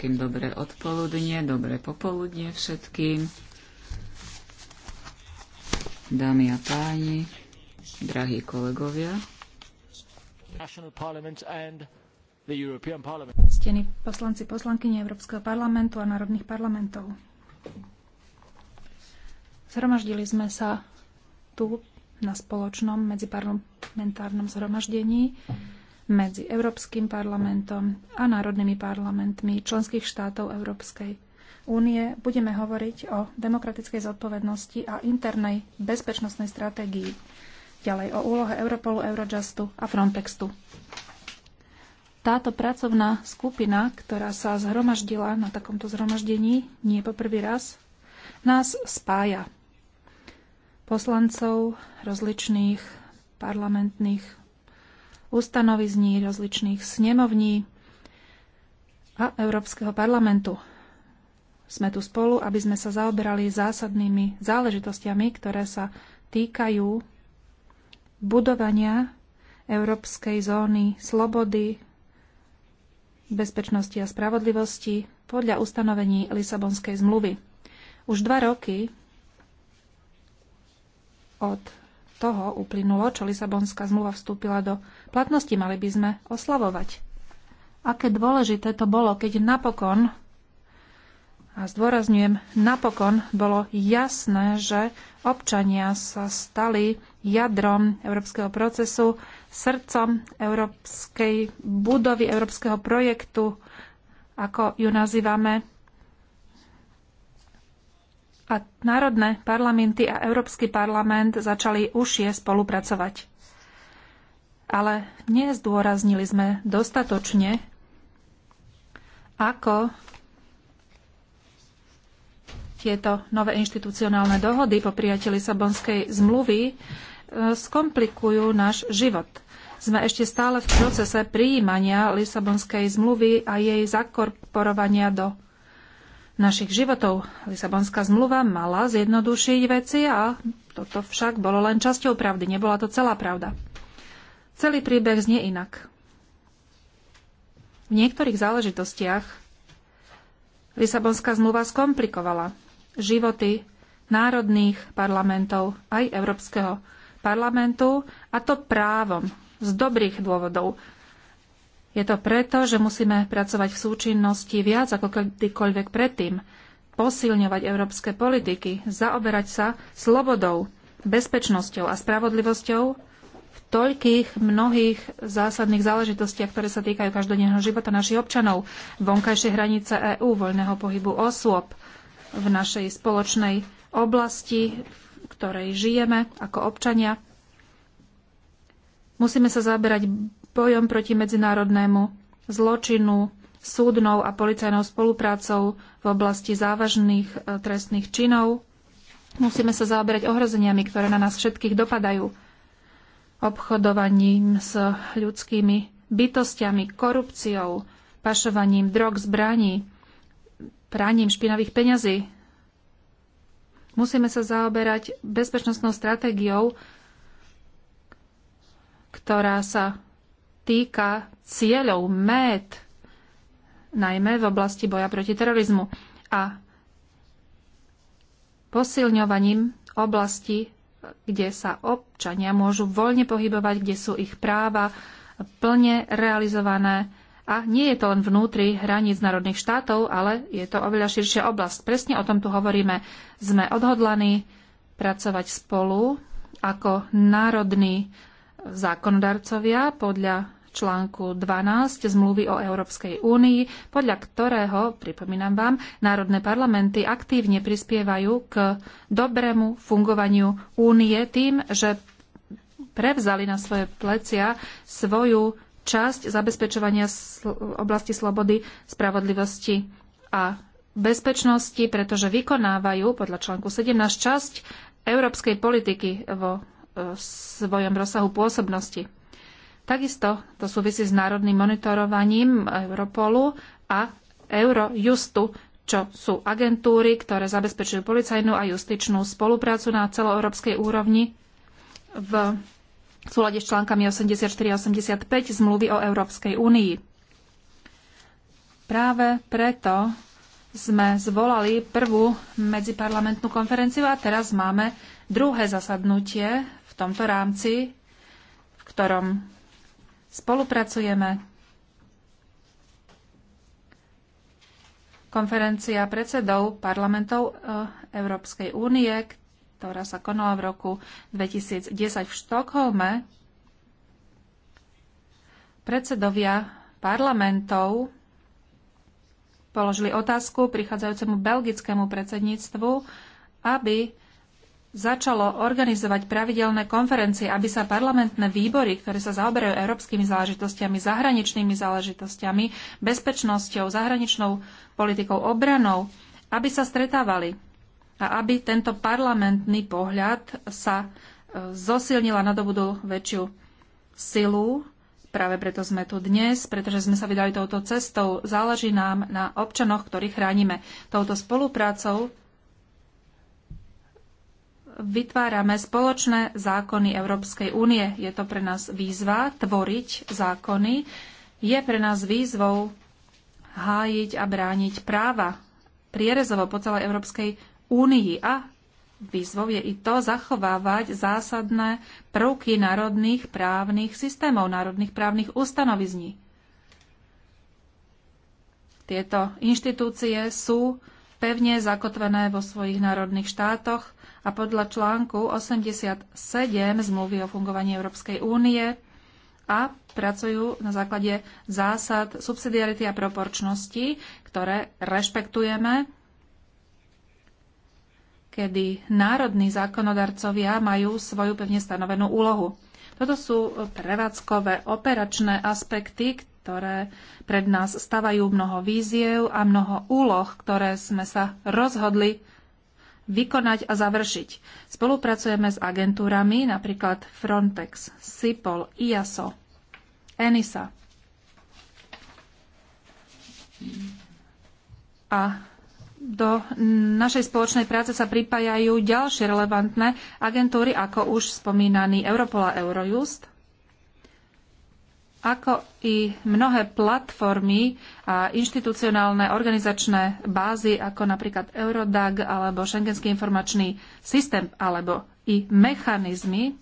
všetkým dobré odpoludnie, dobré popoludnie všetkým. Dámy a páni, drahí kolegovia. Stení poslanci, poslankyne Európskeho parlamentu a národných parlamentov. Zhromaždili sme sa tu na spoločnom medziparlamentárnom zhromaždení medzi Európskym parlamentom a národnými parlamentmi členských štátov Európskej únie. Budeme hovoriť o demokratickej zodpovednosti a internej bezpečnostnej stratégii. Ďalej o úlohe Europolu, Eurojustu a Frontextu. Táto pracovná skupina, ktorá sa zhromaždila na takomto zhromaždení, nie po prvý raz, nás spája. Poslancov rozličných parlamentných ustanovizní rozličných snemovní a Európskeho parlamentu. Sme tu spolu, aby sme sa zaoberali zásadnými záležitostiami, ktoré sa týkajú budovania Európskej zóny slobody, bezpečnosti a spravodlivosti podľa ustanovení Lisabonskej zmluvy. Už dva roky od toho uplynulo, čo Lisabonská zmluva vstúpila do platnosti, mali by sme oslavovať. Aké dôležité to bolo, keď napokon, a zdôrazňujem, napokon bolo jasné, že občania sa stali jadrom európskeho procesu, srdcom európskej budovy, európskeho projektu, ako ju nazývame a národné parlamenty a Európsky parlament začali užšie spolupracovať. Ale nezdôraznili sme dostatočne, ako tieto nové inštitucionálne dohody po prijatí Lisabonskej zmluvy e, skomplikujú náš život. Sme ešte stále v procese prijímania Lisabonskej zmluvy a jej zakorporovania do našich životov. Lisabonská zmluva mala zjednodušiť veci a toto však bolo len časťou pravdy, nebola to celá pravda. Celý príbeh znie inak. V niektorých záležitostiach Lisabonská zmluva skomplikovala životy národných parlamentov aj Európskeho parlamentu a to právom z dobrých dôvodov. Je to preto, že musíme pracovať v súčinnosti viac ako kedykoľvek predtým, posilňovať európske politiky, zaoberať sa slobodou, bezpečnosťou a spravodlivosťou v toľkých mnohých zásadných záležitostiach, ktoré sa týkajú každodenného života našich občanov, vonkajšie hranice EÚ, voľného pohybu osôb v našej spoločnej oblasti, v ktorej žijeme ako občania. Musíme sa zaberať bojom proti medzinárodnému zločinu, súdnou a policajnou spoluprácou v oblasti závažných e, trestných činov. Musíme sa zaoberať ohrozeniami, ktoré na nás všetkých dopadajú. Obchodovaním s ľudskými bytostiami, korupciou, pašovaním drog, zbraní, praním špinavých peňazí. Musíme sa zaoberať bezpečnostnou stratégiou, ktorá sa týka cieľov, mét, najmä v oblasti boja proti terorizmu a posilňovaním oblasti, kde sa občania môžu voľne pohybovať, kde sú ich práva plne realizované. A nie je to len vnútri hraníc národných štátov, ale je to oveľa širšia oblasť. Presne o tom tu hovoríme. Sme odhodlaní pracovať spolu ako národní zákonodarcovia podľa článku 12 zmluvy o Európskej únii, podľa ktorého, pripomínam vám, národné parlamenty aktívne prispievajú k dobrému fungovaniu únie tým, že prevzali na svoje plecia svoju časť zabezpečovania oblasti slobody, spravodlivosti a bezpečnosti, pretože vykonávajú podľa článku 17 časť európskej politiky vo e, svojom rozsahu pôsobnosti. Takisto to súvisí s národným monitorovaním Europolu a Eurojustu, čo sú agentúry, ktoré zabezpečujú policajnú a justičnú spoluprácu na celoeurópskej úrovni v súlade s článkami 84 a 85 zmluvy o Európskej únii. Práve preto sme zvolali prvú medziparlamentnú konferenciu a teraz máme druhé zasadnutie v tomto rámci, v ktorom Spolupracujeme. Konferencia predsedov parlamentov eh, Európskej únie, ktorá sa konala v roku 2010 v Štokholme, predsedovia parlamentov položili otázku prichádzajúcemu belgickému predsedníctvu, aby začalo organizovať pravidelné konferencie, aby sa parlamentné výbory, ktoré sa zaoberajú európskymi záležitostiami, zahraničnými záležitostiami, bezpečnosťou, zahraničnou politikou, obranou, aby sa stretávali a aby tento parlamentný pohľad sa e, zosilnila nadobudol väčšiu silu. Práve preto sme tu dnes, pretože sme sa vydali touto cestou. Záleží nám na občanoch, ktorých chránime. Touto spoluprácou vytvárame spoločné zákony Európskej únie. Je to pre nás výzva tvoriť zákony. Je pre nás výzvou hájiť a brániť práva prierezovo po celej Európskej únii a Výzvou je i to zachovávať zásadné prvky národných právnych systémov, národných právnych ustanovizní. Tieto inštitúcie sú pevne zakotvené vo svojich národných štátoch a podľa článku 87 zmluvy o fungovaní Európskej únie a pracujú na základe zásad subsidiarity a proporčnosti, ktoré rešpektujeme, kedy národní zákonodarcovia majú svoju pevne stanovenú úlohu. Toto sú prevádzkové operačné aspekty, ktoré pred nás stavajú mnoho víziev a mnoho úloh, ktoré sme sa rozhodli vykonať a završiť. Spolupracujeme s agentúrami, napríklad Frontex, SIPOL, IASO, ENISA. A do našej spoločnej práce sa pripájajú ďalšie relevantné agentúry, ako už spomínaný Europol a Eurojust ako i mnohé platformy a inštitucionálne organizačné bázy, ako napríklad Eurodag alebo Schengenský informačný systém alebo i mechanizmy,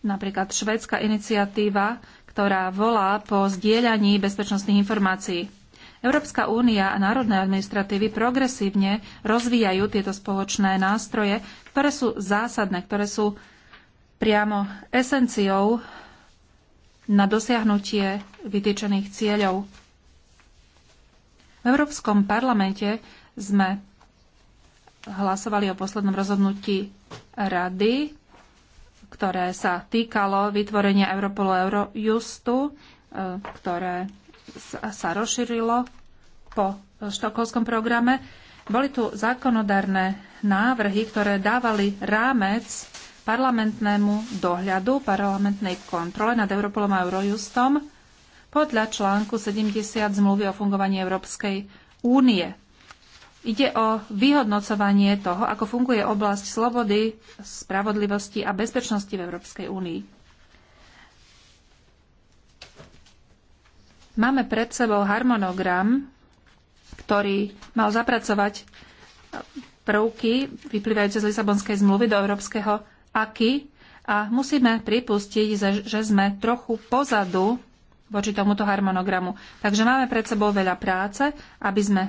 napríklad švédska iniciatíva, ktorá volá po zdieľaní bezpečnostných informácií. Európska únia a národné administratívy progresívne rozvíjajú tieto spoločné nástroje, ktoré sú zásadné, ktoré sú priamo esenciou na dosiahnutie vytýčených cieľov. V Európskom parlamente sme hlasovali o poslednom rozhodnutí rady, ktoré sa týkalo vytvorenia Europolu Eurojustu, e, ktoré sa rozšírilo po štokholskom programe. Boli tu zákonodárne návrhy, ktoré dávali rámec parlamentnému dohľadu, parlamentnej kontrole nad Europolom a Eurojustom podľa článku 70 zmluvy o fungovaní Európskej únie. Ide o vyhodnocovanie toho, ako funguje oblasť slobody, spravodlivosti a bezpečnosti v Európskej únii. Máme pred sebou harmonogram, ktorý mal zapracovať prvky vyplývajúce z Lisabonskej zmluvy do európskeho aký a musíme pripustiť, že sme trochu pozadu voči tomuto harmonogramu. Takže máme pred sebou veľa práce, aby sme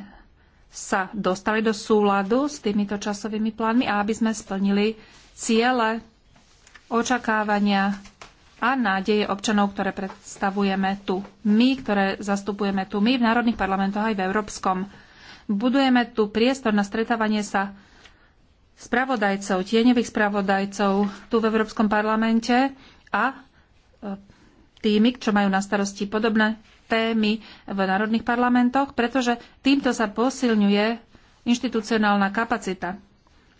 sa dostali do súladu s týmito časovými plánmi a aby sme splnili ciele, očakávania a nádeje občanov, ktoré predstavujeme tu my, ktoré zastupujeme tu my v národných parlamentoch aj v európskom. Budujeme tu priestor na stretávanie sa spravodajcov, tieňových spravodajcov tu v Európskom parlamente a e, tými, čo majú na starosti podobné témy v národných parlamentoch, pretože týmto sa posilňuje inštitucionálna kapacita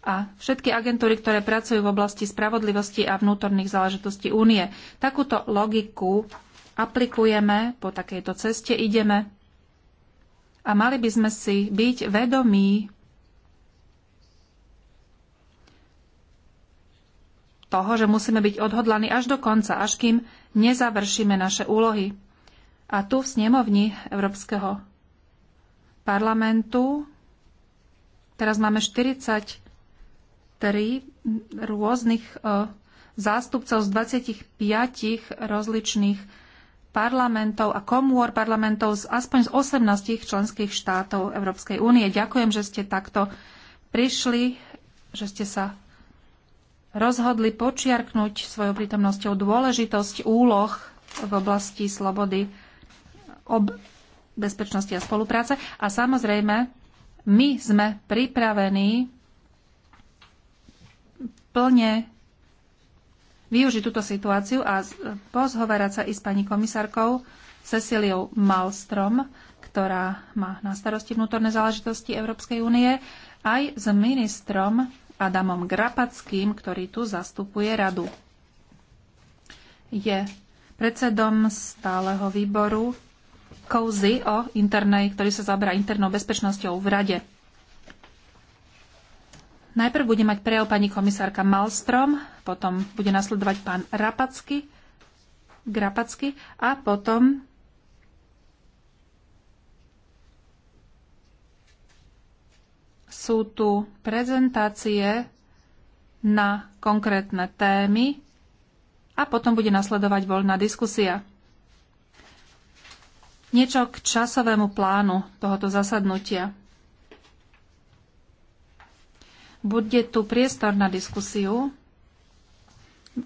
a všetky agentúry, ktoré pracujú v oblasti spravodlivosti a vnútorných záležitostí únie. Takúto logiku aplikujeme, po takejto ceste ideme a mali by sme si byť vedomí toho, že musíme byť odhodlaní až do konca, až kým nezavršíme naše úlohy. A tu v snemovni Európskeho parlamentu teraz máme 43 rôznych e, zástupcov z 25 rozličných parlamentov a komôr parlamentov z aspoň z 18 členských štátov Európskej únie. Ďakujem, že ste takto prišli, že ste sa rozhodli počiarknúť svojou prítomnosťou dôležitosť úloh v oblasti slobody, ob bezpečnosti a spolupráce. A samozrejme, my sme pripravení plne využiť túto situáciu a pozhovárať sa i s pani komisárkou Ceciliou Malstrom, ktorá má na starosti vnútorné záležitosti Európskej únie, aj s ministrom Adamom Grapackým, ktorý tu zastupuje radu. Je predsedom stáleho výboru COZY o internej, ktorý sa zabrá internou bezpečnosťou v rade. Najprv bude mať prejav pani komisárka Malstrom, potom bude nasledovať pán Rapacky, Grapacky a potom sú tu prezentácie na konkrétne témy a potom bude nasledovať voľná diskusia. Niečo k časovému plánu tohoto zasadnutia. Bude tu priestor na diskusiu,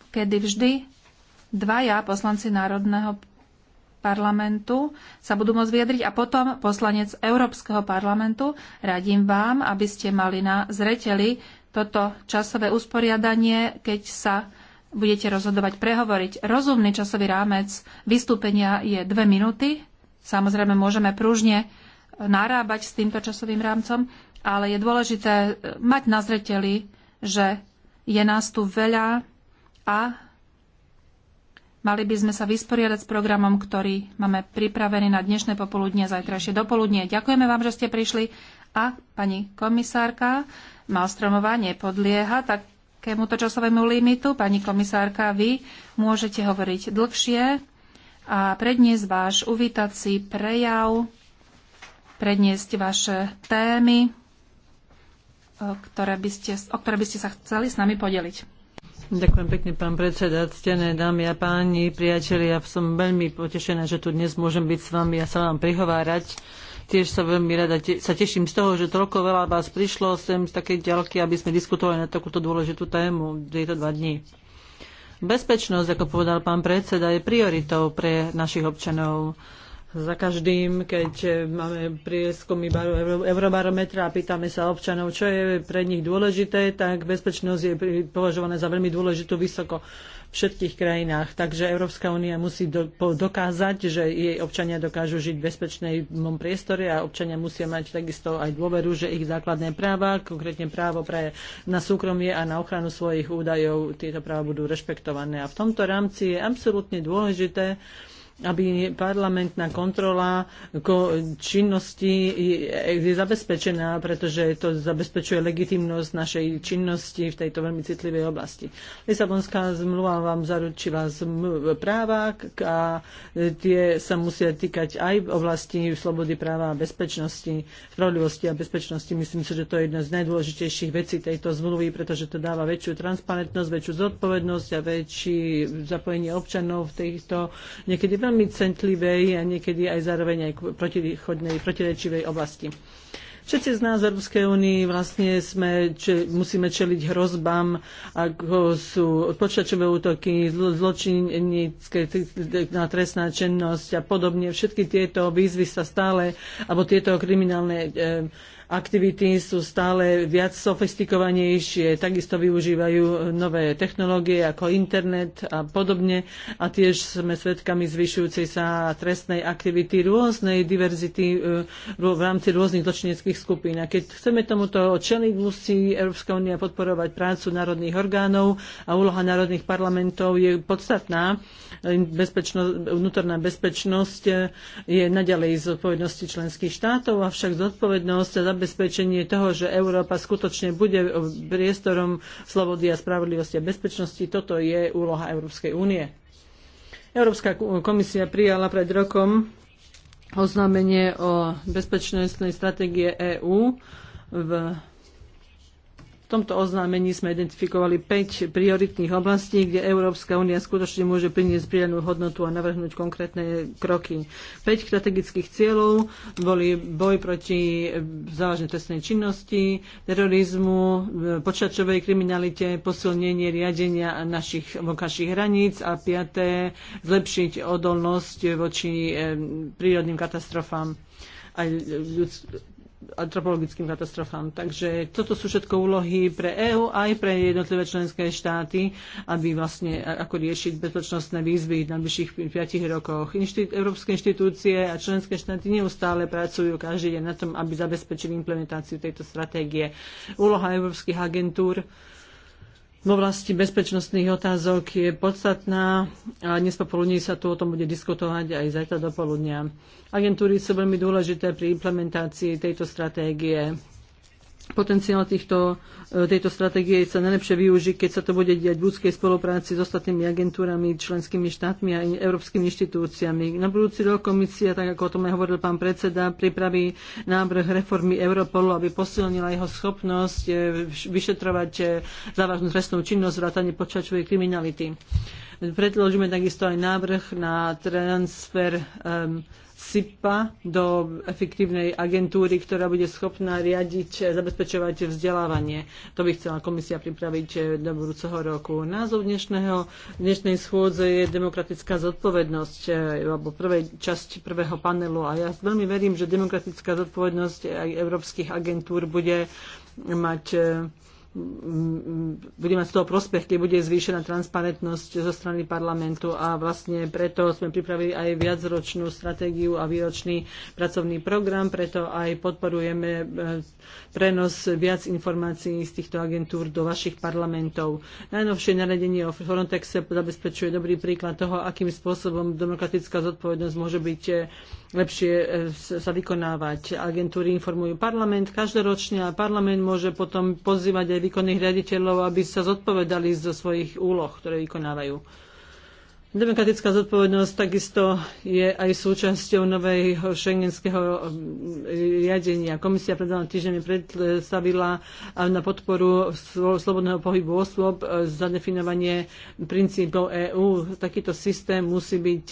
kedy vždy dvaja poslanci Národného parlamentu sa budú môcť vyjadriť a potom poslanec Európskeho parlamentu. Radím vám, aby ste mali na zreteli toto časové usporiadanie, keď sa budete rozhodovať prehovoriť. Rozumný časový rámec vystúpenia je dve minúty. Samozrejme, môžeme pružne narábať s týmto časovým rámcom, ale je dôležité mať na zreteli, že je nás tu veľa a Mali by sme sa vysporiadať s programom, ktorý máme pripravený na dnešné popoludne a zajtrajšie dopoludnie. Ďakujeme vám, že ste prišli a pani komisárka Malstromová nepodlieha takémuto časovému limitu. Pani komisárka, vy môžete hovoriť dlhšie a predniesť váš uvítací prejav, predniesť vaše témy, ktoré by ste, o ktoré by ste sa chceli s nami podeliť. Ďakujem pekne, pán predseda, ctené dámy a páni, priatelia. Ja som veľmi potešená, že tu dnes môžem byť s vami a sa vám prihovárať. Tiež sa veľmi rada te- sa teším z toho, že toľko veľa vás prišlo sem z takej ďalky, aby sme diskutovali na takúto dôležitú tému tieto dva dní. Bezpečnosť, ako povedal pán predseda, je prioritou pre našich občanov za každým, keď e, máme prieskumy Eurobarometra a pýtame sa občanov, čo je pre nich dôležité, tak bezpečnosť je považovaná za veľmi dôležitú vysoko v všetkých krajinách. Takže Európska únia musí do, dokázať, že jej občania dokážu žiť v bezpečnom priestore a občania musia mať takisto aj dôveru, že ich základné práva, konkrétne právo pre, na súkromie a na ochranu svojich údajov, tieto práva budú rešpektované. A v tomto rámci je absolútne dôležité, aby parlamentná kontrola činnosti je zabezpečená, pretože to zabezpečuje legitimnosť našej činnosti v tejto veľmi citlivej oblasti. Lisabonská zmluva vám zaručila práva a tie sa musia týkať aj v oblasti slobody práva a bezpečnosti, spravodlivosti a bezpečnosti. Myslím si, že to je jedna z najdôležitejších vecí tejto zmluvy, pretože to dáva väčšiu transparentnosť, väčšiu zodpovednosť a väčšie zapojenie občanov v tejto niekedy veľmi centlivej a niekedy aj zároveň aj protichodnej, protirečivej oblasti. Všetci z nás v Európskej únii vlastne sme, če, musíme čeliť hrozbám, ako sú počítačové útoky, zločinnícke trestná činnosť a podobne. Všetky tieto výzvy sa stále, alebo tieto kriminálne e, aktivity sú stále viac sofistikovanejšie, takisto využívajú nové technológie ako internet a podobne a tiež sme svedkami zvyšujúcej sa trestnej aktivity rôznej diverzity e, v rámci rôznych zločineckých skupín. A keď chceme tomuto čeliť, musí Európska únia podporovať prácu národných orgánov a úloha národných parlamentov je podstatná. vnútorná bezpečnosť e, je naďalej z odpovednosti členských štátov, avšak zodpovednosť za zabezpečenie toho, že Európa skutočne bude priestorom slobody a spravodlivosti a bezpečnosti. Toto je úloha Európskej únie. Európska komisia prijala pred rokom oznámenie o bezpečnostnej stratégie EÚ v v tomto oznámení sme identifikovali 5 prioritných oblastí, kde Európska únia skutočne môže priniesť pridanú hodnotu a navrhnúť konkrétne kroky. 5 strategických cieľov boli boj proti eh, závažnej trestnej činnosti, terorizmu, eh, počačovej kriminalite, posilnenie riadenia našich vonkajších hraníc a piaté zlepšiť odolnosť voči eh, prírodným katastrofám aj antropologickým katastrofám. Takže toto sú všetko úlohy pre EÚ aj pre jednotlivé členské štáty, aby vlastne ako riešiť bezpečnostné výzvy v najbližších 5 rokoch. Inštit- Európske inštitúcie a členské štáty neustále pracujú každý deň na tom, aby zabezpečili implementáciu tejto stratégie. Úloha európskych agentúr v oblasti bezpečnostných otázok je podstatná a dnes popoludní sa tu o tom bude diskutovať aj zajtra do poludnia. Agentúry sú veľmi dôležité pri implementácii tejto stratégie. Potenciál týchto, e, tejto stratégie sa najlepšie využí, keď sa to bude diať v ľudskej spolupráci s ostatnými agentúrami, členskými štátmi a európskymi inštitúciami. Na budúci rok komisia, tak ako o tom aj hovoril pán predseda, pripraví návrh reformy Europolu, aby posilnila jeho schopnosť e, vyšetrovať e, závažnú trestnú činnosť vrátane počačovej kriminality. Predložíme takisto aj návrh na transfer um, SIPA do efektívnej agentúry, ktorá bude schopná riadiť, zabezpečovať vzdelávanie. To by chcela komisia pripraviť eh, do budúceho roku. Názov dnešného, dnešnej schôdze je demokratická zodpovednosť, eh, alebo prvej časti prvého panelu. A ja veľmi verím, že demokratická zodpovednosť aj európskych agentúr bude mať eh, bude mať z toho prospech, keď bude zvýšená transparentnosť zo strany parlamentu a vlastne preto sme pripravili aj viacročnú stratégiu a výročný pracovný program, preto aj podporujeme e, prenos viac informácií z týchto agentúr do vašich parlamentov. Najnovšie naredenie o Frontexe zabezpečuje dobrý príklad toho, akým spôsobom demokratická zodpovednosť môže byť e, lepšie e, sa vykonávať. Agentúry informujú parlament každoročne a parlament môže potom pozývať aj výkonných riaditeľov, aby sa zodpovedali zo svojich úloh, ktoré vykonávajú. Demokratická zodpovednosť takisto je aj súčasťou nového šengenského um, riadenia. Komisia pred týždňami predstavila um, na podporu slobodného pohybu osôb um, zadefinovanie princípov EÚ. Takýto systém musí byť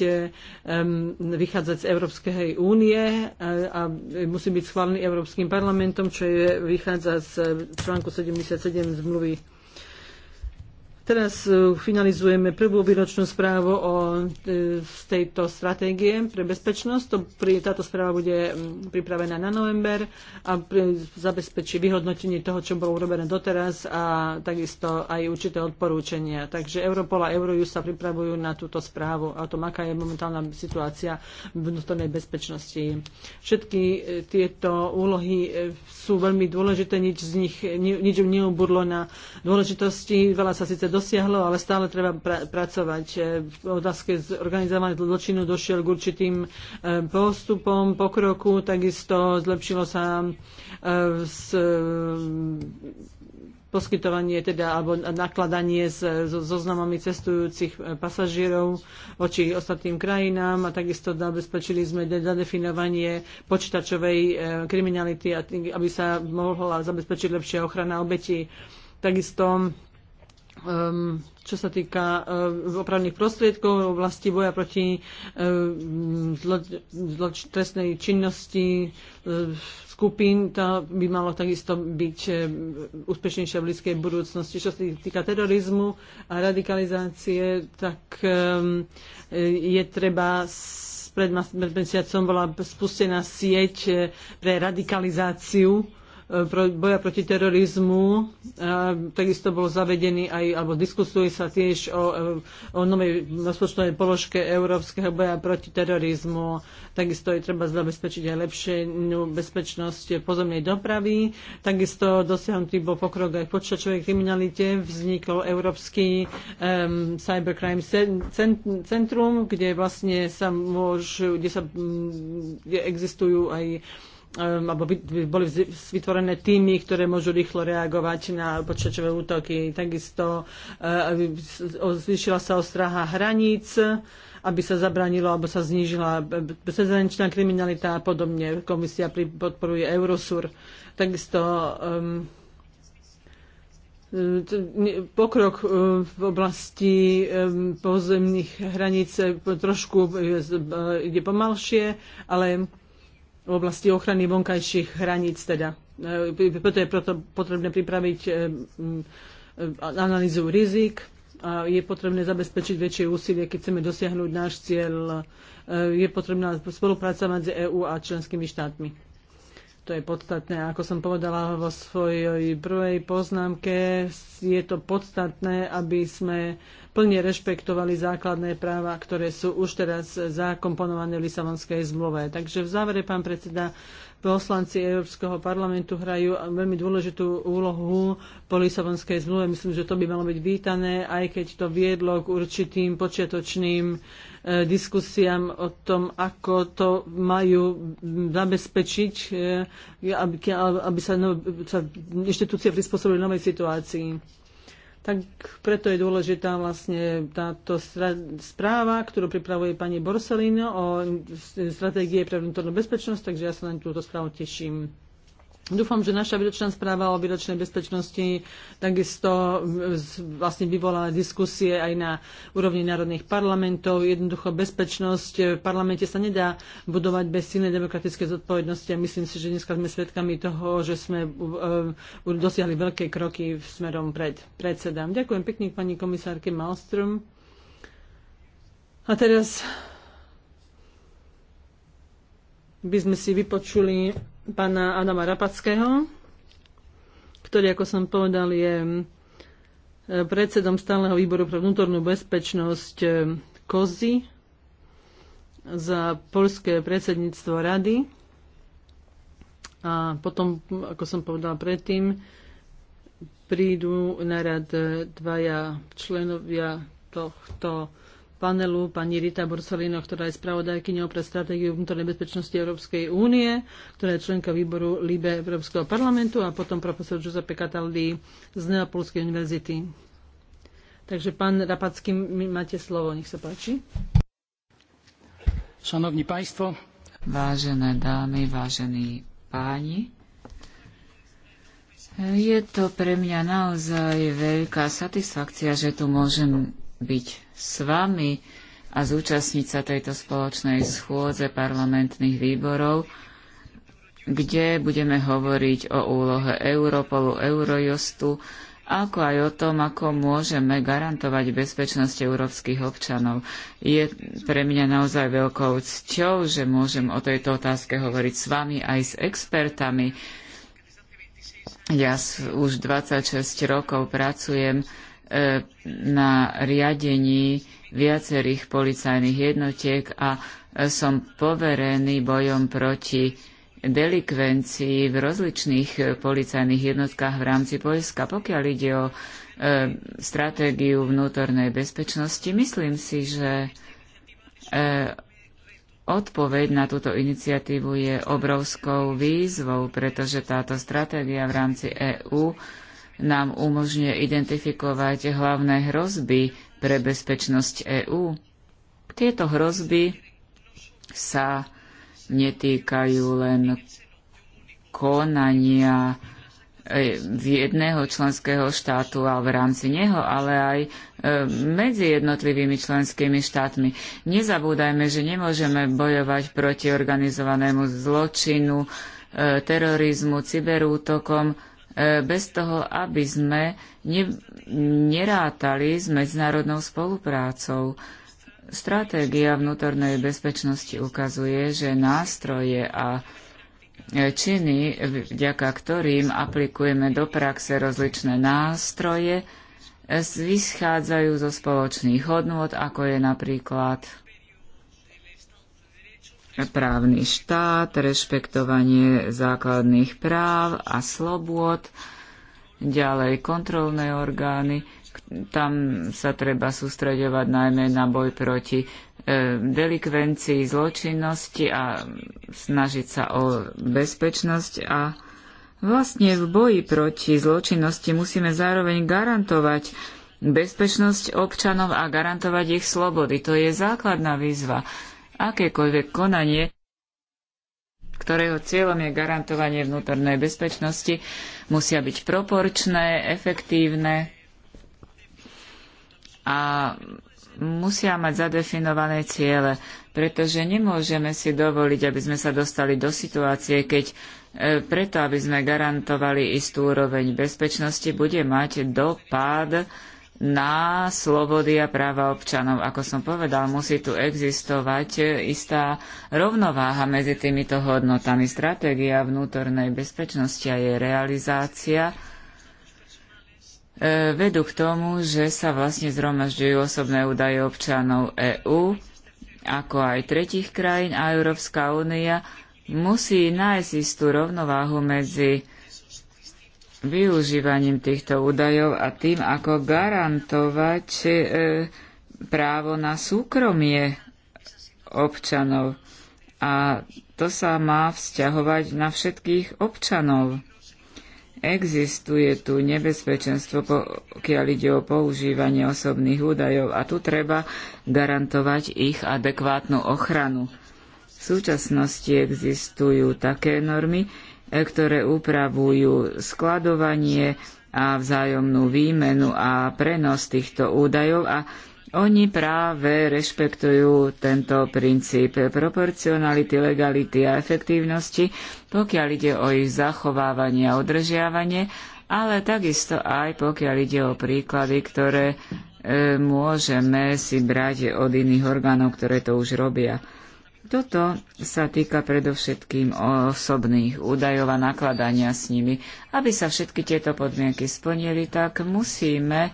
vychádzať z Európskej únie a musí byť schválený Európskym parlamentom, čo je, vychádza z článku 77 zmluvy Teraz e, finalizujeme prvú výročnú správu o e, z tejto stratégie pre bezpečnosť. To, pri, táto správa bude pripravená na november a pri, zabezpečí vyhodnotenie toho, čo bolo urobené doteraz a takisto aj určité odporúčania. Takže Europol a Eurojust sa pripravujú na túto správu a o tom, aká je momentálna situácia vnútornej bezpečnosti. Všetky e, tieto úlohy sú veľmi dôležité, nič z nich nič neubudlo na dôležitosti. Veľa sa síce dosiahlo, ale stále treba pra- pracovať. E, v otázke z organizovaného zločinu došiel k určitým e, postupom, pokroku, takisto zlepšilo sa e, s poskytovanie teda alebo nakladanie s so, zoznamami cestujúcich pasažierov voči ostatným krajinám a takisto zabezpečili sme zadefinovanie počítačovej kriminality, aby sa mohla zabezpečiť lepšia ochrana obetí. Takisto um, čo sa týka um, opravných prostriedkov v oblasti boja proti um, trestnej činnosti um, skupín, to by malo takisto byť um, úspešnejšie v blízkej budúcnosti. Čo sa týka terorizmu a radikalizácie, tak um, je treba s, pred mesiacom bola spustená sieť pre radikalizáciu boja proti terorizmu. Takisto bol zavedený aj, alebo diskusuje sa tiež o, o novej rozpočtovej položke európskeho boja proti terorizmu. Takisto je treba zabezpečiť aj lepšiu bezpečnosť pozemnej dopravy. Takisto dosiahnutý bol pokrok aj v počítačovej kriminalite. Vznikol Európsky um, Cybercrime Centrum, kde vlastne sa môžu, kde, sa, kde existujú aj Ehm, alebo boli vytvorené týmy, ktoré môžu rýchlo reagovať na počítačové útoky. Takisto eh, zvýšila sa ostraha hraníc, aby sa zabranilo alebo sa znížila eh, bezhraničná kriminalita a podobne. Komisia podporuje Eurosur. Takisto um, pokrok v oblasti ehm, pozemných hraníc trošku ide pomalšie, ale v oblasti ochrany vonkajších hraníc teda. E, preto je proto potrebné pripraviť e, e, analýzu rizik, a je potrebné zabezpečiť väčšie úsilie, keď chceme dosiahnuť náš cieľ. Je potrebná spolupráca medzi EÚ a členskými štátmi to je podstatné. Ako som povedala vo svojej prvej poznámke, je to podstatné, aby sme plne rešpektovali základné práva, ktoré sú už teraz zakomponované v Lisabonskej zmluve. Takže v závere, pán predseda, poslanci Európskeho parlamentu hrajú veľmi dôležitú úlohu po Lisabonskej zmluve. Myslím, že to by malo byť vítané, aj keď to viedlo k určitým počiatočným e, diskusiám o tom, ako to majú zabezpečiť, e, aby, sa, no, sa inštitúcie prispôsobili novej situácii tak preto je dôležitá vlastne táto správa, ktorú pripravuje pani Borsalino o stratégie pre vnútornú bezpečnosť, takže ja sa na túto správu teším. Dúfam, že naša výročná správa o výročnej bezpečnosti takisto e, vlastne vyvolala diskusie aj na úrovni národných parlamentov. Jednoducho bezpečnosť v parlamente sa nedá budovať bez silnej demokratické zodpovednosti a myslím si, že dnes sme svedkami toho, že sme e, dosiahli veľké kroky v smerom pred predsedám. Ďakujem pekne pani komisárke Malström. A teraz by sme si vypočuli pána Adama Rapackého, ktorý, ako som povedal, je e, predsedom stáleho výboru pre vnútornú bezpečnosť e, Kozy za polské predsedníctvo rady. A potom, ako som povedal predtým, prídu na rad e, dvaja členovia tohto panelu pani Rita Borsolino, ktorá je spravodajkyňou pre stratégiu vnútornej bezpečnosti Európskej únie, ktorá je členka výboru LIBE Európskeho parlamentu a potom profesor Giuseppe Cataldi z Neapolskej univerzity. Takže pán Rapacký, máte slovo, nech sa páči. Šanovní państwo. Vážené dámy, vážení páni, je to pre mňa naozaj veľká satisfakcia, že tu môžem byť s vami a zúčastniť sa tejto spoločnej schôdze parlamentných výborov, kde budeme hovoriť o úlohe Europolu, Eurojustu, ako aj o tom, ako môžeme garantovať bezpečnosť európskych občanov. Je pre mňa naozaj veľkou cťou, že môžem o tejto otázke hovoriť s vami aj s expertami. Ja už 26 rokov pracujem na riadení viacerých policajných jednotiek a som poverený bojom proti delikvencii v rozličných policajných jednotkách v rámci Poľska. Pokiaľ ide o e, stratégiu vnútornej bezpečnosti, myslím si, že e, odpoveď na túto iniciatívu je obrovskou výzvou, pretože táto stratégia v rámci EÚ nám umožňuje identifikovať hlavné hrozby pre bezpečnosť EÚ. Tieto hrozby sa netýkajú len konania e, v jedného členského štátu a v rámci neho, ale aj e, medzi jednotlivými členskými štátmi. Nezabúdajme, že nemôžeme bojovať proti organizovanému zločinu, e, terorizmu, cyberútokom, E, bez toho, aby sme ne, nerátali s medzinárodnou spoluprácou. Stratégia vnútornej bezpečnosti ukazuje, že nástroje a e, činy, vďaka ktorým aplikujeme do praxe rozličné nástroje, e, vyschádzajú zo spoločných hodnôt, ako je napríklad právny štát, rešpektovanie základných práv a slobôd, ďalej kontrolné orgány. Tam sa treba sústreďovať najmä na boj proti e, delikvencii, zločinnosti a snažiť sa o bezpečnosť a vlastne v boji proti zločinnosti musíme zároveň garantovať bezpečnosť občanov a garantovať ich slobody. To je základná výzva akékoľvek konanie, ktorého cieľom je garantovanie vnútornej bezpečnosti, musia byť proporčné, efektívne a musia mať zadefinované ciele, pretože nemôžeme si dovoliť, aby sme sa dostali do situácie, keď e, preto, aby sme garantovali istú úroveň bezpečnosti, bude mať dopad na slobody a práva občanov. Ako som povedal, musí tu existovať istá rovnováha medzi týmito hodnotami. Stratégia vnútornej bezpečnosti a jej realizácia e, vedú k tomu, že sa vlastne zhromažďujú osobné údaje občanov EÚ, ako aj tretich krajín a Európska únia musí nájsť istú rovnováhu medzi využívaním týchto údajov a tým, ako garantovať e, právo na súkromie občanov. A to sa má vzťahovať na všetkých občanov. Existuje tu nebezpečenstvo, pokiaľ ide o používanie osobných údajov a tu treba garantovať ich adekvátnu ochranu. V súčasnosti existujú také normy, E, ktoré upravujú skladovanie a vzájomnú výmenu a prenos týchto údajov a oni práve rešpektujú tento princíp proporcionality, legality a efektívnosti, pokiaľ ide o ich zachovávanie a udržiavanie, ale takisto aj pokiaľ ide o príklady, ktoré e, môžeme si brať od iných orgánov, ktoré to už robia. Toto sa týka predovšetkým osobných údajov a nakladania s nimi. Aby sa všetky tieto podmienky splnili, tak musíme e,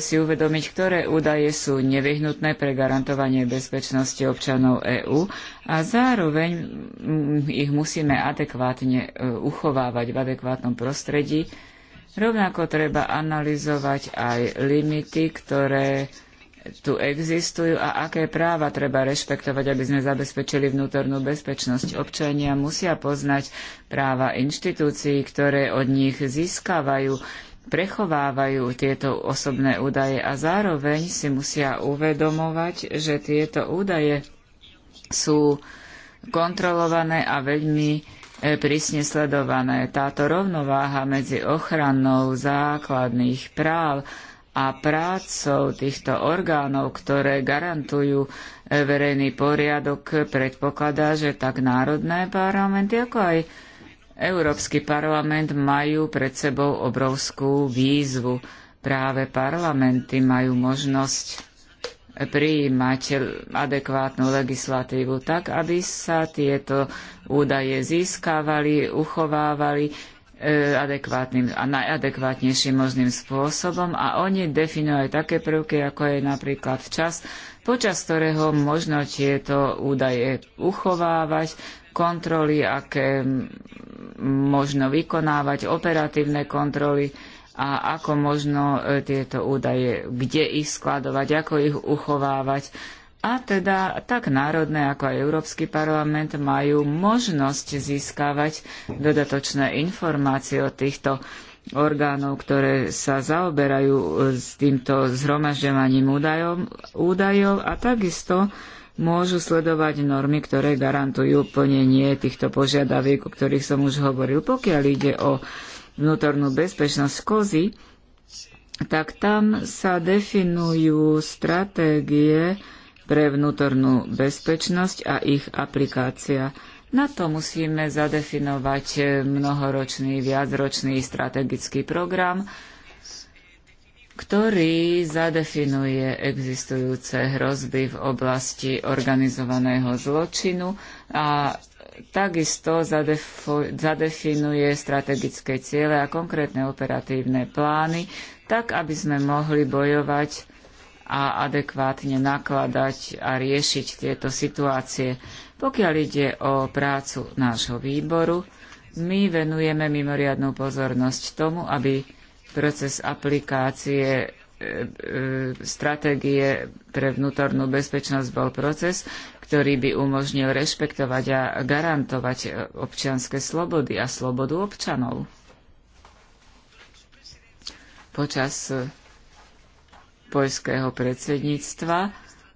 si uvedomiť, ktoré údaje sú nevyhnutné pre garantovanie bezpečnosti občanov EÚ a zároveň mm, ich musíme adekvátne e, uchovávať v adekvátnom prostredí. Rovnako treba analyzovať aj limity, ktoré tu existujú a aké práva treba rešpektovať, aby sme zabezpečili vnútornú bezpečnosť. Občania musia poznať práva inštitúcií, ktoré od nich získavajú, prechovávajú tieto osobné údaje a zároveň si musia uvedomovať, že tieto údaje sú kontrolované a veľmi e, prísne sledované. Táto rovnováha medzi ochranou základných práv a prácou týchto orgánov, ktoré garantujú e, verejný poriadok, predpokladá, že tak národné parlamenty, ako aj Európsky parlament majú pred sebou obrovskú výzvu. Práve parlamenty majú možnosť prijímať adekvátnu legislatívu tak, aby sa tieto údaje získavali, uchovávali, E, adekvátnym a najadekvátnejším možným spôsobom a oni definujú aj také prvky, ako je napríklad čas, počas ktorého možno tieto údaje uchovávať, kontroly, aké možno vykonávať, operatívne kontroly a ako možno e, tieto údaje, kde ich skladovať, ako ich uchovávať a teda tak národné ako aj Európsky parlament majú možnosť získavať dodatočné informácie od týchto orgánov, ktoré sa zaoberajú e, s týmto zhromažďovaním údajov, údajov a takisto môžu sledovať normy, ktoré garantujú plnenie týchto požiadaviek, o ktorých som už hovoril. Pokiaľ ide o vnútornú bezpečnosť kozy, tak tam sa definujú stratégie, pre vnútornú bezpečnosť a ich aplikácia. Na to musíme zadefinovať eh, mnohoročný, viacročný strategický program, ktorý zadefinuje existujúce hrozby v oblasti organizovaného zločinu a takisto zadefinuje strategické ciele a konkrétne operatívne plány, tak aby sme mohli bojovať a adekvátne nakladať a riešiť tieto situácie. Pokiaľ ide o prácu nášho výboru, my venujeme mimoriadnú pozornosť tomu, aby proces aplikácie e, e, stratégie pre vnútornú bezpečnosť bol proces, ktorý by umožnil rešpektovať a garantovať občianske slobody a slobodu občanov. Počas poľského predsedníctva.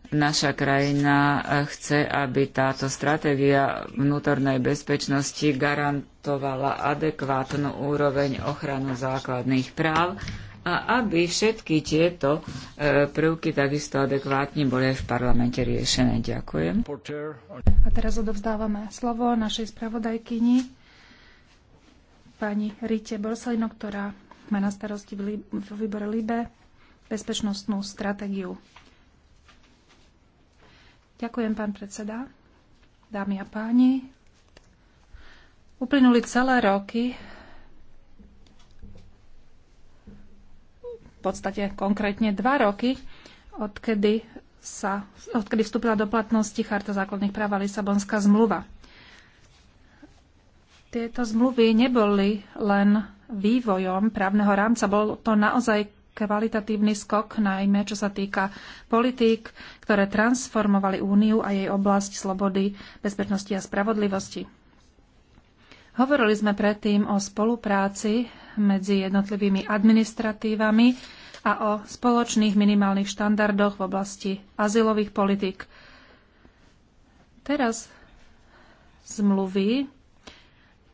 Naša krajina chce, aby táto stratégia vnútornej bezpečnosti garantovala adekvátnu úroveň ochranu základných práv a aby všetky tieto e, prvky takisto adekvátne boli aj v parlamente riešené. Ďakujem. A teraz odovzdávame slovo našej spravodajkyni pani Rite Borsalino, ktorá má na starosti v výbore LIBE bezpečnostnú stratégiu. Ďakujem, pán predseda. Dámy a páni, uplynuli celé roky, v podstate konkrétne dva roky, odkedy, sa, odkedy vstúpila do platnosti Charta základných práv a Lisabonská zmluva. Tieto zmluvy neboli len vývojom právneho rámca, bol to naozaj kvalitatívny skok, najmä čo sa týka politík, ktoré transformovali Úniu a jej oblasť slobody, bezpečnosti a spravodlivosti. Hovorili sme predtým o spolupráci medzi jednotlivými administratívami a o spoločných minimálnych štandardoch v oblasti azylových politik. Teraz zmluvy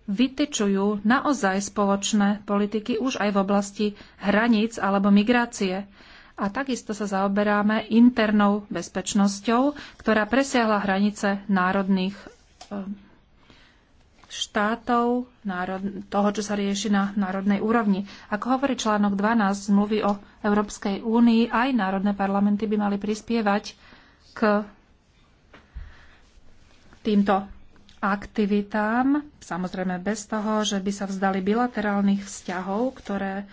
vytyčujú naozaj spoločné politiky už aj v oblasti hraníc alebo migrácie. A takisto sa zaoberáme internou bezpečnosťou, ktorá presiahla hranice národných eh, štátov, národ, toho, čo sa rieši na národnej úrovni. Ako hovorí článok 12 zmluvy o Európskej únii, aj národné parlamenty by mali prispievať k týmto aktivitám, samozrejme bez toho, že by sa vzdali bilaterálnych vzťahov, ktoré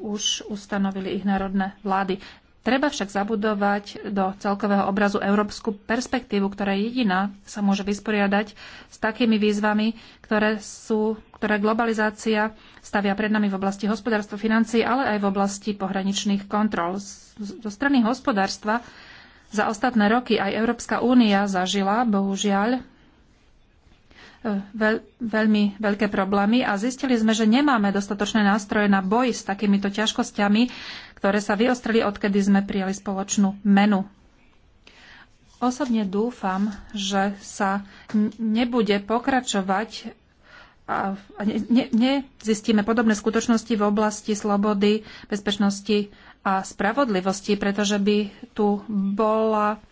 už ustanovili ich národné vlády. Treba však zabudovať do celkového obrazu európsku perspektívu, ktorá jediná sa môže vysporiadať s takými výzvami, ktoré, sú, ktoré globalizácia stavia pred nami v oblasti hospodárstva, financií, ale aj v oblasti pohraničných kontrol. Zo strany hospodárstva za ostatné roky aj Európska únia zažila, bohužiaľ, veľ, veľmi veľké problémy a zistili sme, že nemáme dostatočné nástroje na boj s takýmito ťažkosťami, ktoré sa vyostrili, odkedy sme prijali spoločnú menu. Osobne dúfam, že sa nebude pokračovať a nezistíme ne, ne podobné skutočnosti v oblasti slobody, bezpečnosti a spravodlivosti, pretože by tu bola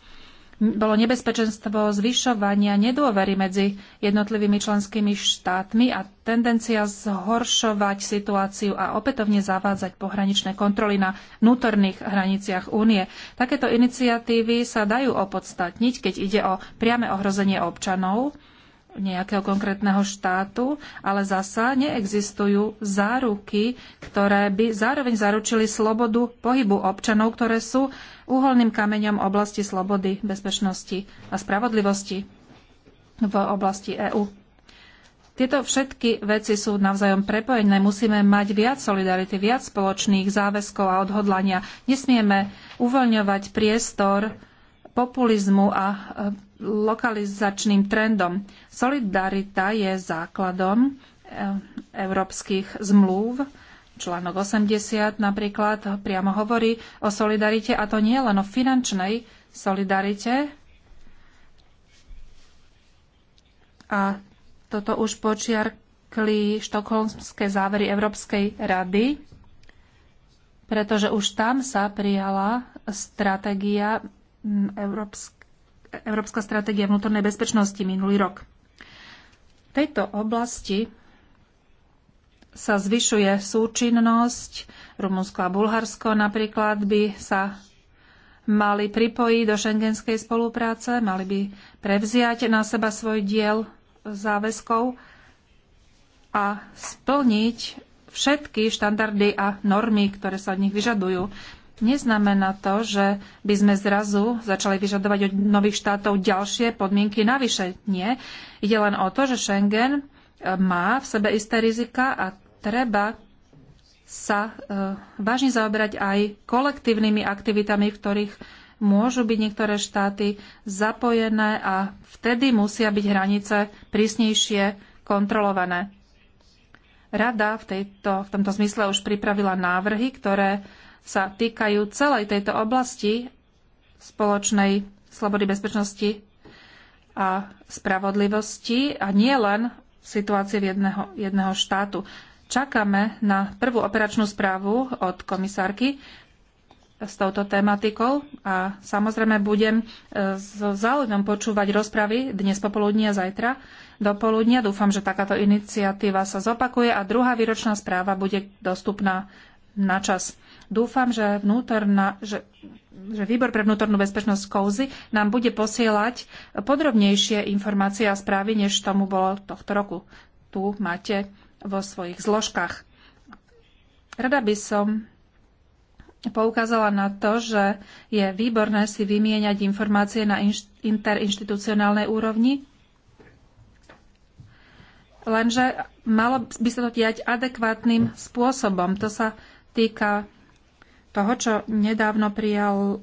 bolo nebezpečenstvo zvyšovania nedôvery medzi jednotlivými členskými štátmi a tendencia zhoršovať situáciu a opätovne zavádzať pohraničné kontroly na vnútorných hraniciach únie. Takéto iniciatívy sa dajú opodstatniť, keď ide o priame ohrozenie občanov nejakého konkrétneho štátu, ale zasa neexistujú záruky, ktoré by zároveň zaručili slobodu pohybu občanov, ktoré sú Úholným kameňom oblasti slobody, bezpečnosti a spravodlivosti v oblasti EÚ. Tieto všetky veci sú navzájom prepojené. Musíme mať viac solidarity, viac spoločných záväzkov a odhodlania. Nesmieme uvoľňovať priestor populizmu a e, lokalizačným trendom. Solidarita je základom e, európskych zmluv Článok 80 napríklad priamo hovorí o solidarite a to nie len o finančnej solidarite. A toto už počiarkli štokholmské závery Európskej rady, pretože už tam sa prijala stratégia Európska, Európska stratégia vnútornej bezpečnosti minulý rok. V tejto oblasti sa zvyšuje súčinnosť. Rumunsko a Bulharsko napríklad by sa mali pripojiť do šengenskej spolupráce, mali by prevziať na seba svoj diel záväzkov a splniť všetky štandardy a normy, ktoré sa od nich vyžadujú. Neznamená to, že by sme zrazu začali vyžadovať od nových štátov ďalšie podmienky navyše. Nie. Ide len o to, že Schengen má v sebe isté rizika a treba sa e, vážne zaoberať aj kolektívnymi aktivitami, v ktorých môžu byť niektoré štáty zapojené a vtedy musia byť hranice prísnejšie kontrolované. Rada v, tejto, v tomto zmysle už pripravila návrhy, ktoré sa týkajú celej tejto oblasti spoločnej slobody, bezpečnosti a spravodlivosti a nie len situácie v jedného, jedného štátu. Čakáme na prvú operačnú správu od komisárky s touto tematikou a samozrejme budem e, s záujmom počúvať rozpravy dnes popoludnia a zajtra do poludnia. Dúfam, že takáto iniciatíva sa zopakuje a druhá výročná správa bude dostupná na čas. Dúfam, že, vnútorná, že, že Výbor pre vnútornú bezpečnosť Kouzy nám bude posielať podrobnejšie informácie a správy, než tomu bolo tohto roku. Tu máte vo svojich zložkách. Rada by som poukázala na to, že je výborné si vymieňať informácie na interinstitucionálnej úrovni, lenže malo by sa to diať adekvátnym spôsobom. To sa týka toho, čo nedávno prijal e,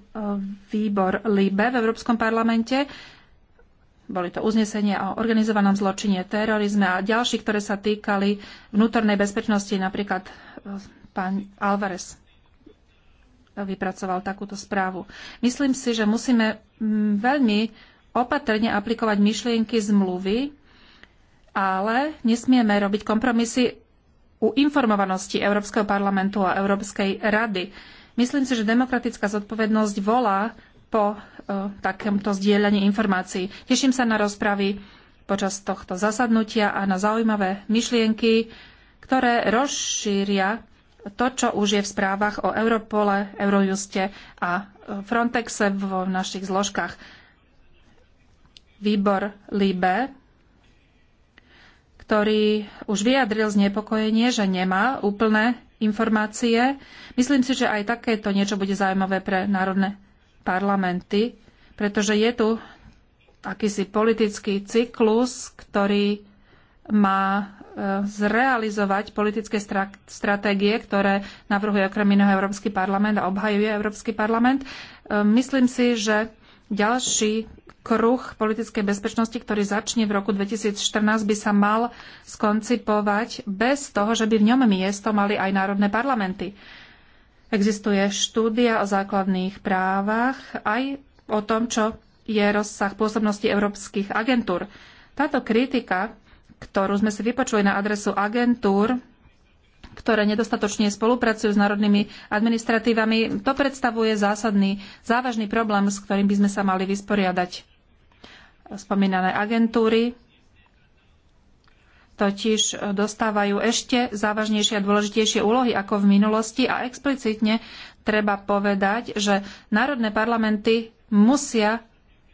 výbor LIBE v Európskom parlamente boli to uznesenia o organizovanom zločine, terorizme a ďalší, ktoré sa týkali vnútornej bezpečnosti. Napríklad eh, pán Alvarez vypracoval takúto správu. Myslím si, že musíme mm, veľmi opatrne aplikovať myšlienky zmluvy, ale nesmieme robiť kompromisy u informovanosti Európskeho parlamentu a Európskej rady. Myslím si, že demokratická zodpovednosť volá po Eh, takémto zdieľaní informácií. Teším sa na rozpravy počas tohto zasadnutia a na zaujímavé myšlienky, ktoré rozšíria to, čo už je v správach o Europole, Eurojuste a eh, Frontexe v našich zložkách. Výbor LIBE, ktorý už vyjadril znepokojenie, že nemá úplné informácie. Myslím si, že aj takéto niečo bude zaujímavé pre národné parlamenty, pretože je tu akýsi politický cyklus, ktorý má e, zrealizovať politické stratégie, ktoré navrhuje okrem iného Európsky parlament a obhajuje Európsky parlament. E, myslím si, že ďalší kruh politickej bezpečnosti, ktorý začne v roku 2014, by sa mal skoncipovať bez toho, že by v ňom miesto mali aj národné parlamenty. Existuje štúdia o základných právach aj o tom, čo je rozsah pôsobnosti európskych agentúr. Táto kritika, ktorú sme si vypočuli na adresu agentúr, ktoré nedostatočne spolupracujú s národnými administratívami, to predstavuje zásadný, závažný problém, s ktorým by sme sa mali vysporiadať. Spomínané agentúry totiž dostávajú ešte závažnejšie a dôležitejšie úlohy ako v minulosti a explicitne treba povedať, že národné parlamenty musia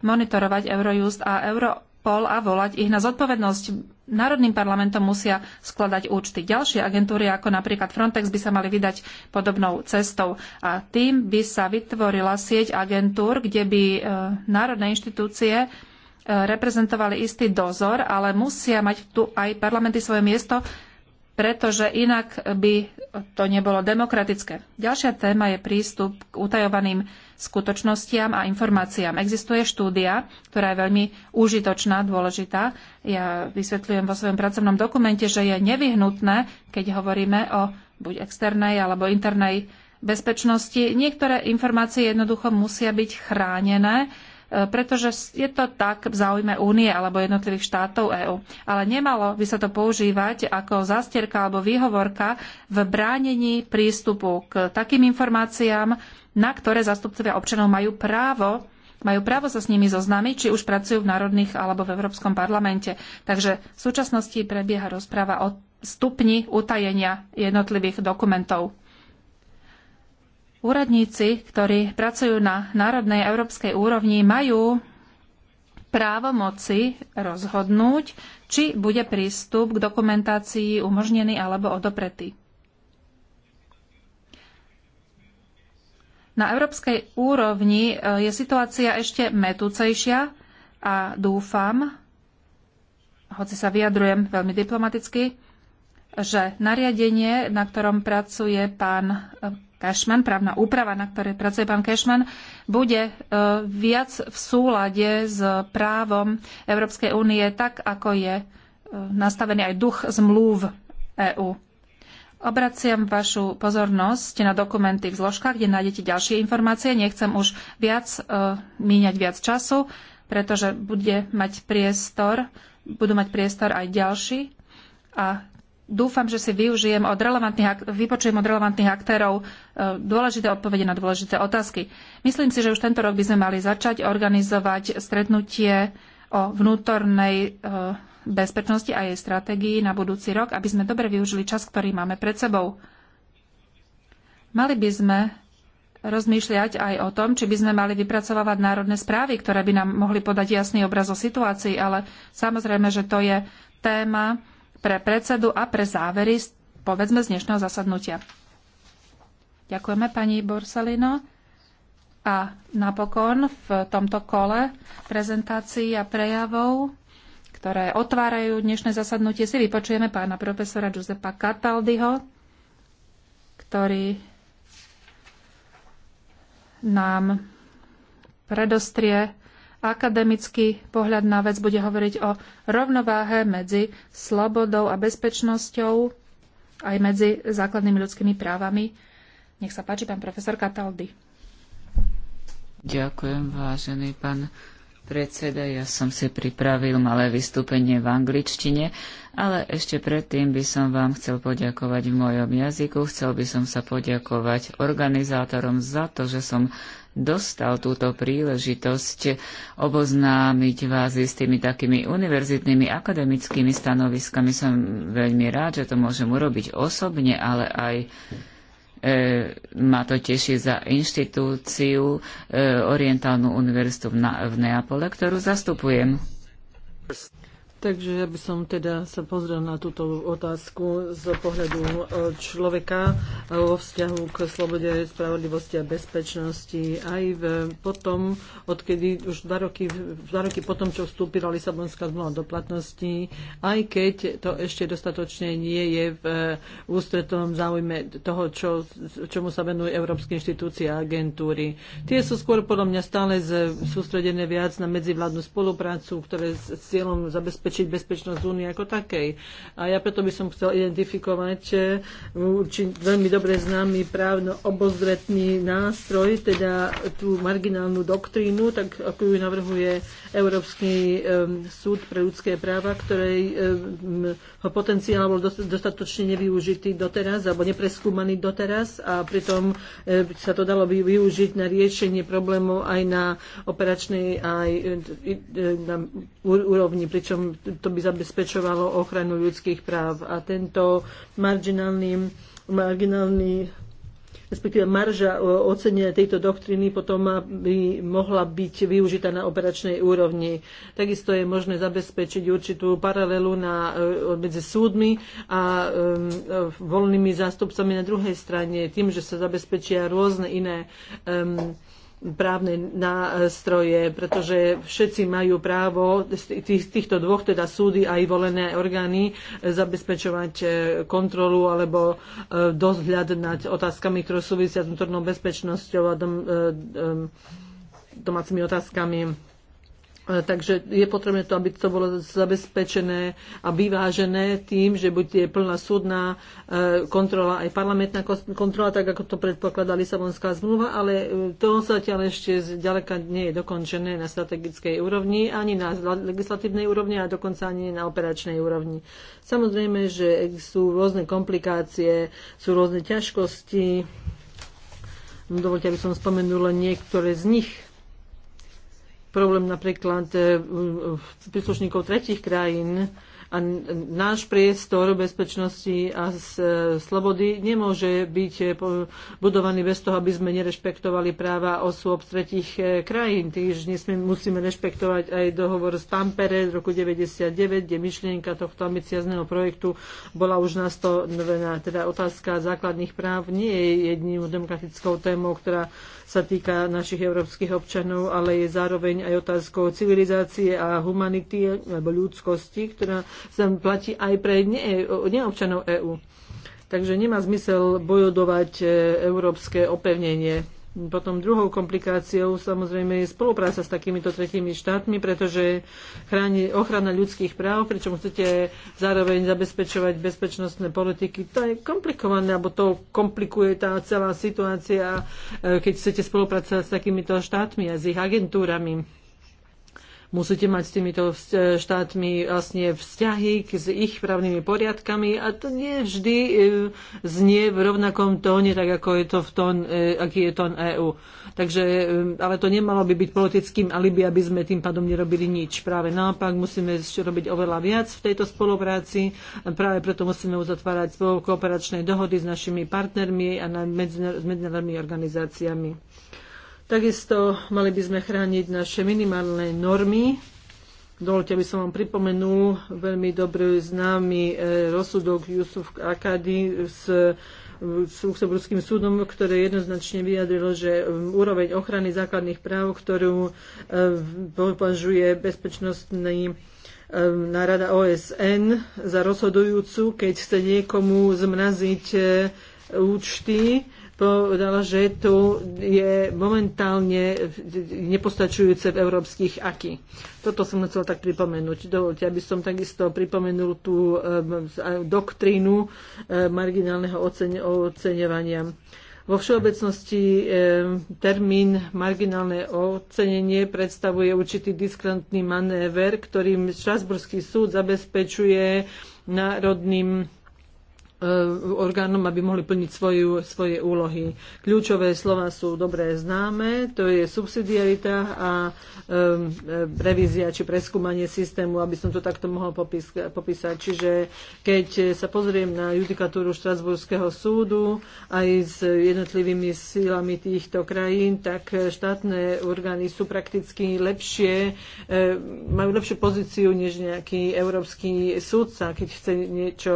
monitorovať Eurojust a Europol a volať ich na zodpovednosť. Národným parlamentom musia skladať účty. Ďalšie agentúry, ako napríklad Frontex, by sa mali vydať podobnou cestou. A tým by sa vytvorila sieť agentúr, kde by e, národné inštitúcie reprezentovali istý dozor, ale musia mať tu aj parlamenty svoje miesto, pretože inak by to nebolo demokratické. Ďalšia téma je prístup k utajovaným skutočnostiam a informáciám. Existuje štúdia, ktorá je veľmi užitočná, dôležitá. Ja vysvetľujem vo svojom pracovnom dokumente, že je nevyhnutné, keď hovoríme o buď externej alebo internej bezpečnosti, niektoré informácie jednoducho musia byť chránené E, pretože je to tak v záujme únie alebo jednotlivých štátov EÚ. Ale nemalo by sa to používať ako zastierka alebo výhovorka v bránení prístupu k takým informáciám, na ktoré zastupcovia občanov majú právo majú právo sa s nimi zoznámiť, či už pracujú v národných alebo v Európskom parlamente. Takže v súčasnosti prebieha rozpráva o stupni utajenia jednotlivých dokumentov. Úradníci, ktorí pracujú na národnej európskej úrovni, majú právomoci rozhodnúť, či bude prístup k dokumentácii umožnený alebo odopretý. Na európskej úrovni eh, je situácia ešte metúcejšia a dúfam, hoci sa vyjadrujem veľmi diplomaticky, že nariadenie, na ktorom pracuje pán eh, Cashman, právna úprava, na ktorej pracuje pán Cashman, bude e, viac v súlade s právom Európskej únie, tak ako je e, nastavený aj duch zmluv EÚ. Obraciam vašu pozornosť na dokumenty v zložkách, kde nájdete ďalšie informácie. Nechcem už viac e, míňať viac času, pretože bude mať priestor, budú mať priestor aj ďalší. A dúfam, že si využijem od relevantných, vypočujem od relevantných aktérov e, dôležité odpovede na dôležité otázky. Myslím si, že už tento rok by sme mali začať organizovať stretnutie o vnútornej e, bezpečnosti a jej stratégii na budúci rok, aby sme dobre využili čas, ktorý máme pred sebou. Mali by sme rozmýšľať aj o tom, či by sme mali vypracovávať národné správy, ktoré by nám mohli podať jasný obraz o situácii, ale samozrejme, že to je téma, pre predsedu a pre závery, povedzme, z dnešného zasadnutia. Ďakujeme pani Borsalino. A napokon v tomto kole prezentácií a prejavov, ktoré otvárajú dnešné zasadnutie, si vypočujeme pána profesora Giuseppa Cataldiho, ktorý nám predostrie Akademický pohľad na vec bude hovoriť o rovnováhe medzi slobodou a bezpečnosťou aj medzi základnými ľudskými právami. Nech sa páči, pán profesor Kataldy. Ďakujem, vážený pán predseda. Ja som si pripravil malé vystúpenie v angličtine, ale ešte predtým by som vám chcel poďakovať v mojom jazyku. Chcel by som sa poďakovať organizátorom za to, že som dostal túto príležitosť oboznámiť vás s tými takými univerzitnými akademickými stanoviskami. Som veľmi rád, že to môžem urobiť osobne, ale aj e, ma to teší za inštitúciu e, Orientálnu univerzitu v, Na- v Neapole, ktorú zastupujem. Takže ja by som teda sa pozrel na túto otázku z pohľadu e, človeka e, vo vzťahu k slobode, spravodlivosti a bezpečnosti. Aj v, potom, odkedy už dva roky, dva roky potom, čo vstúpila Lisabonská zmluva do platnosti, aj keď to ešte dostatočne nie je v e, ústretom záujme toho, čo, čomu sa venujú európske inštitúcie a agentúry. Tie sú skôr podľa mňa stále sústredené viac na medzivládnu spoluprácu, ktoré s cieľom zabezpečiť zabezpečiť bezpečnosť únie ako takej. A ja preto by som chcel identifikovať e, či veľmi dobre známy právno obozretný nástroj, teda tú marginálnu doktrínu, tak ako ju navrhuje Európsky súd pre ľudské práva, ktorej ho potenciál bol dostatočne nevyužitý doteraz alebo nepreskúmaný doteraz a pritom e, sa to dalo by využiť na riešenie problémov aj na operačnej aj e, na úrovni, pričom to by zabezpečovalo ochranu ľudských práv. A tento marginálny, marginálny respektíve marža ocenenia tejto doktríny potom by mohla byť využitá na operačnej úrovni. Takisto je možné zabezpečiť určitú paralelu na, e, medzi súdmi a um, e, e, voľnými zástupcami na druhej strane, tým, že sa zabezpečia rôzne iné um, právne nástroje, pretože všetci majú právo z tých, týchto dvoch, teda súdy aj volené orgány, zabezpečovať e, kontrolu alebo e, dozhľad nad otázkami, ktoré súvisia s vnútornou bezpečnosťou a dom, e, domácimi otázkami. E, takže je potrebné to, aby to bolo zabezpečené a vyvážené tým, že buď je plná súdna e, kontrola, aj parlamentná kontrola, tak ako to predpokladá Lisabonská zmluva, ale e, to zatiaľ ešte ďaleka nie je dokončené na strategickej úrovni, ani na legislatívnej úrovni a dokonca ani na operačnej úrovni. Samozrejme, že sú rôzne komplikácie, sú rôzne ťažkosti. Dovolte, aby som spomenula niektoré z nich problém napríklad príslušníkov tretich krajín, a náš priestor bezpečnosti a e, slobody nemôže byť e, budovaný bez toho, aby sme nerešpektovali práva osôb z tretich e, krajín. Tiež musíme rešpektovať aj dohovor z Tampere z roku 1999, kde myšlienka tohto ambiciozného projektu bola už nastavená. Teda otázka základných práv nie je jedným demokratickou témou, ktorá sa týka našich európskych občanov, ale je zároveň aj otázkou civilizácie a humanity alebo ľudskosti, ktorá platí aj pre ne, neobčanov EÚ. Takže nemá zmysel bojodovať e, európske opevnenie. Potom druhou komplikáciou samozrejme je spolupráca s takýmito tretími štátmi, pretože chráni, ochrana ľudských práv, pričom chcete zároveň zabezpečovať bezpečnostné politiky. To je komplikované, alebo to komplikuje tá celá situácia, e, keď chcete spolupracovať s takýmito štátmi a s ich agentúrami musíte mať s týmito e, štátmi vlastne vzťahy s ich právnymi poriadkami a to nie vždy e, znie v rovnakom tóne, tak ako je to v tón, e, aký je tón EÚ. Takže, ale to nemalo by byť politickým alibi, aby sme tým pádom nerobili nič. Práve naopak musíme robiť oveľa viac v tejto spolupráci. Práve preto musíme uzatvárať spolu kooperačné dohody s našimi partnermi a medzinárodnými organizáciami. Takisto mali by sme chrániť naše minimálne normy. Dovolte, aby som vám pripomenul veľmi dobrý známy e, rozsudok Jusuf Akady s, e, s Luxemburským súdom, ktoré jednoznačne vyjadrilo, že e, úroveň ochrany základných práv, ktorú považuje bezpečnostný nárada OSN za rozhodujúcu, keď chce niekomu zmraziť účty, povedala, že tu je momentálne nepostačujúce v európskych aký. Toto som chcel tak pripomenúť. Dovolte, aby som takisto pripomenul tú eh, doktrínu eh, marginálneho oceňovania. Vo všeobecnosti eh, termín marginálne ocenenie predstavuje určitý diskrantný manéver, ktorým Štrasburský súd zabezpečuje národným E, orgánom, aby mohli plniť svoju, svoje úlohy. Kľúčové slova sú dobre známe, to je subsidiarita a um, revízia či preskúmanie systému, aby som to takto mohol popis, popísať. Čiže keď sa pozriem na judikatúru Štrasburského súdu aj s jednotlivými sílami týchto krajín, tak štátne orgány sú prakticky lepšie, majú lepšiu pozíciu než nejaký európsky súdca, keď chce niečo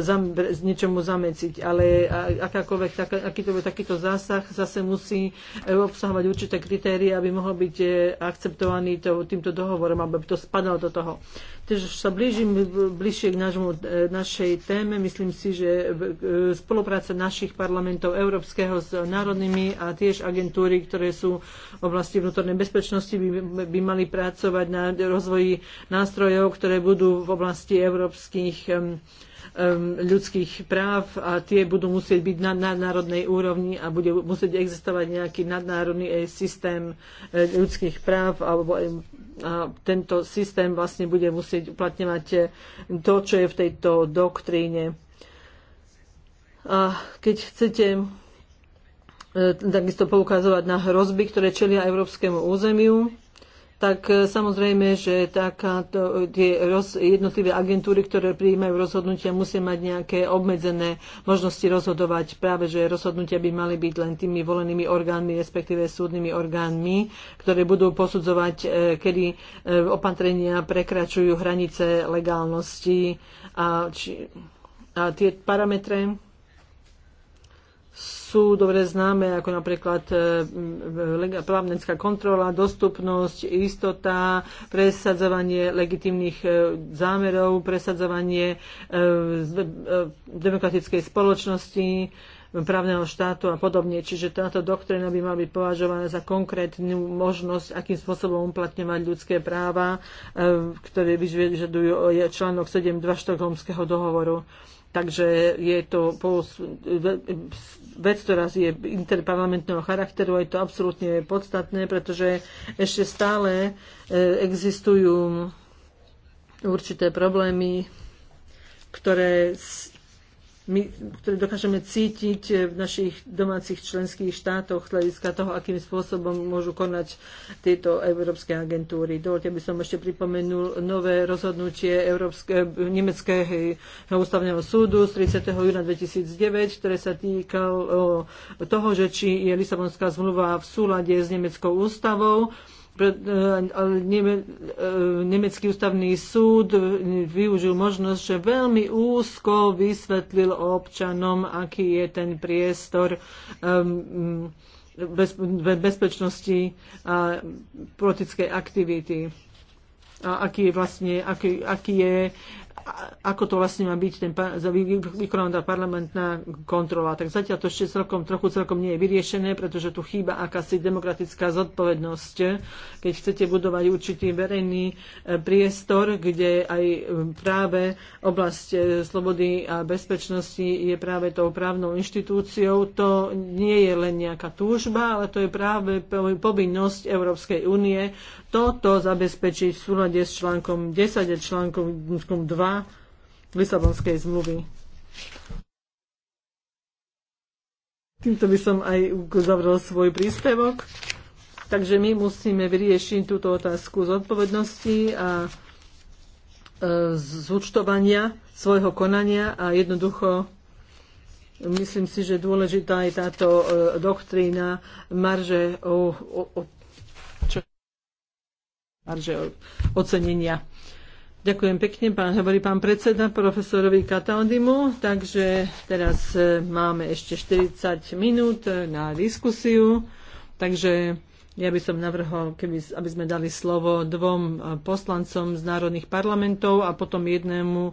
zam, niečomu zamedziť, ale akákoľvek, taká, takýto zásah zase musí obsahovať určité kritérie, aby mohol byť e, akceptovaný to, týmto dohovorom, aby to spadalo do toho. Takže sa blížim bližšie k nášmu, e, našej téme. Myslím si, že e, spolupráca našich parlamentov európskeho s národnými a tiež agentúry, ktoré sú v oblasti vnútornej bezpečnosti, by, by mali pracovať na rozvoji nástrojov, ktoré budú v oblasti európskych Um, ľudských práv a tie budú musieť byť na nadnárodnej úrovni a bude musieť existovať nejaký nadnárodný eh, systém eh, ľudských práv alebo eh, a tento systém vlastne bude musieť uplatňovať to, čo je v tejto doktríne. A keď chcete takisto poukazovať na hrozby, ktoré čelia európskemu územiu, tak e, samozrejme, že taká to, tie roz, jednotlivé agentúry, ktoré prijímajú rozhodnutia, musia mať nejaké obmedzené možnosti rozhodovať. Práve, že rozhodnutia by mali byť len tými volenými orgánmi, respektíve súdnymi orgánmi, ktoré budú posudzovať, e, kedy e, opatrenia prekračujú hranice legálnosti a, či, a tie parametre sú dobre známe, ako napríklad e, právnecká kontrola, dostupnosť, istota, presadzovanie legitimných e, zámerov, presadzovanie e, demokratickej spoločnosti, právneho štátu a podobne. Čiže táto doktrína by mala byť považovaná za konkrétnu možnosť, akým spôsobom uplatňovať ľudské práva, ktoré vyžadujú článok 7.2 štokholmského dohovoru. Takže je to vec, ktorá je interparlamentného charakteru, je to absolútne podstatné, pretože ešte stále e, existujú určité problémy, ktoré my, ktoré dokážeme cítiť v našich domácich členských štátoch hľadiska toho, akým spôsobom môžu konať tieto európske agentúry. Dovolte by som ešte pripomenul nové rozhodnutie Európske, Nemeckého ústavného súdu z 30. júna 2009, ktoré sa týkalo toho, že či je Lisabonská zmluva v súlade s Nemeckou ústavou Eh, eh, nemecký ústavný súd využil možnosť, že veľmi úzko vysvetlil občanom, aký je ten priestor ehm, bezpečnosti a politickej aktivity a aký je vlastne, aký, aký je ako to vlastne má byť ten, vykonávaná parlamentná kontrola. Tak zatiaľ to ešte celkom, trochu celkom nie je vyriešené, pretože tu chýba akási demokratická zodpovednosť. Keď chcete budovať určitý verejný e, priestor, kde aj e, práve oblasť e, slobody a bezpečnosti je práve tou právnou inštitúciou, to nie je len nejaká túžba, ale to je práve povinnosť Európskej únie toto zabezpečiť v súlade s článkom 10 a článkom 2 Lisabonskej zmluvy. Týmto by som aj uzavrel svoj príspevok. Takže my musíme vyriešiť túto otázku zodpovednosti a e, zúčtovania svojho konania a jednoducho myslím si, že dôležitá je táto e, doktrína marže, o, o, o, čo, marže ocenenia. Ďakujem pekne, pán, hovorí pán predseda profesorovi Kataldimu. Takže teraz e, máme ešte 40 minút e, na diskusiu. Takže ja by som navrhol, keby, aby sme dali slovo dvom e, poslancom z národných parlamentov a potom jednému um,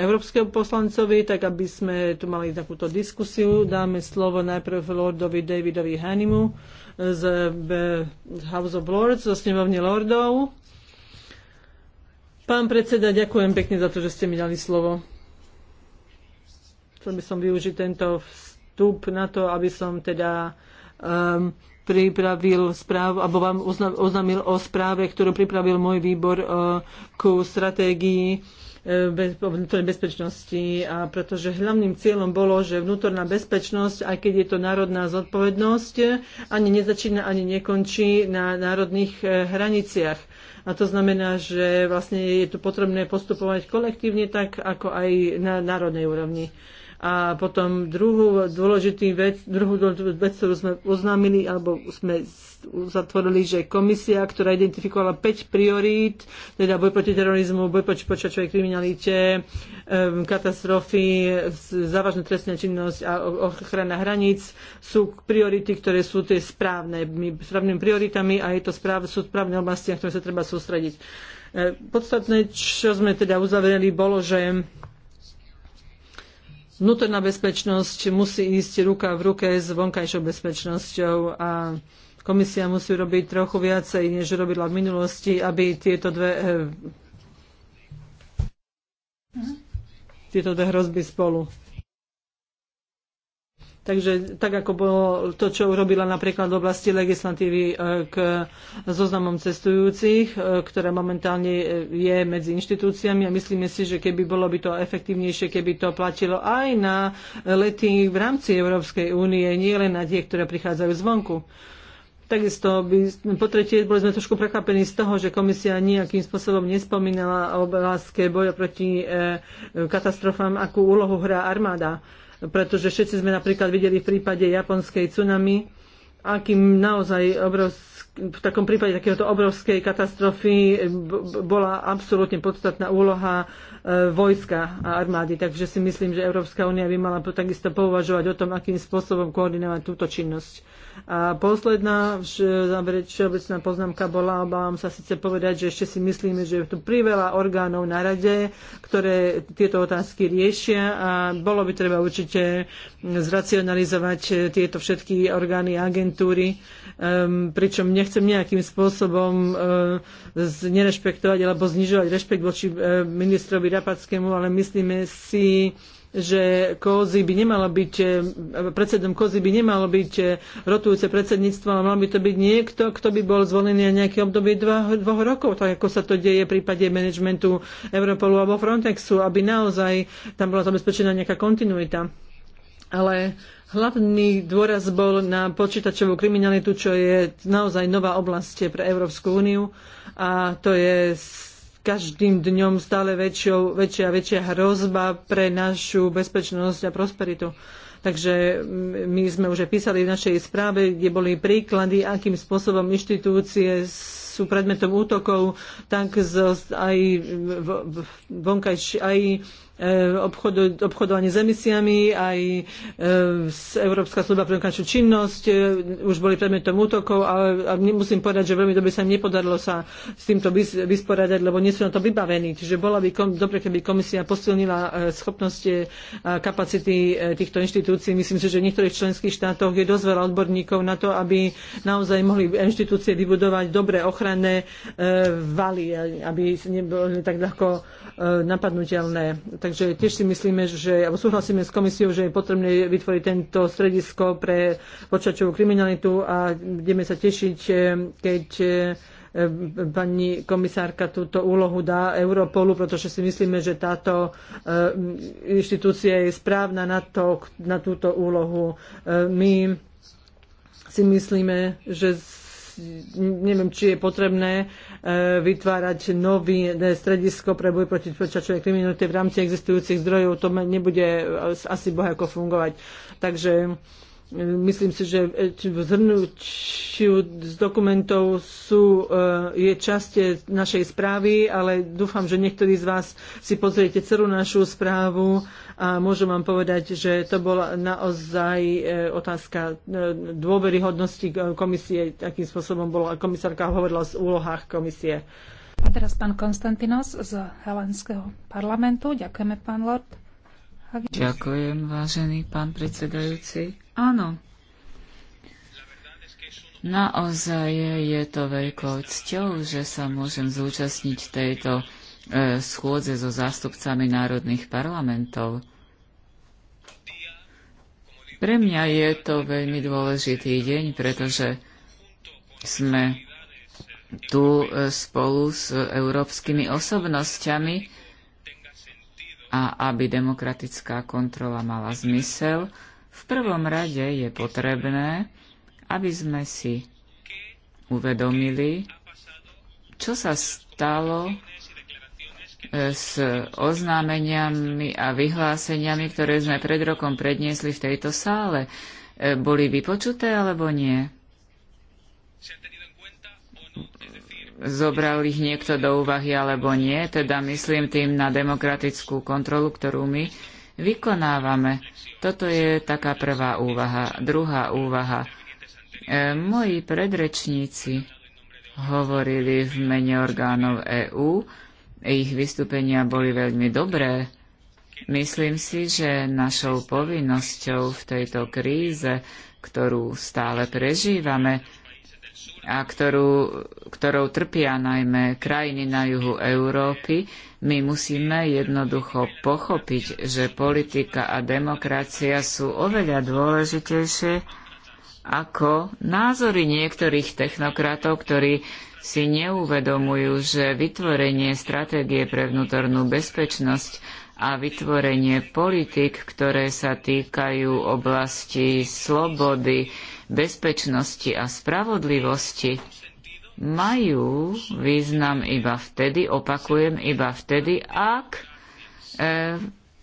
európskeho poslancovi, tak aby sme tu mali takúto diskusiu. Dáme slovo najprv lordovi Davidovi Hanimu z House of Lords, zo snemovne lordov Pán predseda, ďakujem pekne za to, že ste mi dali slovo. Chcel by som využiť tento vstup na to, aby som teda um, pripravil správu, alebo vám oznámil o správe, ktorú pripravil môj výbor uh, ku stratégii uh, bez, vnútornej bezpečnosti a pretože hlavným cieľom bolo, že vnútorná bezpečnosť, aj keď je to národná zodpovednosť, ani nezačína, ani nekončí na národných eh, hraniciach. A to znamená, že vlastne je tu potrebné postupovať kolektívne tak, ako aj na národnej úrovni. A potom druhú dôležitý vec, druhú dôležitú vec, ktorú sme oznámili, alebo sme zatvorili, že komisia, ktorá identifikovala 5 priorít, teda boj proti terorizmu, boj proti počačovej kriminalite, katastrofy, závažná trestná činnosť a ochrana hraníc, sú priority, ktoré sú tie správne, správnymi prioritami a je to správ, sú správne oblasti, na ktoré sa treba sústrediť. E, podstatné, čo sme teda uzavreli, bolo, že vnútorná bezpečnosť musí ísť ruka v ruke s vonkajšou bezpečnosťou a komisia musí robiť trochu viacej, než robila v minulosti, aby tieto dve, eh, mhm. tieto dve hrozby spolu Takže tak, ako bolo to, čo urobila napríklad v oblasti legislatívy e, k zoznamom cestujúcich, e, ktorá momentálne e, je medzi inštitúciami a myslíme si, že keby bolo by to efektívnejšie, keby to platilo aj na lety v rámci Európskej únie, nie len na tie, ktoré prichádzajú zvonku. Takisto by, po tretie, boli sme trošku prekvapení z toho, že komisia nejakým spôsobom nespomínala o láske boja proti e, katastrofám, akú úlohu hrá armáda. E, pretože všetci sme napríklad videli v prípade japonskej tsunami, akým naozaj obrovský, v takom prípade takéhoto obrovskej katastrofy bola absolútne podstatná úloha e, vojska a armády. Takže si myslím, že Európska únia by mala takisto pouvažovať o tom, akým spôsobom koordinovať túto činnosť. A posledná všeobecná poznámka bola, obávam sa síce povedať, že ešte si myslíme, že je tu priveľa orgánov na rade, ktoré tieto otázky riešia a bolo by treba určite zracionalizovať eh, tieto všetky orgány a agentúry, um, pričom nechcem nejakým spôsobom uh, nerešpektovať alebo znižovať rešpekt voči uh, ministrovi Rapackému, ale myslíme si, že kozy e, by nemalo byť, predsedom kozy by nemalo byť rotujúce predsedníctvo, ale mal by to byť niekto, kto by bol zvolený na nejaké obdobie dvoch, dvoch rokov, tak ako sa to deje v prípade manažmentu Europolu alebo Frontexu, aby naozaj tam bola zabezpečená nejaká kontinuita. Ale hlavný dôraz bol na počítačovú kriminalitu, čo je naozaj nová oblasť pre Európsku úniu a to je každým dňom stále väčšou, väčšia a väčšia hrozba pre našu bezpečnosť a prosperitu. Takže mm, my sme už aj písali v našej správe, kde boli príklady, akým spôsobom inštitúcie sú predmetom útokov, tak z, aj, v, vonkajš, aj Eh, obchodu, obchodovanie s emisiami, aj eh, Európska služba pre dokončnú činnosť eh, už boli predmetom útokov, ale musím povedať, že veľmi dobre sa im nepodarilo sa s týmto vysporiadať, lebo nie sú na to vybavení. Čiže bola by kom, dobre, keby komisia posilnila schopnosti a kapacity týchto inštitúcií. Myslím si, že v niektorých členských štátoch je dosť veľa odborníkov na to, aby naozaj mohli inštitúcie vybudovať dobre ochranné valy, aby neboli tak ľahko napadnutelné Takže tiež si myslíme, že, súhlasíme s komisiou, že je potrebné vytvoriť tento stredisko pre počačovú kriminalitu a budeme sa tešiť, eh, keď eh, pani komisárka túto úlohu dá Europolu, pretože si myslíme, že táto eh, inštitúcia je správna na, to, na túto úlohu. My si myslíme, že neviem, či je potrebné e, vytvárať nový e, stredisko pre boj proti počačovej kriminalite v rámci existujúcich zdrojov. To nebude e, asi bohako fungovať. Takže myslím si, že v zhrnutiu z dokumentov sú, je časť našej správy, ale dúfam, že niektorí z vás si pozriete celú našu správu a môžem vám povedať, že to bola naozaj e, otázka e, dôveryhodnosti e, komisie, akým spôsobom bola komisárka hovorila o úlohách komisie. A teraz pán Konstantinos z Helenského parlamentu. Ďakujeme, pán Lord. Hagius. Ďakujem, vážený pán predsedajúci. Áno, Naozaj je to veľkou cťou, že sa môžem zúčastniť tejto E, schôdze so zástupcami národných parlamentov. Pre mňa je to veľmi dôležitý deň, pretože sme tu e, spolu s európskymi osobnosťami a aby demokratická kontrola mala zmysel, v prvom rade je potrebné, aby sme si uvedomili, čo sa stalo s oznámeniami a vyhláseniami, ktoré sme pred rokom predniesli v tejto sále. E, boli vypočuté alebo nie? Zobral ich niekto do úvahy alebo nie? Teda myslím tým na demokratickú kontrolu, ktorú my vykonávame. Toto je taká prvá úvaha. Druhá úvaha. E, moji predrečníci hovorili v mene orgánov EÚ, ich vystúpenia boli veľmi dobré. Myslím si, že našou povinnosťou v tejto kríze, ktorú stále prežívame a ktorú, ktorou trpia najmä krajiny na juhu Európy, my musíme jednoducho pochopiť, že politika a demokracia sú oveľa dôležitejšie ako názory niektorých technokratov, ktorí si neuvedomujú, že vytvorenie stratégie pre vnútornú bezpečnosť a vytvorenie politik, ktoré sa týkajú oblasti slobody, bezpečnosti a spravodlivosti, majú význam iba vtedy, opakujem, iba vtedy, ak e,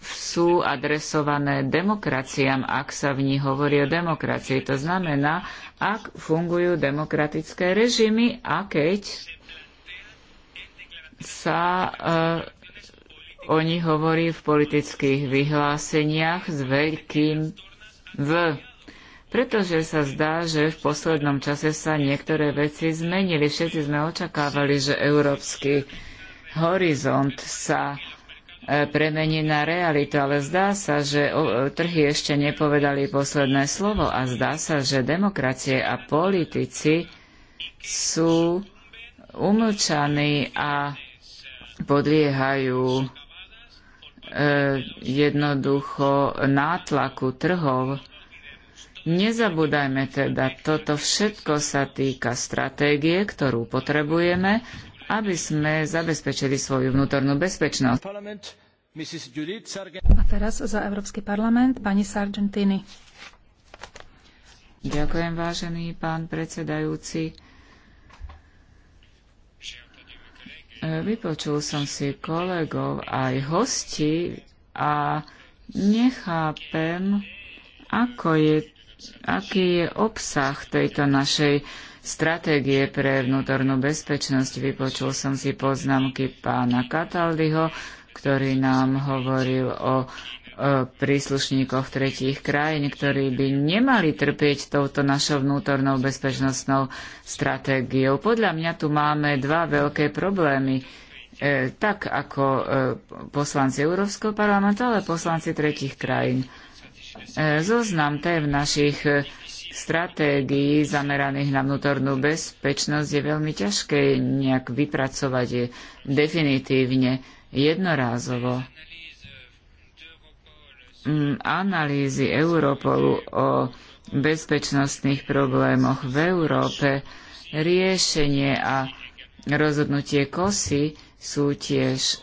sú adresované demokraciám, ak sa v nich hovorí o demokracii. To znamená, ak fungujú demokratické režimy a keď sa e, o nich hovorí v politických vyhláseniach s veľkým V, pretože sa zdá, že v poslednom čase sa niektoré veci zmenili. Všetci sme očakávali, že európsky horizont sa E, premení na realitu, ale zdá sa, že trhy ešte nepovedali posledné slovo a zdá sa, že demokracie a politici sú umlčaní a podliehajú e, jednoducho nátlaku trhov. Nezabúdajme teda, toto všetko sa týka stratégie, ktorú potrebujeme aby sme zabezpečili svoju vnútornú bezpečnosť. A teraz za Európsky parlament pani Sargentini. Ďakujem, vážený pán predsedajúci. Vypočul som si kolegov aj hosti a nechápem, ako je, aký je obsah tejto našej stratégie pre vnútornú bezpečnosť. Vypočul som si poznámky pána Kataldyho, ktorý nám hovoril o, príslušníkoch tretích krajín, ktorí by nemali trpieť touto našou vnútornou bezpečnostnou stratégiou. Podľa mňa tu máme dva veľké problémy. E, tak ako e, poslanci Európskeho parlamentu, ale poslanci tretich krajín. E, zoznam tém našich e, stratégií zameraných na vnútornú bezpečnosť je veľmi ťažké nejak vypracovať je definitívne, jednorázovo. Mm, analýzy Europolu o bezpečnostných problémoch v Európe, riešenie a rozhodnutie kosy sú tiež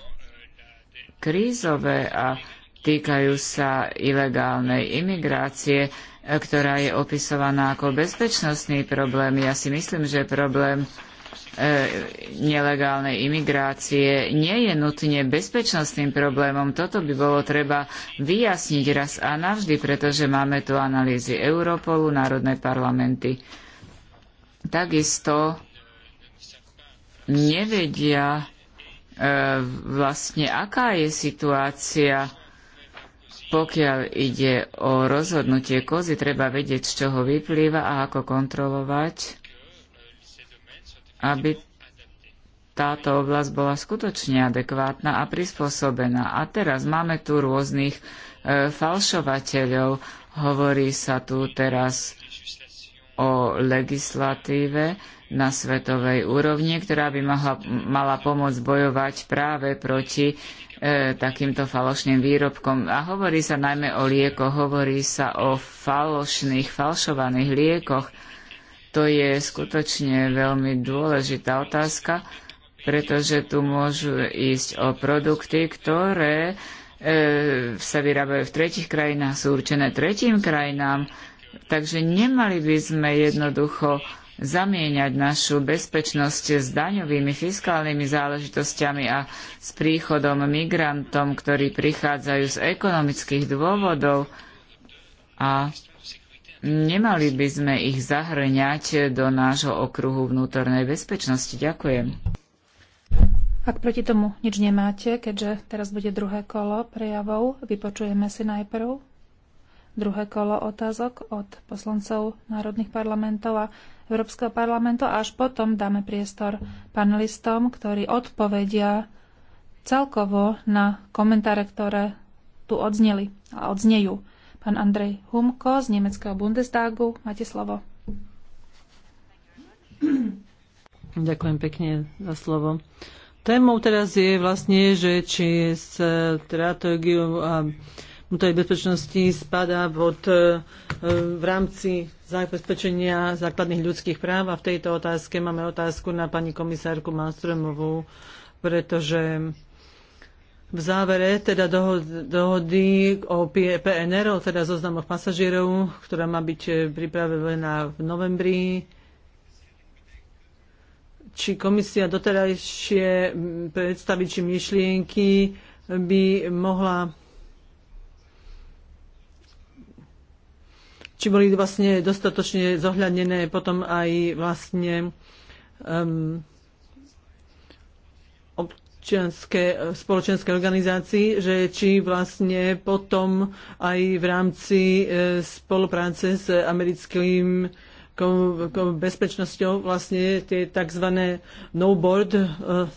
krízové a týkajú sa ilegálnej imigrácie, ktorá je opisovaná ako bezpečnostný problém. Ja si myslím, že problém e, nelegálnej imigrácie nie je nutne bezpečnostným problémom. Toto by bolo treba vyjasniť raz a navždy, pretože máme tu analýzy Europolu, národné parlamenty. Takisto nevedia e, vlastne, aká je situácia pokiaľ ide o rozhodnutie kozy, treba vedieť, z čoho vyplýva a ako kontrolovať, aby táto oblasť bola skutočne adekvátna a prispôsobená. A teraz máme tu rôznych e, falšovateľov. Hovorí sa tu teraz o legislatíve na svetovej úrovni, ktorá by mohla, mala pomôcť bojovať práve proti e, takýmto falošným výrobkom. A hovorí sa najmä o liekoch, hovorí sa o falošných, falšovaných liekoch. To je skutočne veľmi dôležitá otázka, pretože tu môžu ísť o produkty, ktoré e, sa vyrábajú v tretich krajinách, sú určené tretím krajinám, takže nemali by sme jednoducho zamieňať našu bezpečnosť s daňovými fiskálnymi záležitosťami a s príchodom migrantom, ktorí prichádzajú z ekonomických dôvodov a nemali by sme ich zahrňať do nášho okruhu vnútornej bezpečnosti. Ďakujem. Ak proti tomu nič nemáte, keďže teraz bude druhé kolo prejavov, vypočujeme si najprv druhé kolo otázok od poslancov národných parlamentov a Európskeho parlamentu a až potom dáme priestor panelistom, ktorí odpovedia celkovo na komentáre, ktoré tu odzneli a odznejú. Pán Andrej Humko z nemeckého Bundestagu, máte slovo. Ďakujem pekne za slovo. Témou teraz je vlastne, že či stratégiu a vnútornej bezpečnosti spadá pod, e, v rámci zabezpečenia základných ľudských práv a v tejto otázke máme otázku na pani komisárku Malstromovú, pretože v závere teda dohody, o PNR, o teda zoznamoch pasažierov, ktorá má byť e, pripravená v novembri, či komisia doterajšie predstaviť, či myšlienky by mohla či boli vlastne dostatočne zohľadnené potom aj vlastne um, občianské, spoločenské organizácii, že či vlastne potom aj v rámci e, spolupráce s americkým bezpečnosťou vlastne tie tzv. no-board e,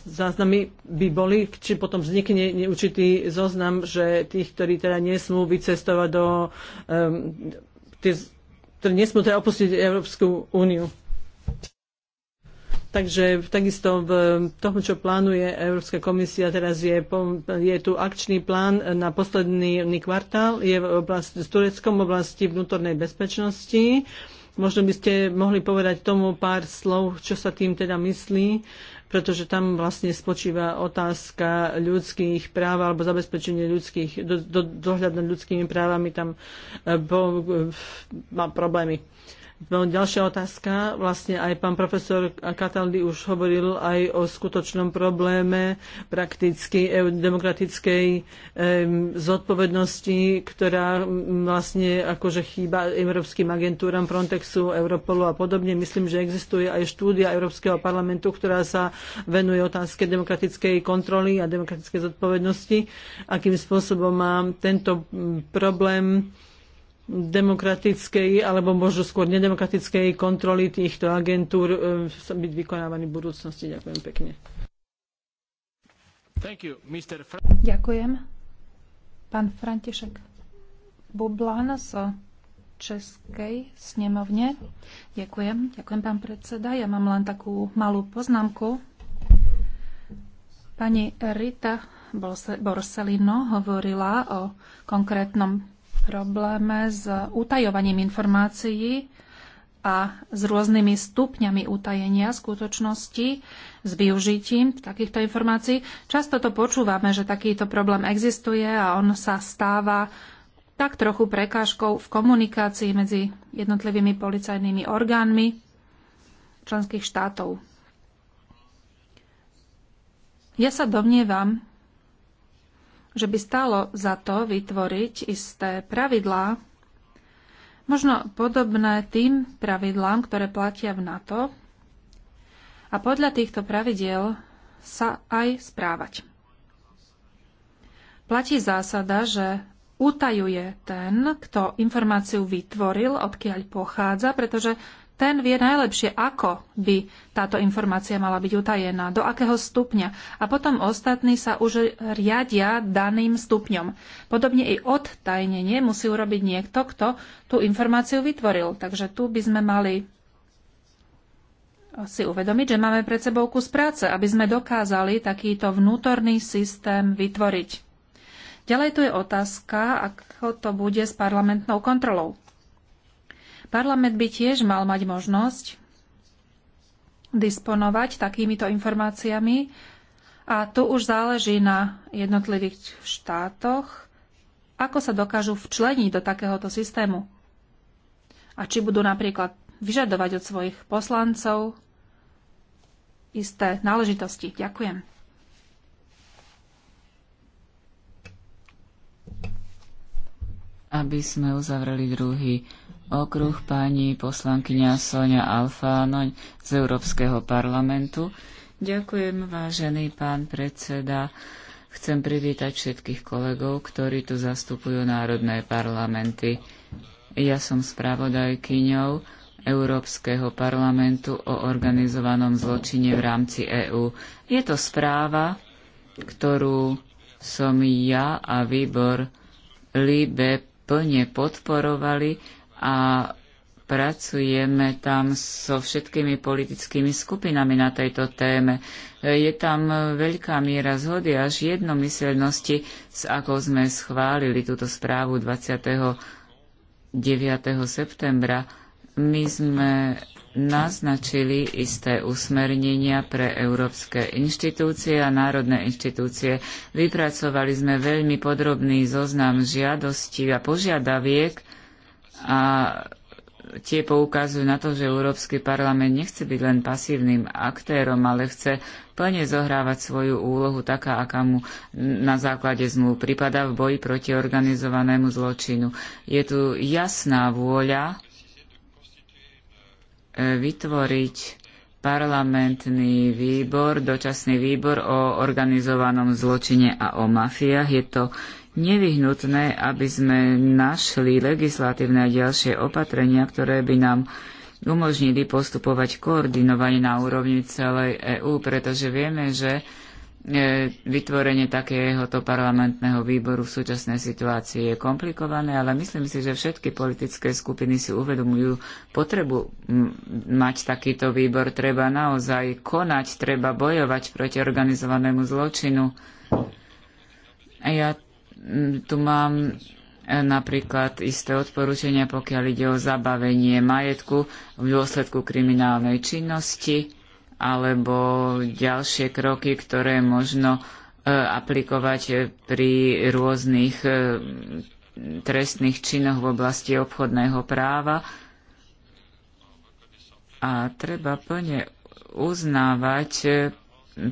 záznamy by boli, či potom vznikne určitý zoznam, že tých, ktorí teda nesmú vycestovať do um, tie, ktoré nesmú teda opustiť Európsku úniu. Takže takisto v tom, čo plánuje Európska komisia, teraz je, je tu akčný plán na posledný kvartál, je v oblasti, v Tureckom oblasti vnútornej bezpečnosti. Možno by ste mohli povedať tomu pár slov, čo sa tým teda myslí pretože tam vlastne spočíva otázka ľudských práv alebo zabezpečenie ľudských, do, do, dohľad nad ľudskými právami tam eh, bol, eh, má problémy. No, ďalšia otázka. Vlastne aj pán profesor Kataldy už hovoril aj o skutočnom probléme prakticky eh, demokratickej zodpovednosti, ktorá mm, vlastne akože chýba európskym agentúram Frontexu, Europolu a podobne. Myslím, že existuje aj štúdia Európskeho parlamentu, ktorá sa venuje otázke demokratickej kontroly a demokratickej zodpovednosti, akým spôsobom má tento mm, problém demokratickej alebo možno skôr nedemokratickej kontroly týchto agentúr e, byť vykonávaný v budúcnosti. Ďakujem pekne. You, Ďakujem. Pán František Bublán z Českej snemovne. Ďakujem. Ďakujem, pán predseda. Ja mám len takú malú poznámku. Pani Rita Borsellino hovorila o konkrétnom probléme s utajovaním informácií a s rôznymi stupňami utajenia skutočnosti, s využitím takýchto informácií. Často to počúvame, že takýto problém existuje a on sa stáva tak trochu prekážkou v komunikácii medzi jednotlivými policajnými orgánmi členských štátov. Ja sa domnievam, že by stalo za to vytvoriť isté pravidlá, možno podobné tým pravidlám, ktoré platia v NATO, a podľa týchto pravidiel sa aj správať. Platí zásada, že utajuje ten, kto informáciu vytvoril, odkiaľ pochádza, pretože ten vie najlepšie, ako by táto informácia mala byť utajená, do akého stupňa. A potom ostatní sa už riadia daným stupňom. Podobne i odtajnenie musí urobiť niekto, kto tú informáciu vytvoril. Takže tu by sme mali si uvedomiť, že máme pred sebou kus práce, aby sme dokázali takýto vnútorný systém vytvoriť. Ďalej tu je otázka, ako to bude s parlamentnou kontrolou. Parlament by tiež mal mať možnosť disponovať takýmito informáciami a tu už záleží na jednotlivých štátoch, ako sa dokážu včleniť do takéhoto systému. A či budú napríklad vyžadovať od svojich poslancov isté náležitosti. Ďakujem. Aby sme uzavreli druhý okruh pani poslankyňa Sonia Alfáno z Európskeho parlamentu. Ďakujem, vážený pán predseda. Chcem privítať všetkých kolegov, ktorí tu zastupujú národné parlamenty. Ja som spravodajkyňou Európskeho parlamentu o organizovanom zločine v rámci EÚ. Je to správa, ktorú som ja a výbor LIBE plne podporovali a pracujeme tam so všetkými politickými skupinami na tejto téme. Je tam veľká miera zhody až jednomyselnosti, s akou sme schválili túto správu 29. septembra. My sme naznačili isté usmernenia pre európske inštitúcie a národné inštitúcie. Vypracovali sme veľmi podrobný zoznam žiadostí a požiadaviek, a tie poukazujú na to, že Európsky parlament nechce byť len pasívnym aktérom, ale chce plne zohrávať svoju úlohu taká, aká mu na základe zmluv prípada v boji proti organizovanému zločinu. Je tu jasná vôľa e, vytvoriť parlamentný výbor, dočasný výbor o organizovanom zločine a o mafiách. Je to nevyhnutné, aby sme našli legislatívne a ďalšie opatrenia, ktoré by nám umožnili postupovať koordinovanie na úrovni celej EÚ, pretože vieme, že e, vytvorenie takéhoto parlamentného výboru v súčasnej situácii je komplikované, ale myslím si, že všetky politické skupiny si uvedomujú potrebu mať takýto výbor. Treba naozaj konať, treba bojovať proti organizovanému zločinu. Ja Mm, tu mám e, napríklad isté odporúčania, pokiaľ ide o zabavenie majetku v dôsledku kriminálnej činnosti alebo ďalšie kroky, ktoré možno e, aplikovať pri rôznych e, trestných činoch v oblasti obchodného práva. A treba plne uznávať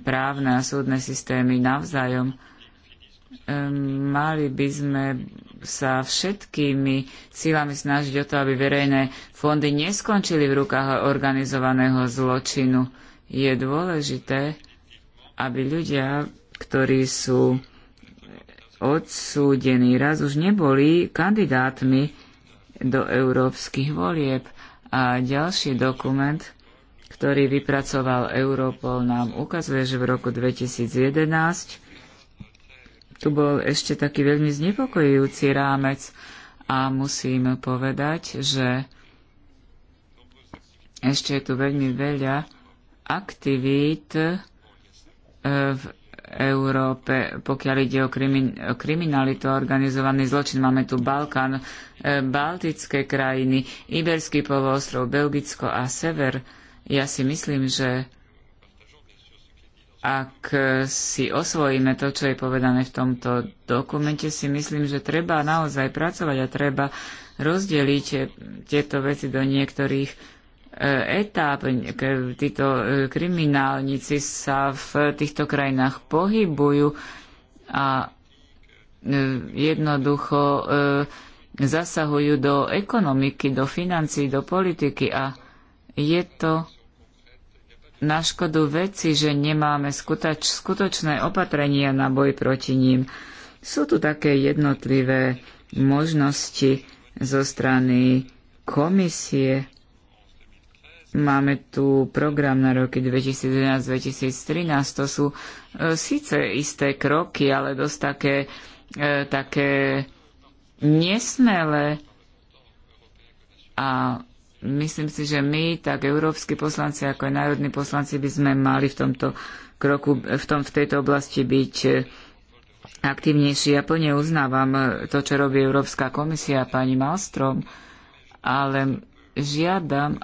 právne a súdne systémy navzájom mali by sme sa všetkými sílami snažiť o to, aby verejné fondy neskončili v rukách organizovaného zločinu. Je dôležité, aby ľudia, ktorí sú odsúdení, raz už neboli kandidátmi do európskych volieb. A ďalší dokument, ktorý vypracoval Europol, nám ukazuje, že v roku 2011 tu bol ešte taký veľmi znepokojujúci rámec a musím povedať, že ešte je tu veľmi veľa aktivít e, v Európe, pokiaľ ide o, krimin- o kriminalitu a organizovaný zločin. Máme tu Balkán, e, Baltické krajiny, Iberský poloostrov, Belgicko a Sever. Ja si myslím, že ak si osvojíme to, čo je povedané v tomto dokumente, si myslím, že treba naozaj pracovať a treba rozdeliť tieto veci do niektorých e, etáp. Títo e, kriminálnici sa v týchto krajinách pohybujú a e, jednoducho zasahujú do ekonomiky, do financií, do politiky a je to na škodu veci, že nemáme skutač, skutočné opatrenia na boj proti ním. Sú tu také jednotlivé možnosti zo strany komisie. Máme tu program na roky 2011-2013. To sú e, síce isté kroky, ale dosť také, e, také nesmelé a myslím si, že my, tak európsky poslanci, ako aj národní poslanci, by sme mali v tomto kroku, v, tom, v tejto oblasti byť eh, aktívnejší. Ja plne uznávam eh, to, čo robí Európska komisia a pani Malstrom, ale žiadam,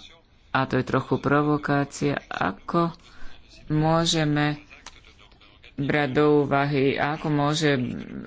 a to je trochu provokácia, ako môžeme brať do úvahy, ako môže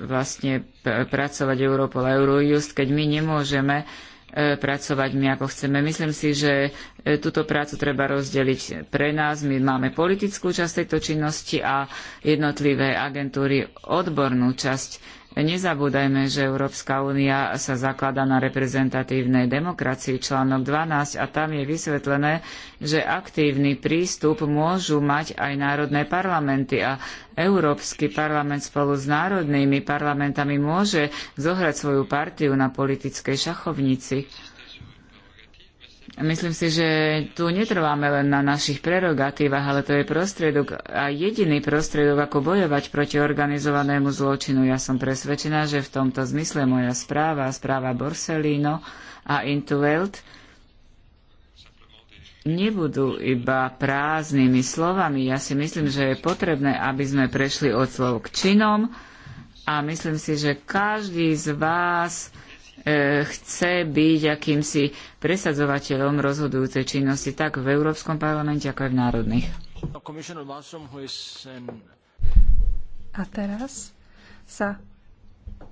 vlastne pracovať Europol a Eurojust, keď my nemôžeme uh, E, pracovať my ako chceme. Myslím si, že e, túto prácu treba rozdeliť pre nás. My máme politickú časť tejto činnosti a jednotlivé agentúry odbornú časť Nezabúdajme, že Európska únia sa zakladá na reprezentatívnej demokracii článok 12 a tam je vysvetlené, že aktívny prístup môžu mať aj národné parlamenty a Európsky parlament spolu s národnými parlamentami môže zohrať svoju partiu na politickej šachovnici. Myslím si, že tu netrváme len na našich prerogatívach, ale to je prostriedok a jediný prostriedok, ako bojovať proti organizovanému zločinu. Ja som presvedčená, že v tomto zmysle moja správa, správa Borsellino a Intuelt nebudú iba prázdnymi slovami. Ja si myslím, že je potrebné, aby sme prešli od slov k činom a myslím si, že každý z vás E, chce byť akýmsi presadzovateľom rozhodujúcej činnosti tak v Európskom parlamente, ako aj v národných. A teraz sa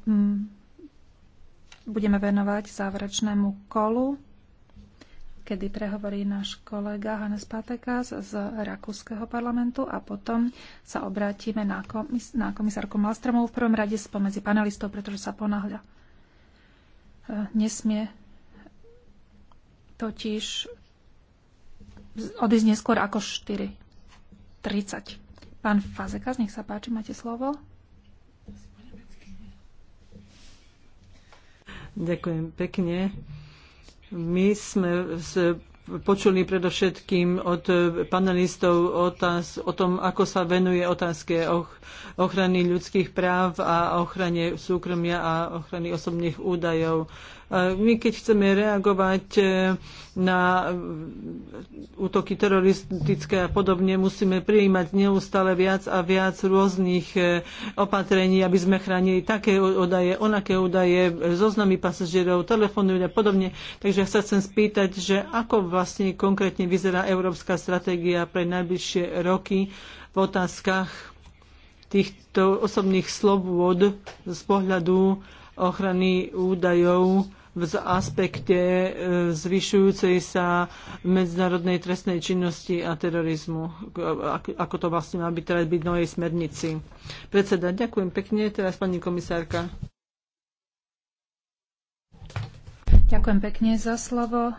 mm, budeme venovať záverečnému kolu, kedy prehovorí náš kolega Hannes Patekas z Rakúskeho parlamentu a potom sa obrátime na, komis- na komisárku Malstromovú v prvom rade spomedzi panelistov, pretože sa ponáhľa. Nesmie totiž odísť neskôr ako 4.30. Pán Fazekas, nech sa páči, máte slovo. Ďakujem pekne. My sme počuli predovšetkým od e, panelistov otáz, o tom, ako sa venuje otázke ochrany ľudských práv a ochrane súkromia a ochrany osobných údajov. My keď chceme reagovať e, na útoky teroristické a podobne, musíme prijímať neustále viac a viac rôznych e, opatrení, aby sme chránili také údaje, onaké údaje, zoznamy pasažierov, telefóny a podobne. Takže ja sa chcem spýtať, že ako vlastne konkrétne vyzerá európska stratégia pre najbližšie roky v otázkach týchto osobných slobôd z pohľadu ochrany údajov v aspekte e, zvyšujúcej sa medzinárodnej trestnej činnosti a terorizmu, ako to vlastne má byť teraz byť v novej smernici. Predseda, ďakujem pekne. Teraz pani komisárka. Ďakujem pekne za slovo.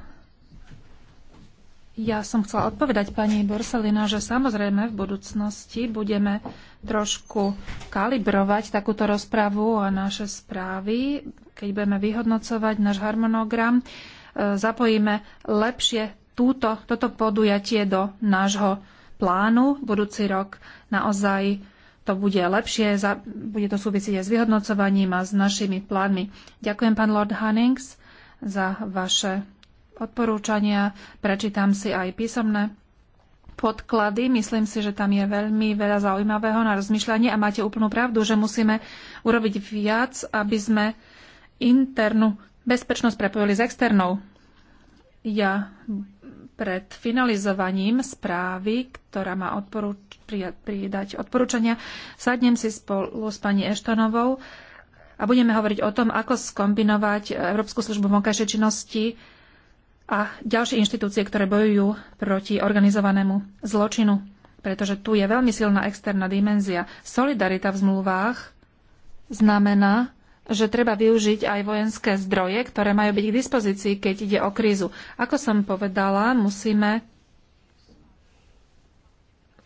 Ja som chcela odpovedať pani Borsalina, že samozrejme v budúcnosti budeme trošku kalibrovať takúto rozpravu a naše správy, keď budeme vyhodnocovať náš harmonogram, e, zapojíme lepšie túto, toto podujatie do nášho plánu. Budúci rok naozaj to bude lepšie, bude to súvisieť aj s vyhodnocovaním a s našimi plánmi. Ďakujem, pán Lord Hannings, za vaše odporúčania. Prečítam si aj písomné podklady. Myslím si, že tam je veľmi veľa zaujímavého na rozmýšľanie a máte úplnú pravdu, že musíme urobiť viac, aby sme internú bezpečnosť prepojili s externou. Ja pred finalizovaním správy, ktorá má odporúč- pridať odporúčania, sadnem si spolu s pani Eštonovou a budeme hovoriť o tom, ako skombinovať Európsku službu vonkajšej činnosti a ďalšie inštitúcie, ktoré bojujú proti organizovanému zločinu. Pretože tu je veľmi silná externá dimenzia. Solidarita v zmluvách znamená že treba využiť aj vojenské zdroje, ktoré majú byť k dispozícii, keď ide o krízu. Ako som povedala, musíme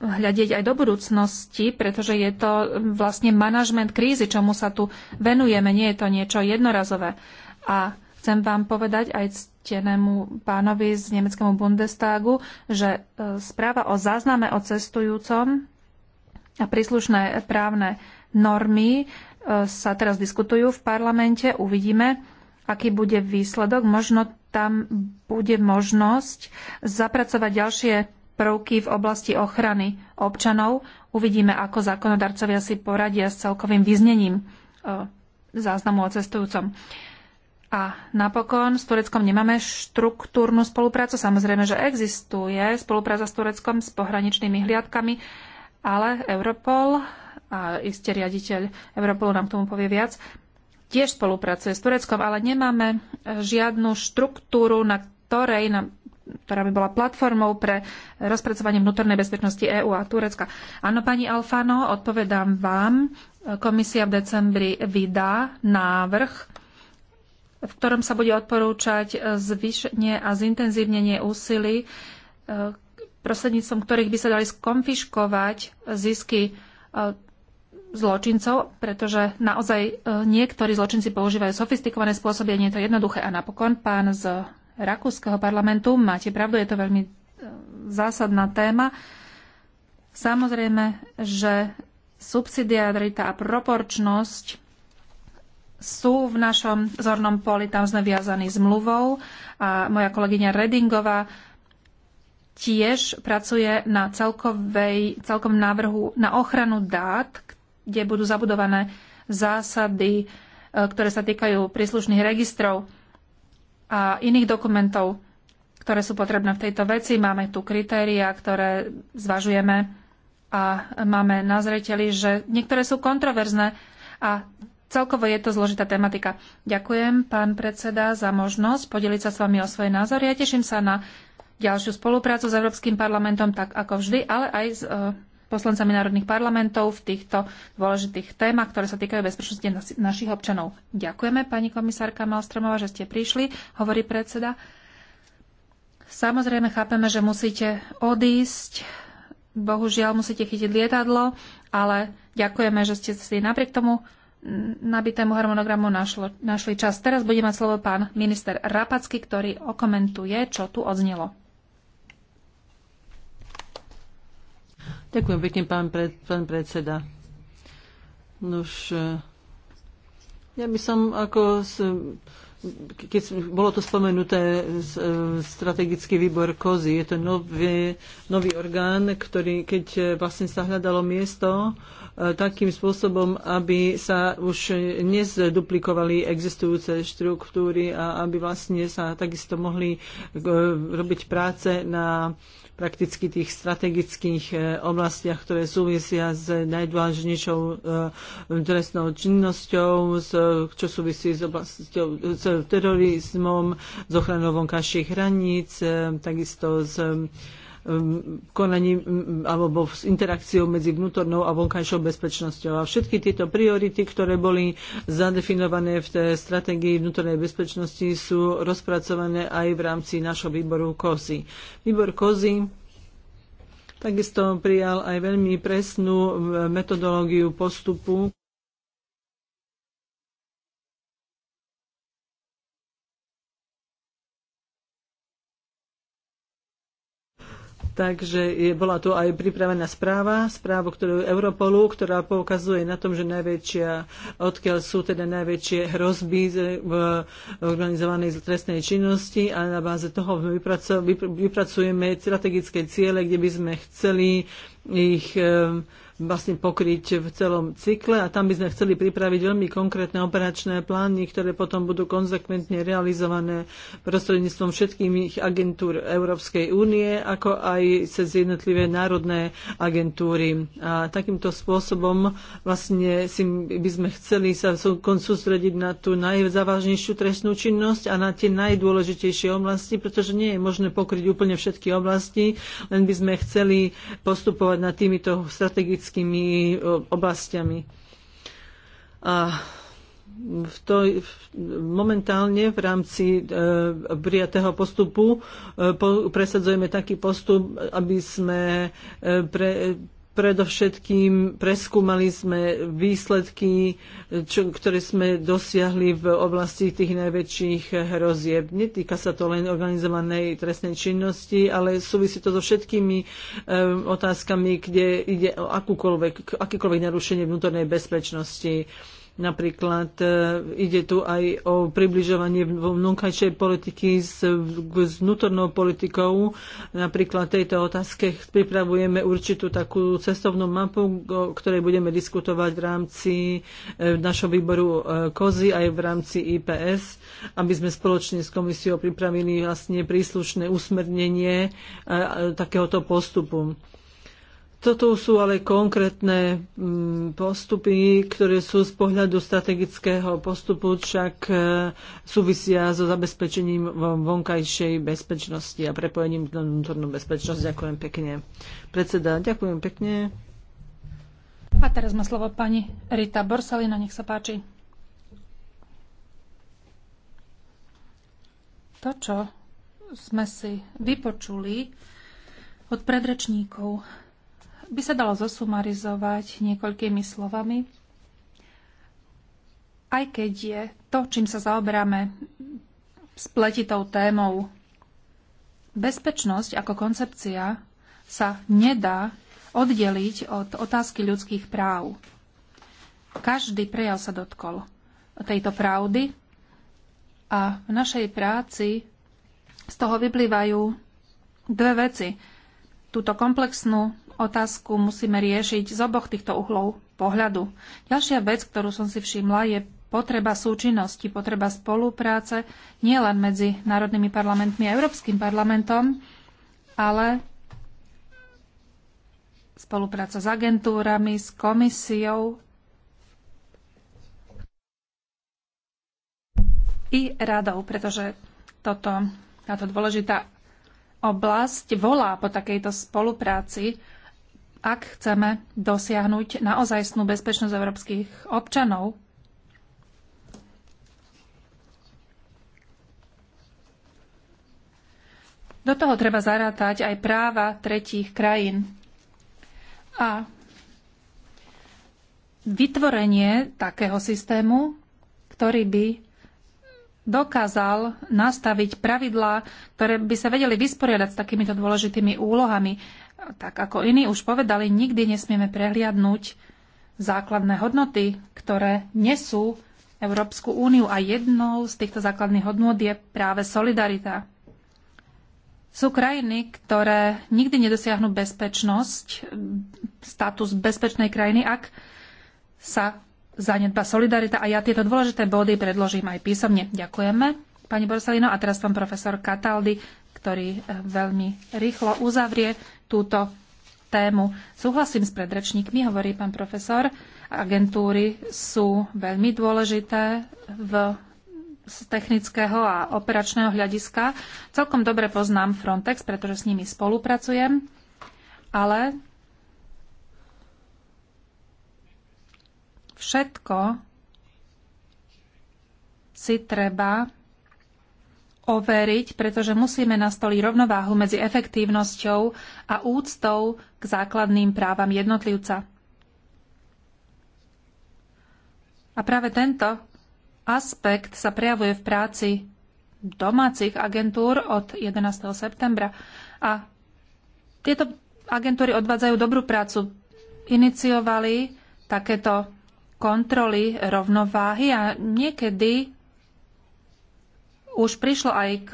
hľadiť aj do budúcnosti, pretože je to vlastne manažment krízy, čomu sa tu venujeme, nie je to niečo jednorazové. A chcem vám povedať aj ctenému pánovi z nemeckému Bundestagu, že e, správa o zázname o cestujúcom a príslušné právne normy sa teraz diskutujú v parlamente. Uvidíme, aký bude výsledok. Možno tam bude možnosť zapracovať ďalšie prvky v oblasti ochrany občanov. Uvidíme, ako zákonodarcovia si poradia s celkovým vyznením e, záznamu o cestujúcom. A napokon s Tureckom nemáme štruktúrnu spoluprácu. Samozrejme, že existuje spolupráca s Tureckom s pohraničnými hliadkami, ale Europol a iste riaditeľ Europolu nám k tomu povie viac, tiež spolupracuje s Tureckom, ale nemáme e, žiadnu štruktúru, na ktorej nám ktorá by bola platformou pre rozpracovanie vnútornej bezpečnosti EÚ a Turecka. Áno, pani Alfano, odpovedám vám. Komisia v decembri vydá návrh, v ktorom sa bude odporúčať zvyšenie a zintenzívnenie úsilí, e, prostredníctvom ktorých by sa dali skonfiškovať zisky e, zločincov, pretože naozaj e, niektorí zločinci používajú sofistikované spôsoby a nie je to jednoduché. A napokon, pán z Rakúskeho parlamentu, máte pravdu, je to veľmi e, zásadná téma. Samozrejme, že subsidiarita a proporčnosť sú v našom zornom poli, tam sme viazaní s mluvou a moja kolegyňa Redingová tiež pracuje na celkovej, celkom návrhu na ochranu dát, kde budú zabudované zásady, e, ktoré sa týkajú príslušných registrov a iných dokumentov, ktoré sú potrebné v tejto veci. Máme tu kritéria, ktoré zvažujeme a máme na zreteli, že niektoré sú kontroverzné a celkovo je to zložitá tematika. Ďakujem, pán predseda, za možnosť podeliť sa s vami o svoje názory ja teším sa na ďalšiu spoluprácu s Európskym parlamentom, tak ako vždy, ale aj s e, poslancami národných parlamentov v týchto dôležitých témach, ktoré sa týkajú bezpečnosti našich občanov. Ďakujeme, pani komisárka Malstromová, že ste prišli, hovorí predseda. Samozrejme, chápeme, že musíte odísť. Bohužiaľ, musíte chytiť lietadlo, ale ďakujeme, že ste si napriek tomu nabitému harmonogramu našlo, našli čas. Teraz bude mať slovo pán minister Rapacky, ktorý okomentuje, čo tu odznelo. Ďakujem pekne, pán, pred, pán predseda. Nož, e, ja by som ako s, keď bolo to spomenuté e, strategický výbor kozy, je to nový, nový orgán, ktorý keď e, vlastne sa hľadalo miesto takým spôsobom, aby sa už nezduplikovali existujúce štruktúry a aby vlastne sa takisto mohli robiť práce na prakticky tých strategických e, oblastiach, ktoré súvisia s najdôležitejšou e, trestnou činnosťou, čo súvisí s oblasťou s terorizmom, s ochranou vonkajších hraníc, e, takisto s Um, konaním um, um, alebo s interakciou medzi vnútornou a vonkajšou bezpečnosťou. A všetky tieto priority, ktoré boli zadefinované v tej stratégii vnútornej bezpečnosti, sú rozpracované aj v rámci našho výboru COSI. Výbor COSI Takisto prijal aj veľmi presnú metodológiu postupu Takže je, bola tu aj pripravená správa, správu ktorú Europolu, ktorá poukazuje na tom, že najväčšia, odkiaľ sú teda najväčšie hrozby v organizovanej trestnej činnosti a na báze toho vypracujeme strategické ciele, kde by sme chceli ich vlastne pokryť v celom cykle a tam by sme chceli pripraviť veľmi konkrétne operačné plány, ktoré potom budú konzekventne realizované prostredníctvom všetkých agentúr Európskej únie, ako aj cez jednotlivé národné agentúry. A takýmto spôsobom vlastne si by sme chceli sa sústrediť na tú najzávažnejšiu trestnú činnosť a na tie najdôležitejšie oblasti, pretože nie je možné pokryť úplne všetky oblasti, len by sme chceli postupovať nad týmito strategickými politickými e, oblastiami. A v to, v, momentálne v rámci e, prijatého postupu e, po, presadzujeme taký postup, aby sme e, pre, Predovšetkým preskúmali sme výsledky, čo, ktoré sme dosiahli v oblasti tých najväčších hrozieb. Netýka sa to len organizovanej trestnej činnosti, ale súvisí to so všetkými um, otázkami, kde ide o akúkoľvek, akýkoľvek narušenie vnútornej bezpečnosti. Um, Napríklad e, ide tu aj o približovanie vnúkajšej politiky s, s vnútornou politikou. Napríklad tejto otázke pripravujeme určitú takú cestovnú mapu, o ktorej budeme diskutovať v rámci e, našho výboru e, COZY aj v rámci IPS, aby sme spoločne s komisiou pripravili vlastne príslušné usmernenie takéhoto postupu. Toto sú ale konkrétne mm, postupy, ktoré sú z pohľadu strategického postupu, však e, súvisia so zabezpečením vonkajšej bezpečnosti a prepojením na vnútornú bezpečnosť. Ďakujem pekne. Predseda, ďakujem pekne. A teraz má slovo pani Rita Borsalina, nech sa páči. To, čo sme si vypočuli od predrečníkov, by sa dalo zosumarizovať niekoľkými slovami. Aj keď je to, čím sa zaoberáme, spletitou témou, bezpečnosť ako koncepcia sa nedá oddeliť od otázky ľudských práv. Každý prejav sa dotkol tejto pravdy a v našej práci z toho vyplývajú dve veci. Túto komplexnú otázku musíme riešiť z oboch týchto uhlov pohľadu. Ďalšia vec, ktorú som si všimla, je potreba súčinnosti, potreba spolupráce nielen medzi národnými parlamentmi a Európskym parlamentom, ale spolupráca s agentúrami, s komisiou i radou, pretože toto, táto dôležitá oblasť volá po takejto spolupráci ak chceme dosiahnuť naozajstnú bezpečnosť európskych občanov. Do toho treba zarátať aj práva tretích krajín. A vytvorenie takého systému, ktorý by dokázal nastaviť pravidlá, ktoré by sa vedeli vysporiadať s takýmito dôležitými úlohami tak ako iní už povedali, nikdy nesmieme prehliadnúť základné hodnoty, ktoré nesú Európsku úniu a jednou z týchto základných hodnôt je práve solidarita. Sú krajiny, ktoré nikdy nedosiahnu bezpečnosť, status bezpečnej krajiny, ak sa zanedba solidarita. A ja tieto dôležité body predložím aj písomne. Ďakujeme, pani Borsalino. A teraz pán profesor Kataldy ktorý e, veľmi rýchlo uzavrie túto tému. Súhlasím s predrečníkmi, hovorí pán profesor. Agentúry sú veľmi dôležité v z technického a operačného hľadiska. Celkom dobre poznám Frontex, pretože s nimi spolupracujem, ale všetko si treba overiť, pretože musíme nastoliť rovnováhu medzi efektívnosťou a úctou k základným právam jednotlivca. A práve tento aspekt sa prejavuje v práci domácich agentúr od 11. septembra. A tieto agentúry odvádzajú dobrú prácu. Iniciovali takéto kontroly rovnováhy a niekedy už prišlo aj k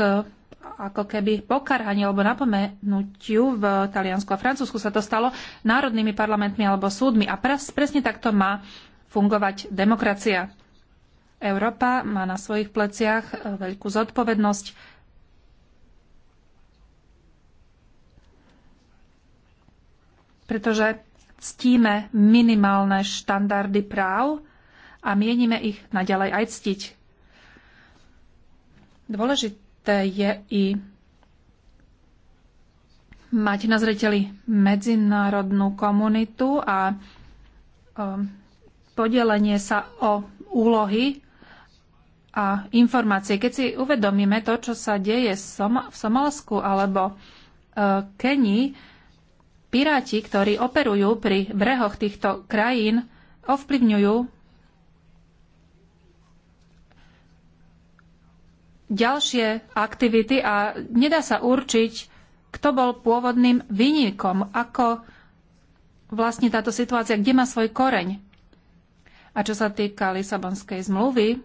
ako keby pokarhanie alebo napomenutiu v Taliansku a Francúzsku sa to stalo národnými parlamentmi alebo súdmi. A pres, presne takto má fungovať demokracia. Európa má na svojich pleciach e, veľkú zodpovednosť. pretože ctíme minimálne štandardy práv a mienime ich naďalej aj ctiť. Dôležité je i mať na zreteli medzinárodnú komunitu a um, podelenie sa o úlohy a informácie. Keď si uvedomíme to, čo sa deje v Somalsku alebo uh, Keni, piráti, ktorí operujú pri brehoch týchto krajín, ovplyvňujú ďalšie aktivity a nedá sa určiť, kto bol pôvodným výnikom, ako vlastne táto situácia, kde má svoj koreň. A čo sa týka Lisabonskej zmluvy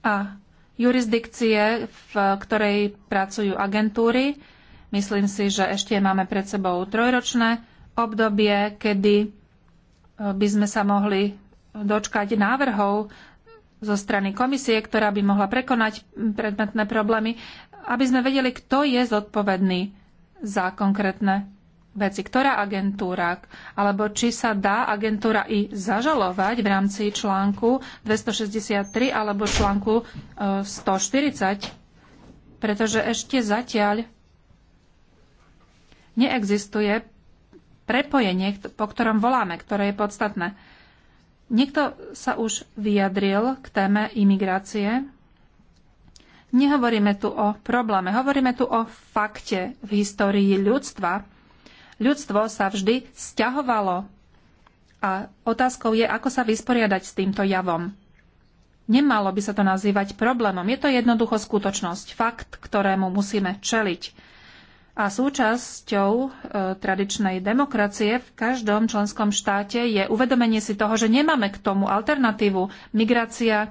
a jurisdikcie, v ktorej pracujú agentúry, myslím si, že ešte máme pred sebou trojročné obdobie, kedy by sme sa mohli dočkať návrhov zo strany komisie, ktorá by mohla prekonať predmetné problémy, aby sme vedeli, kto je zodpovedný za konkrétne veci, ktorá agentúra, alebo či sa dá agentúra i zažalovať v rámci článku 263 alebo článku 140, e, pretože ešte zatiaľ neexistuje prepojenie, po ktorom voláme, ktoré je podstatné. Niekto sa už vyjadril k téme imigrácie. Nehovoríme tu o probléme, hovoríme tu o fakte v histórii ľudstva. Ľudstvo sa vždy sťahovalo a otázkou je, ako sa vysporiadať s týmto javom. Nemalo by sa to nazývať problémom, je to jednoducho skutočnosť, fakt, ktorému musíme čeliť. A súčasťou e, tradičnej demokracie v každom členskom štáte je uvedomenie si toho, že nemáme k tomu alternatívu. Migrácia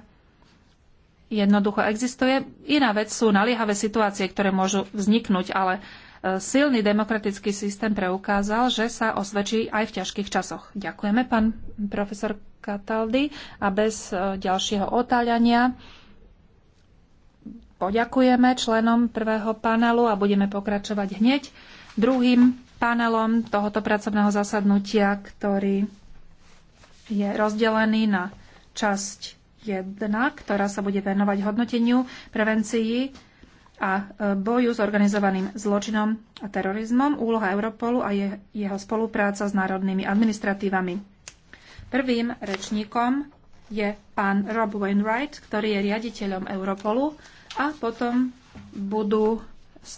jednoducho existuje. Iná vec sú naliehavé situácie, ktoré môžu vzniknúť, ale e, silný demokratický systém preukázal, že sa osvedčí aj v ťažkých časoch. Ďakujeme, pán profesor Kataldy, A bez e, ďalšieho otáľania poďakujeme členom prvého panelu a budeme pokračovať hneď druhým panelom tohoto pracovného zasadnutia, ktorý je rozdelený na časť 1, ktorá sa bude venovať hodnoteniu, prevencii a e, boju s organizovaným zločinom a terorizmom, úloha Europolu a jeho spolupráca s národnými administratívami. Prvým rečníkom je pán Rob Wainwright, ktorý je riaditeľom Europolu a potom budú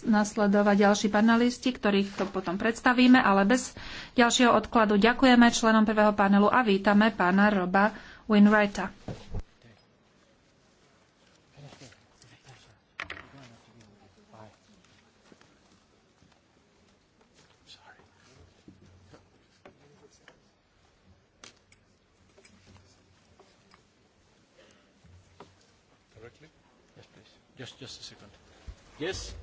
nasledovať ďalší panelisti, ktorých to potom predstavíme, ale bez ďalšieho odkladu ďakujeme členom prvého panelu a vítame pána Roba Winwrighta. Just, just a second. Yes.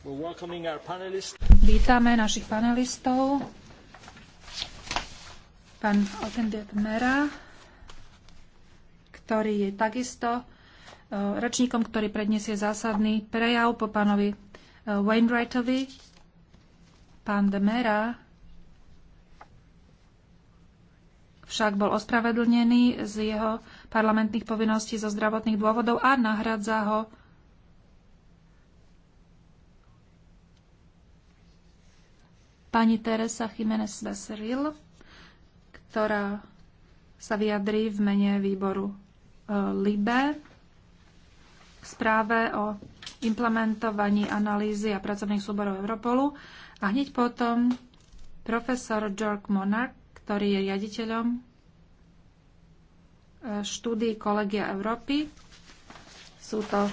We're welcoming our panelists. Vítame našich panelistov. Pán Otendiet Mera, ktorý je takisto e, rečníkom, ktorý predniesie zásadný prejav po pánovi e, Wainwrightovi. Pán de Mera však bol ospravedlnený z jeho parlamentných povinností zo zdravotných dôvodov a nahradza ho pani Teresa Jiménez Veseril, ktorá sa vyjadrí v mene výboru e, LIBE k správe o implementovaní analýzy a pracovných súborov Europolu a hneď potom profesor Jörg Monarch, ktorý je riaditeľom štúdii Kolegia Európy. Sú to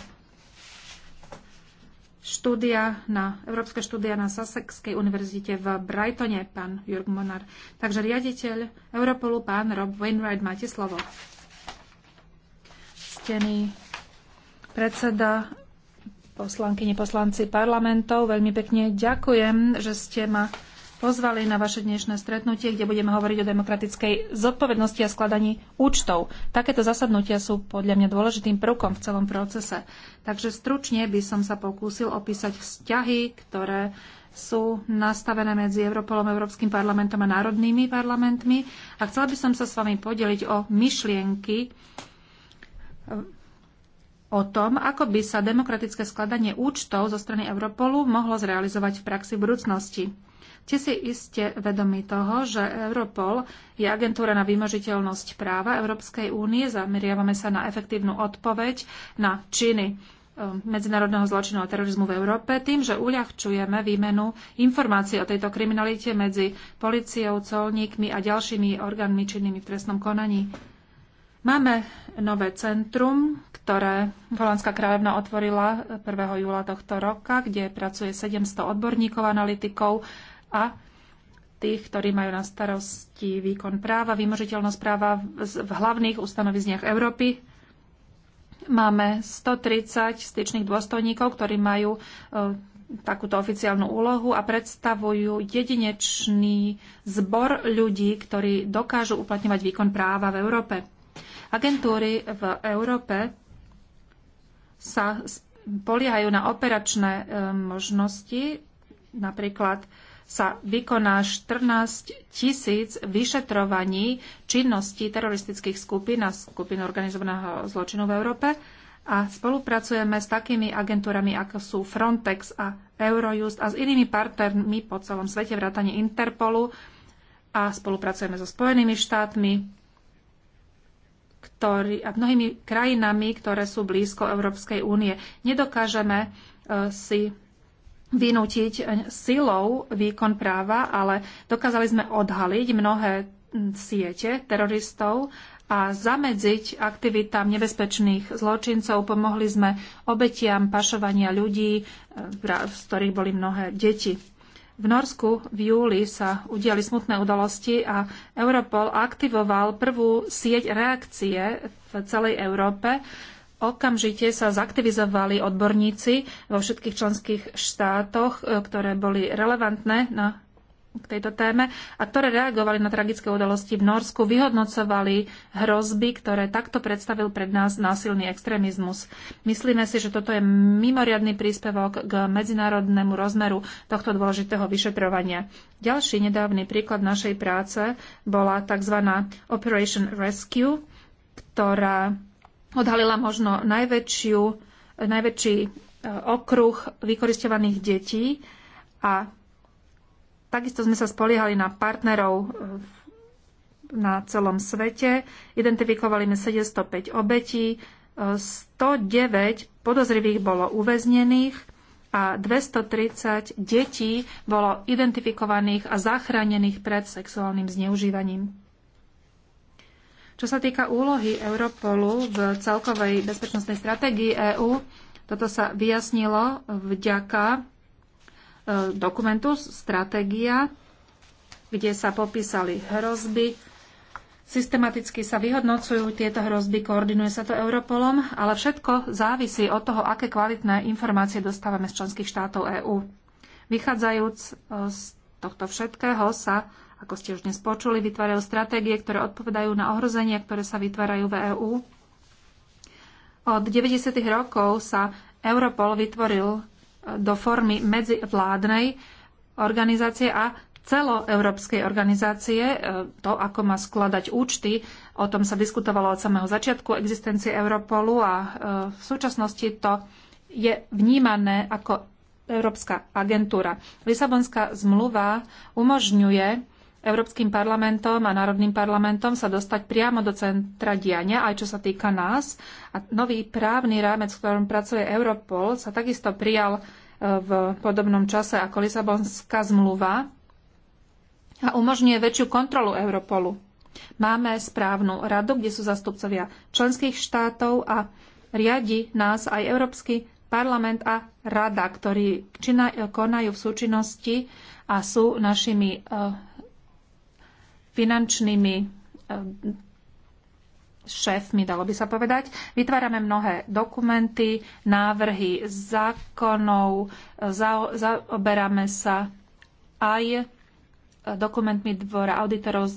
štúdia na, európska štúdia na Sasekskej univerzite v Brightone, pán Jurg Monar. Takže riaditeľ Europolu, pán Rob Wainwright, máte slovo. Stený predseda poslanky, neposlanci parlamentov, veľmi pekne ďakujem, že ste ma pozvali na vaše dnešné stretnutie, kde budeme hovoriť o demokratickej zodpovednosti a skladaní účtov. Takéto zasadnutia sú podľa mňa dôležitým prvkom v celom procese. Takže stručne by som sa pokúsil opísať vzťahy, ktoré sú nastavené medzi Europolom, Európskym parlamentom a národnými parlamentmi. A chcela by som sa s vami podeliť o myšlienky o tom, ako by sa demokratické skladanie účtov zo strany Europolu mohlo zrealizovať v praxi v budúcnosti. Ste si iste vedomi toho, že Europol je agentúra na vymožiteľnosť práva Európskej únie. Zameriavame sa na efektívnu odpoveď na činy eh, medzinárodného zločinu a terorizmu v Európe tým, že uľahčujeme výmenu informácií o tejto kriminalite medzi policiou, colníkmi a ďalšími orgánmi činnými v trestnom konaní. Máme nové centrum, ktoré Holandská kráľovna otvorila 1. júla tohto roka, kde pracuje 700 odborníkov, analytikov a tých, ktorí majú na starosti výkon práva, vymožiteľnosť práva v hlavných ustanovizniach Európy. Máme 130 styčných dôstojníkov, ktorí majú e, takúto oficiálnu úlohu a predstavujú jedinečný zbor ľudí, ktorí dokážu uplatňovať výkon práva v Európe. Agentúry v Európe sa poliehajú na operačné e, možnosti, napríklad sa vykoná 14 tisíc vyšetrovaní činností teroristických skupín a skupín organizovaného zločinu v Európe a spolupracujeme s takými agentúrami, ako sú Frontex a Eurojust a s inými partnermi po celom svete vrátane Interpolu a spolupracujeme so Spojenými štátmi ktorý, a mnohými krajinami, ktoré sú blízko Európskej únie. Nedokážeme uh, si vynútiť silou výkon práva, ale dokázali sme odhaliť mnohé siete teroristov a zamedziť aktivitám nebezpečných zločincov. Pomohli sme obetiam pašovania ľudí, eh, z ktorých boli mnohé deti. V Norsku v júli sa udiali smutné udalosti a Europol aktivoval prvú sieť reakcie v celej Európe Okamžite sa zaktivizovali odborníci vo všetkých členských štátoch, e, ktoré boli relevantné na k tejto téme a ktoré reagovali na tragické udalosti v Norsku, vyhodnocovali hrozby, ktoré takto predstavil pred nás násilný extrémizmus. Myslíme si, že toto je mimoriadný príspevok k medzinárodnému rozmeru tohto dôležitého vyšetrovania. Ďalší nedávny príklad našej práce bola tzv. Operation Rescue, ktorá odhalila možno najväčšiu, najväčší e, okruh vykoristovaných detí a takisto sme sa spoliehali na partnerov e, na celom svete. Identifikovali sme 705 obetí, 109 e, podozrivých bolo uväznených a 230 detí bolo identifikovaných a zachránených pred sexuálnym zneužívaním. Čo sa týka úlohy Europolu v celkovej bezpečnostnej stratégii EÚ, toto sa vyjasnilo vďaka e, dokumentu Stratégia, kde sa popísali hrozby. Systematicky sa vyhodnocujú tieto hrozby, koordinuje sa to Europolom, ale všetko závisí od toho, aké kvalitné informácie dostávame z členských štátov EÚ. Vychádzajúc e, z tohto všetkého sa ako ste už dnes počuli, vytvárajú stratégie, ktoré odpovedajú na ohrozenia, ktoré sa vytvárajú v EÚ. Od 90. rokov sa Europol vytvoril e, do formy medzivládnej organizácie a celoeurópskej organizácie. E, to, ako má skladať účty, o tom sa diskutovalo od samého začiatku existencie Europolu a e, v súčasnosti to je vnímané ako Európska agentúra. Lisabonská zmluva umožňuje Európskym parlamentom a Národným parlamentom sa dostať priamo do centra diania, aj čo sa týka nás. A nový právny rámec, v ktorom pracuje Europol, sa takisto prijal e, v podobnom čase ako Lisabonská zmluva a umožňuje väčšiu kontrolu Europolu. Máme správnu radu, kde sú zastupcovia členských štátov a riadi nás aj Európsky parlament a rada, ktorí konajú v súčinnosti a sú našimi e, finančnými eh, šéfmi, dalo by sa povedať. Vytvárame mnohé dokumenty, návrhy zákonov, eh, zaoberáme sa aj eh, dokumentmi dvora auditorov,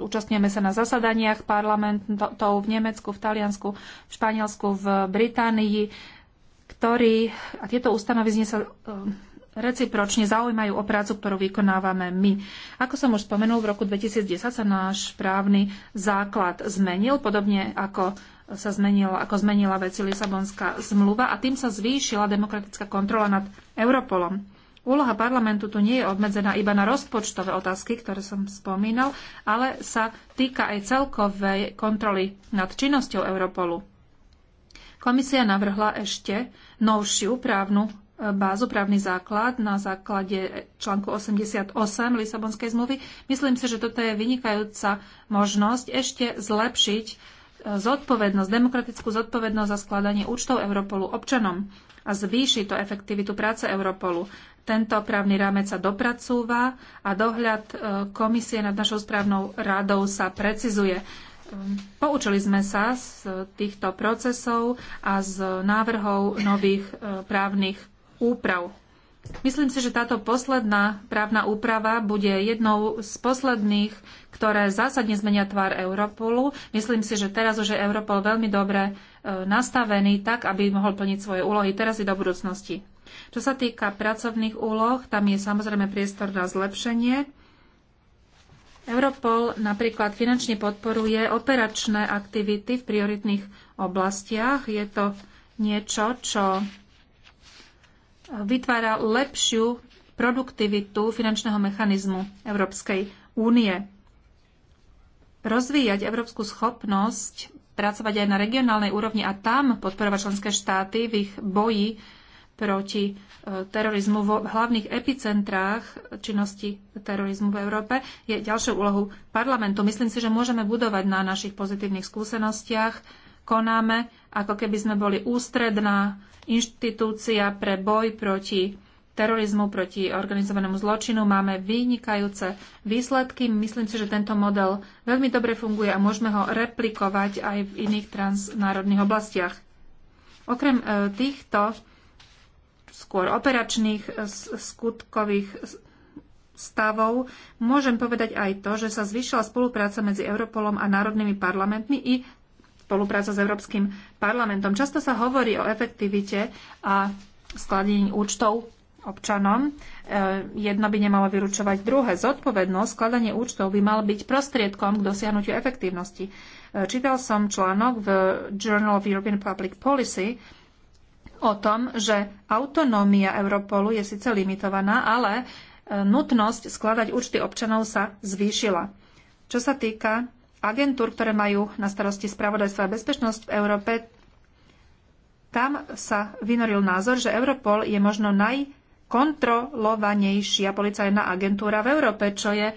účastňujeme sa na zasadaniach parlamentov v Nemecku, v Taliansku, v Španielsku, v Británii, ktorí, a tieto ustanovizne sa recipročne zaujímajú o prácu, ktorú vykonávame my. Ako som už spomenul, v roku 2010 sa náš právny základ zmenil, podobne ako sa zmenila, ako zmenila veci Lisabonská zmluva a tým sa zvýšila demokratická kontrola nad Europolom. Úloha parlamentu tu nie je obmedzená iba na rozpočtové otázky, ktoré som spomínal, ale sa týka aj celkovej kontroly nad činnosťou Europolu. Komisia navrhla ešte novšiu právnu bázu, právny základ na základe článku 88 Lisabonskej zmluvy. Myslím si, že toto je vynikajúca možnosť ešte zlepšiť e, zodpovednosť, demokratickú zodpovednosť za skladanie účtov Europolu občanom a zvýši to efektivitu práce Europolu. Tento právny rámec sa dopracúva a dohľad e, komisie nad našou správnou radou sa precizuje. E, poučili sme sa z týchto procesov a z návrhov nových právnych úprav. Myslím si, že táto posledná právna úprava bude jednou z posledných, ktoré zásadne zmenia tvár Europolu. Myslím si, že teraz už je Europol veľmi dobre e, nastavený tak, aby mohol plniť svoje úlohy teraz i do budúcnosti. Čo sa týka pracovných úloh, tam je samozrejme priestor na zlepšenie. Europol napríklad finančne podporuje operačné aktivity v prioritných oblastiach. Je to niečo, čo vytvára lepšiu produktivitu finančného mechanizmu Európskej únie. Rozvíjať európsku schopnosť pracovať aj na regionálnej úrovni a tam podporovať členské štáty v ich boji proti e, terorizmu v hlavných epicentrách činnosti terorizmu v Európe je ďalšou úlohou parlamentu. Myslím si, že môžeme budovať na našich pozitívnych skúsenostiach konáme, ako keby sme boli ústredná inštitúcia pre boj proti terorizmu, proti organizovanému zločinu. Máme vynikajúce výsledky. Myslím si, že tento model veľmi dobre funguje a môžeme ho replikovať aj v iných transnárodných oblastiach. Okrem e, týchto skôr operačných e, skutkových stavov, môžem povedať aj to, že sa zvyšila spolupráca medzi Europolom a národnými parlamentmi i spolupráca s Európskym parlamentom. Často sa hovorí o efektivite a skladení účtov občanom. E, jedno by nemalo vyručovať druhé. Zodpovednosť skladanie účtov by mal byť prostriedkom k dosiahnutiu efektívnosti. E, čítal som článok v Journal of European Public Policy o tom, že autonómia Europolu je síce limitovaná, ale e, nutnosť skladať účty občanov sa zvýšila. Čo sa týka agentúr, ktoré majú na starosti spravodajstvo a bezpečnosť v Európe, tam sa vynoril názor, že Europol je možno najkontrolovanejšia policajná agentúra v Európe, čo je e,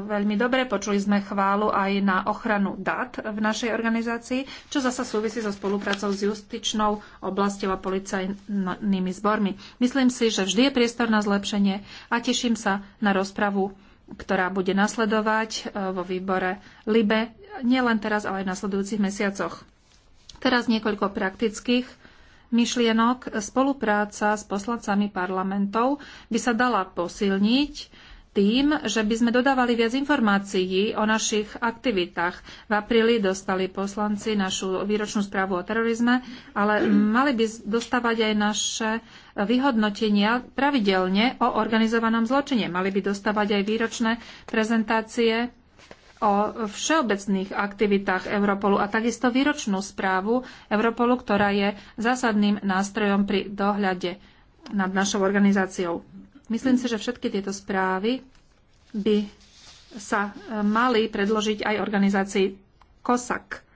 veľmi dobre. Počuli sme chválu aj na ochranu dát v našej organizácii, čo zasa súvisí so spoluprácou s justičnou oblasťou a policajnými zbormi. Myslím si, že vždy je priestor na zlepšenie a teším sa na rozpravu ktorá bude nasledovať e, vo výbore LIBE, nielen teraz, ale aj v nasledujúcich mesiacoch. Teraz niekoľko praktických myšlienok. Spolupráca s poslancami parlamentov by sa dala posilniť tým, že by sme dodávali viac informácií o našich aktivitách. V apríli dostali poslanci našu výročnú správu o terorizme, ale mali by dostávať aj naše vyhodnotenia pravidelne o organizovanom zločine. Mali by dostávať aj výročné prezentácie o všeobecných aktivitách Europolu a takisto výročnú správu Europolu, ktorá je zásadným nástrojom pri dohľade nad našou organizáciou. Myslím si, že všetky tieto správy by sa e, mali predložiť aj organizácii COSAC.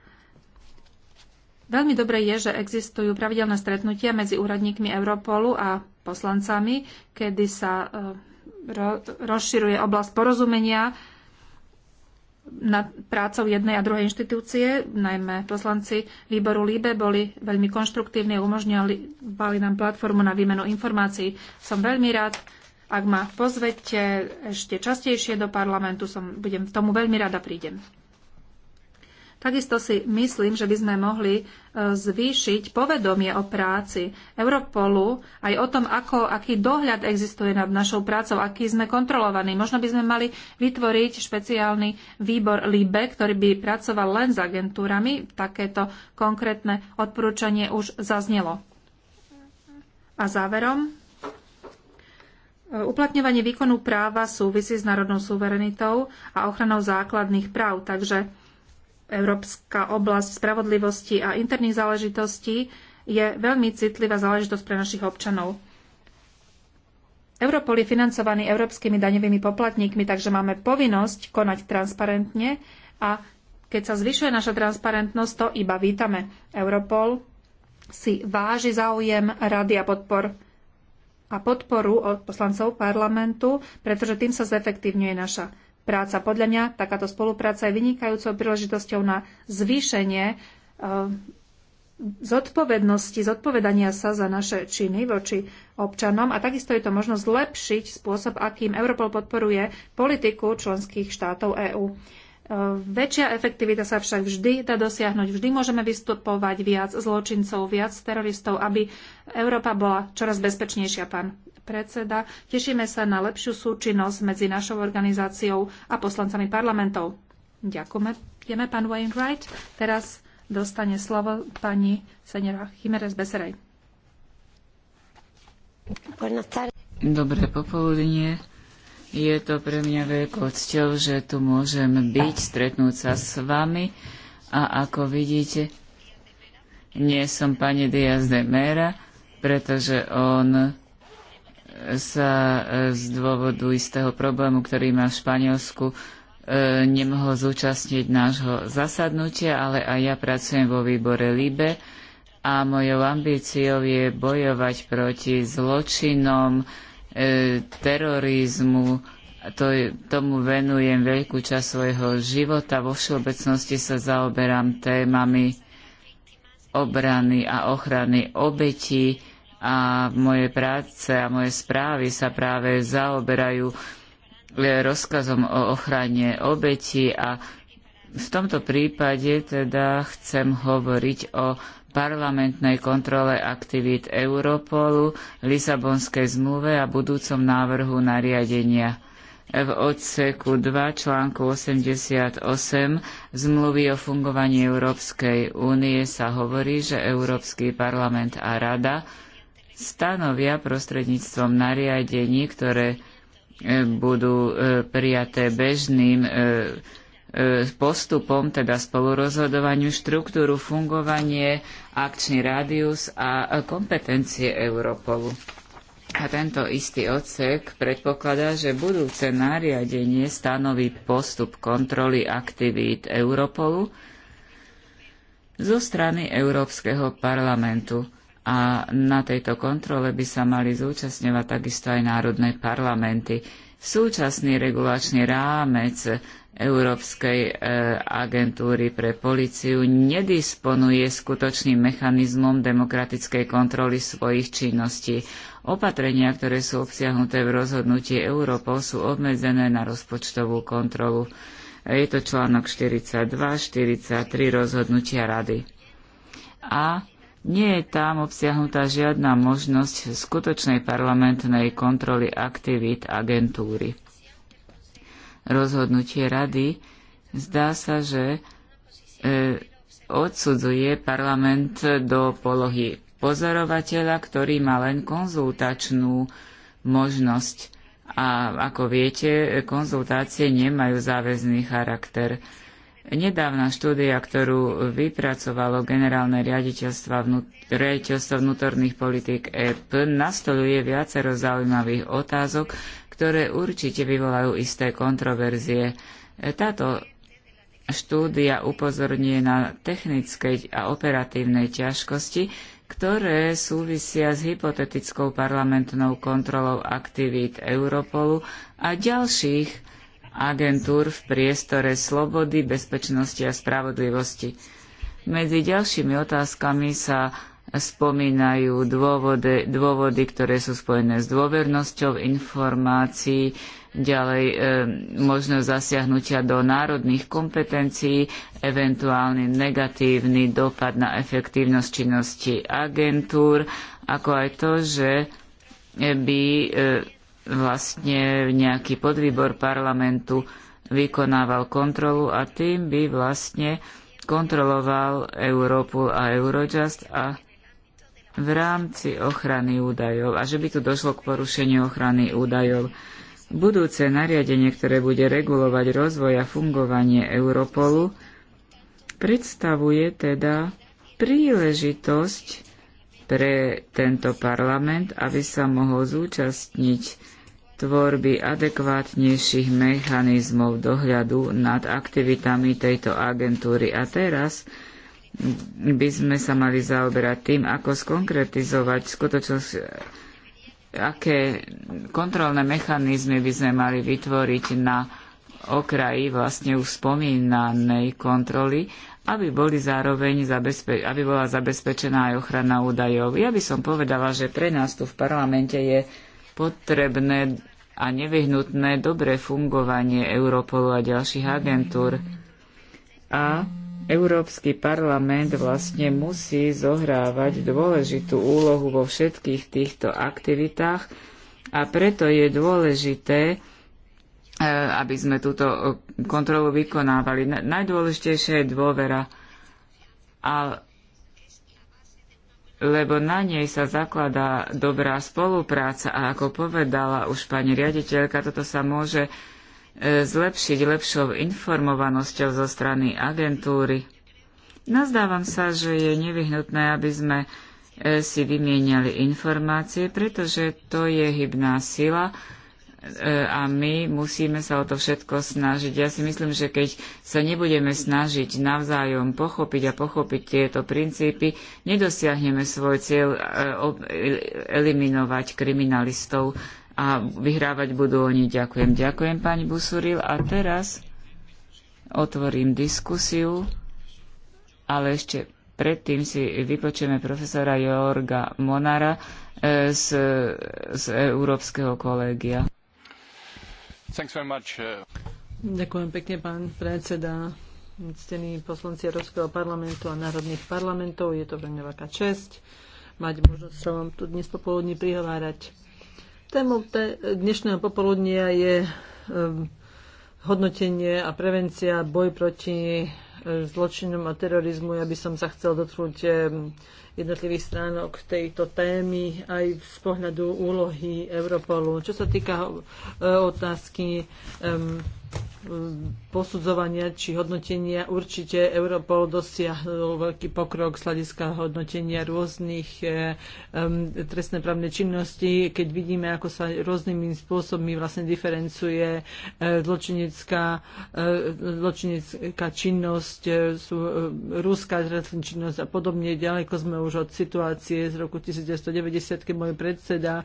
Veľmi dobre je, že existujú pravidelné stretnutia medzi úradníkmi Europolu a poslancami, kedy sa e, rozširuje oblasť porozumenia nad prácou jednej a druhej inštitúcie, najmä poslanci výboru LIBE boli veľmi konštruktívni a umožňovali nám platformu na výmenu informácií. Som veľmi rád, ak ma pozvete ešte častejšie do parlamentu, som, budem tomu veľmi rada prídem. Takisto si myslím, že by sme mohli e, zvýšiť povedomie o práci Europolu aj o tom, ako, aký dohľad existuje nad našou prácou, aký sme kontrolovaní. Možno by sme mali vytvoriť špeciálny výbor LIBE, ktorý by pracoval len s agentúrami. Takéto konkrétne odporúčanie už zaznelo. A záverom uplatňovanie výkonu práva súvisí s národnou suverenitou a ochranou základných práv, takže Európska oblasť spravodlivosti a interných záležitostí je veľmi citlivá záležitosť pre našich občanov. Europol je financovaný európskymi daňovými poplatníkmi, takže máme povinnosť konať transparentne a keď sa zvyšuje naša transparentnosť, to iba vítame. Europol si váži záujem rady a podpor a podporu od poslancov parlamentu, pretože tým sa zefektívňuje naša práca. Podľa mňa takáto spolupráca je vynikajúcou príležitosťou na zvýšenie eh, zodpovednosti, zodpovedania sa za naše činy voči občanom a takisto je to možnosť zlepšiť spôsob, akým Europol podporuje politiku členských štátov EÚ. Väčšia efektivita sa však vždy dá dosiahnuť. Vždy môžeme vystupovať viac zločincov, viac teroristov, aby Európa bola čoraz bezpečnejšia, pán predseda. Tešíme sa na lepšiu súčinnosť medzi našou organizáciou a poslancami parlamentov. Ďakujeme, pán Wainwright. Teraz dostane slovo pani senera Chimeres Beserej. Dobré popoludnie. Je to pre mňa veľkou cťou, že tu môžem byť, stretnúť sa s vami a ako vidíte, nie som pani Diaz de Mera, pretože on sa e, z dôvodu istého problému, ktorý má v Španielsku, e, nemohol zúčastniť nášho zasadnutia, ale aj ja pracujem vo výbore LIBE a mojou ambíciou je bojovať proti zločinom, E, terorizmu, to, tomu venujem veľkú časť svojho života. Vo všeobecnosti sa zaoberám témami obrany a ochrany obetí a moje práce a moje správy sa práve zaoberajú e, rozkazom o ochrane obetí a v tomto prípade teda chcem hovoriť o parlamentnej kontrole aktivít Europolu, Lisabonskej zmluve a budúcom návrhu nariadenia. V odseku 2 článku 88 zmluvy o fungovaní Európskej únie sa hovorí, že Európsky parlament a Rada stanovia prostredníctvom nariadení, ktoré e, budú e, prijaté bežným e, postupom, teda spolurozhodovaniu, štruktúru, fungovanie, akčný rádius a kompetencie Europolu. A tento istý odsek predpokladá, že budúce nariadenie stanoví postup kontroly aktivít Europolu zo strany Európskeho parlamentu. A na tejto kontrole by sa mali zúčastňovať takisto aj národné parlamenty. Súčasný regulačný rámec Európskej e, agentúry pre políciu nedisponuje skutočným mechanizmom demokratickej kontroly svojich činností. Opatrenia, ktoré sú obsiahnuté v rozhodnutí Európol, sú obmedzené na rozpočtovú kontrolu. Je to článok 42, 43 rozhodnutia rady. A nie je tam obsiahnutá žiadna možnosť skutočnej parlamentnej kontroly aktivít agentúry rozhodnutie rady, zdá sa, že e, odsudzuje parlament do polohy pozorovateľa, ktorý má len konzultačnú možnosť. A ako viete, konzultácie nemajú záväzný charakter. Nedávna štúdia, ktorú vypracovalo generálne riaditeľstvo, riaditeľstvo vnútorných politík EP, nastoluje viacero zaujímavých otázok, ktoré určite vyvolajú isté kontroverzie. Táto štúdia upozorňuje na technické a operatívne ťažkosti, ktoré súvisia s hypotetickou parlamentnou kontrolou aktivít Europolu a ďalších agentúr v priestore slobody, bezpečnosti a spravodlivosti. Medzi ďalšími otázkami sa spomínajú dôvody, dôvody, ktoré sú spojené s dôvernosťou informácií, ďalej e, možnosť zasiahnutia do národných kompetencií, eventuálny negatívny dopad na efektívnosť činnosti agentúr, ako aj to, že by e, vlastne nejaký podvýbor parlamentu vykonával kontrolu a tým by vlastne kontroloval Europol a Eurojust a v rámci ochrany údajov a že by tu došlo k porušeniu ochrany údajov. Budúce nariadenie, ktoré bude regulovať rozvoj a fungovanie Europolu, predstavuje teda príležitosť pre tento parlament, aby sa mohol zúčastniť tvorby adekvátnejších mechanizmov dohľadu nad aktivitami tejto agentúry. A teraz by sme sa mali zaoberať tým, ako skonkretizovať skutočnosť, aké kontrolné mechanizmy by sme mali vytvoriť na okraji vlastne už spomínanej kontroly, aby, boli zároveň zabezpe- aby bola zabezpečená aj ochrana údajov. Ja by som povedala, že pre nás tu v parlamente je potrebné a nevyhnutné dobré fungovanie Europolu a ďalších agentúr. A Európsky parlament vlastne musí zohrávať dôležitú úlohu vo všetkých týchto aktivitách a preto je dôležité, eh, aby sme túto eh, kontrolu vykonávali. Najdôležitejšia je dôvera, a, lebo na nej sa zakladá dobrá spolupráca a ako povedala už pani riaditeľka, toto sa môže zlepšiť lepšou informovanosťou zo strany agentúry. Nazdávam sa, že je nevyhnutné, aby sme e, si vymieniali informácie, pretože to je hybná sila e, a my musíme sa o to všetko snažiť. Ja si myslím, že keď sa nebudeme snažiť navzájom pochopiť a pochopiť tieto princípy, nedosiahneme svoj cieľ e, eliminovať kriminalistov a vyhrávať budú oni. Ďakujem. Ďakujem, pani Busuril. A teraz otvorím diskusiu, ale ešte predtým si vypočujeme profesora Jorga Monara e, z, z Európskeho kolégia. Uh, ďakujem pekne, pán predseda, ctení poslanci Európskeho parlamentu a národných parlamentov. Je to veľmi veľká česť mať možnosť sa vám tu dnes popoludní prihovárať. Témou dnešného popoludnia je ehm, hodnotenie a prevencia, boj proti e, zločinom a terorizmu. Ja by som sa chcel dotknúť ehm, jednotlivých stránok tejto témy aj z pohľadu úlohy Europolu. Čo sa týka e, otázky ehm, Eh, posudzovania či hodnotenia určite Europol dosiahol veľký pokrok z hľadiska hodnotenia rôznych eh, trestné právne činnosti, keď vidíme, ako sa rôznymi spôsobmi vlastne diferencuje eh, zločinecká, zločinecká činnosť, sú rúská trestná činnosť a podobne. Ďaleko sme už od situácie z roku 1990, keď môj predseda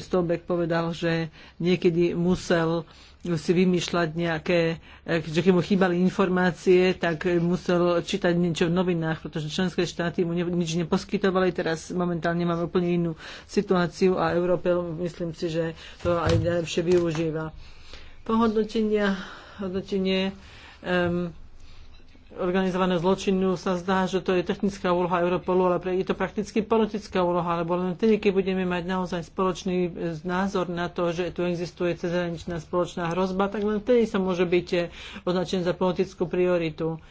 Stolbeck povedal, že niekedy musel si vymýšľať nejaké, eh, že keď mu chýbali informácie, tak musel čítať niečo v novinách, pretože členské štáty mu nič neposkytovali. Teraz momentálne máme úplne inú situáciu a Európe myslím si, že to aj najlepšie využíva. Pohodnotenia, hodnotenie um, organizovaného zločinu sa zdá, že to je technická úloha Europolu, ale je to prakticky politická úloha, lebo len tedy, keď budeme mať naozaj spoločný e, názor na to, že tu existuje cezhraničná spoločná hrozba, tak len vtedy sa môže byť e, označený za politickú prioritu.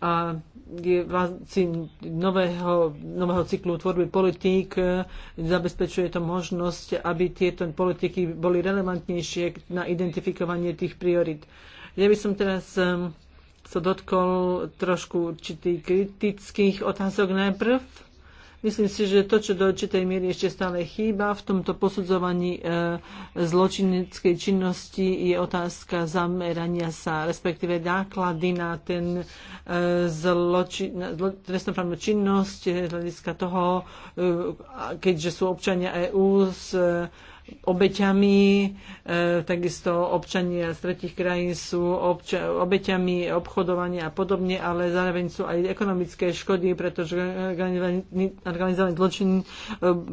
A v vlastne rámci nového, nového cyklu tvorby politík e, zabezpečuje to možnosť, aby tieto politiky boli relevantnejšie na identifikovanie tých priorit. Ja by som teraz um, sa dotkol trošku určitých kritických otázok najprv. Myslím si, že to, čo do určitej miery ešte stále chýba v tomto posudzovaní e, zločineckej činnosti, je otázka zamerania sa, respektíve náklady na ten e, trestnoprávnu činnosť, e, hľadiska toho, e, keďže sú občania EÚ z e, obeťami, e, takisto občania z tretich krajín sú obča- obeťami obchodovania a podobne, ale zároveň sú aj ekonomické škody, pretože organizovaný zločin e,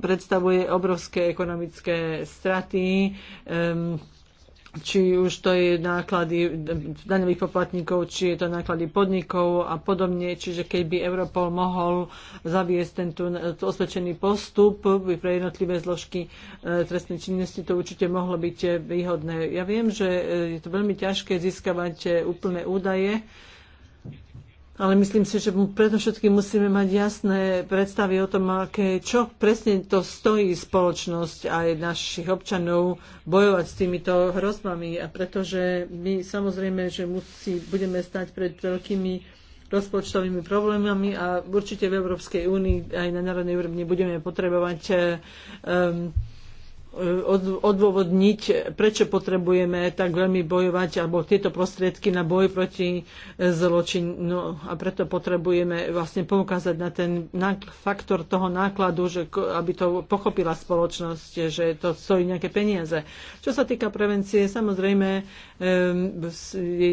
predstavuje obrovské ekonomické straty. E, či už to je náklady daňových poplatníkov, či je to náklady podnikov a podobne. Čiže keď by Europol mohol zaviesť tento osvedčený postup pre jednotlivé zložky e, trestnej činnosti, to určite mohlo byť e, výhodné. Ja viem, že e, je to veľmi ťažké získavať úplné údaje, ale myslím si, že predovšetkým musíme mať jasné predstavy o tom, aké, čo presne to stojí spoločnosť aj našich občanov bojovať s týmito hrozbami. A pretože my samozrejme, že musí, budeme stať pred veľkými rozpočtovými problémami a určite v Európskej únii aj na národnej úrovni budeme potrebovať um, Eh, odôvodniť, prečo potrebujeme tak veľmi bojovať alebo tieto prostriedky na boj proti eh, zločinu. a preto potrebujeme vlastne poukázať na ten faktor toho nákladu, že, aby to pochopila spoločnosť, že to stojí nejaké peniaze. Čo sa týka prevencie, samozrejme eh,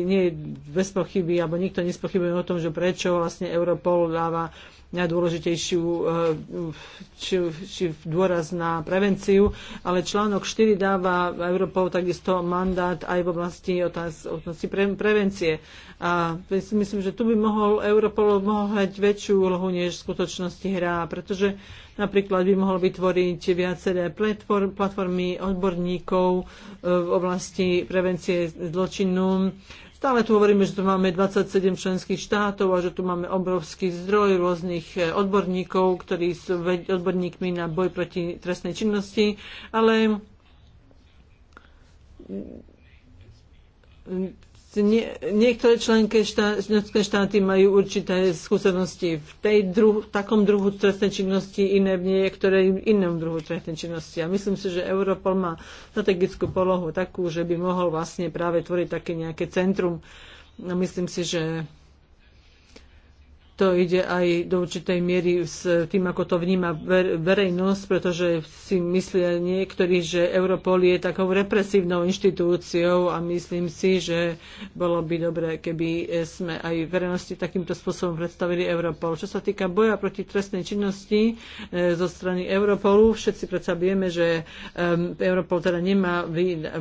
nie je bez pochyby, alebo nikto nespochybuje o tom, že prečo vlastne Europol dáva najdôležitejšiu eh, či, či dôraz na prevenciu, ale článok 4 dáva Európou takisto mandát aj v oblasti otázky pre, prevencie. A myslím, že tu by mohol Europol mohol hrať väčšiu úlohu, než v skutočnosti hrá, pretože Napríklad by mohol vytvoriť viaceré platformy odborníkov eh, v oblasti prevencie zločinu, Stále tu hovoríme, že tu máme 27 členských štátov a že tu máme obrovský zdroj rôznych eh, odborníkov, ktorí sú odborníkmi na boj proti trestnej činnosti, ale mm, nie, niektoré členské štá, štáty majú určité skúsenosti v, tej druhu, v takom druhu trestnej činnosti, iné v niektoré inom druhu trestnej činnosti. A myslím si, že Europol má strategickú polohu takú, že by mohol vlastne práve tvoriť také nejaké centrum. A myslím si, že to ide aj do určitej miery s tým, ako to vníma verejnosť, pretože si myslia niektorí, že Europol je takou represívnou inštitúciou a myslím si, že bolo by dobré, keby sme aj verejnosti takýmto spôsobom predstavili Europol. Čo sa týka boja proti trestnej činnosti e, zo strany Europolu, všetci predsa vieme, že Europol teda nemá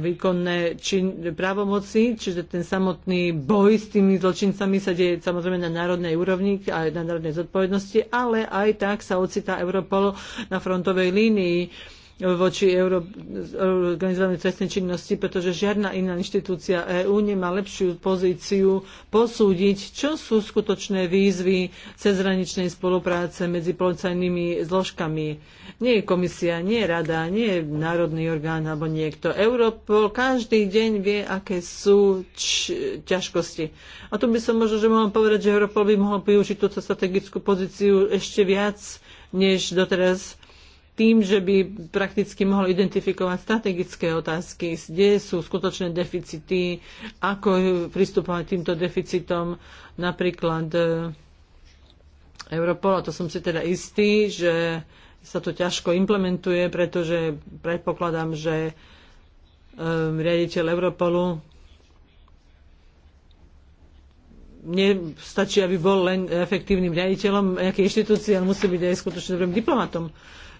výkonné čin, právomoci, čiže ten samotný boj s tými zločincami sa deje samozrejme na národnej úrovni, čeliť aj nadrodnej zodpovednosti, ale aj tak sa ocitá Europol na frontovej línii voči euro, organizovanej trestnej činnosti, pretože žiadna iná inštitúcia EÚ nemá lepšiu pozíciu posúdiť, čo sú skutočné výzvy cezhraničnej spolupráce medzi policajnými zložkami. Nie je komisia, nie je rada, nie je národný orgán alebo niekto. Europol každý deň vie, aké sú ťažkosti. A tu by som možno, že mohol povedať, že Europol by mohol využiť túto strategickú pozíciu ešte viac, než doteraz tým, že by prakticky mohol identifikovať strategické otázky, kde sú skutočné deficity, ako pristupovať týmto deficitom. Napríklad e, Europol, a to som si teda istý, že sa to ťažko implementuje, pretože predpokladám, že um, riaditeľ Europolu nestačí, aby bol len efektívnym riaditeľom nejakej inštitúcie, ale musí byť aj skutočne dobrým diplomatom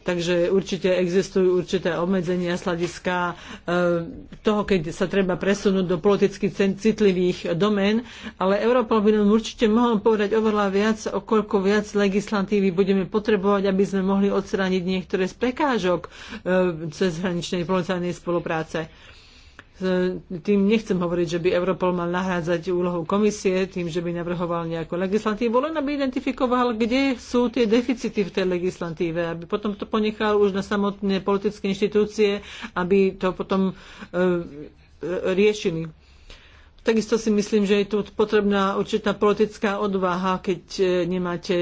takže určite existujú určité obmedzenia z hľadiska eh, toho, keď sa treba presunúť do politicky citlivých domén, ale Európa by nám určite mohla povedať oveľa viac, o koľko viac legislatívy budeme potrebovať, aby sme mohli odstrániť niektoré z prekážok eh, cezhraničnej policajnej spolupráce. E, tým nechcem hovoriť, že by Europol mal nahrádzať úlohu komisie tým, že by navrhoval nejakú legislatívu, len aby identifikoval, kde sú tie deficity v tej legislatíve, aby potom to ponechal už na samotné politické inštitúcie, aby to potom e, e, riešili. Takisto si myslím, že je tu potrebná určitá politická odvaha, keď e, nemáte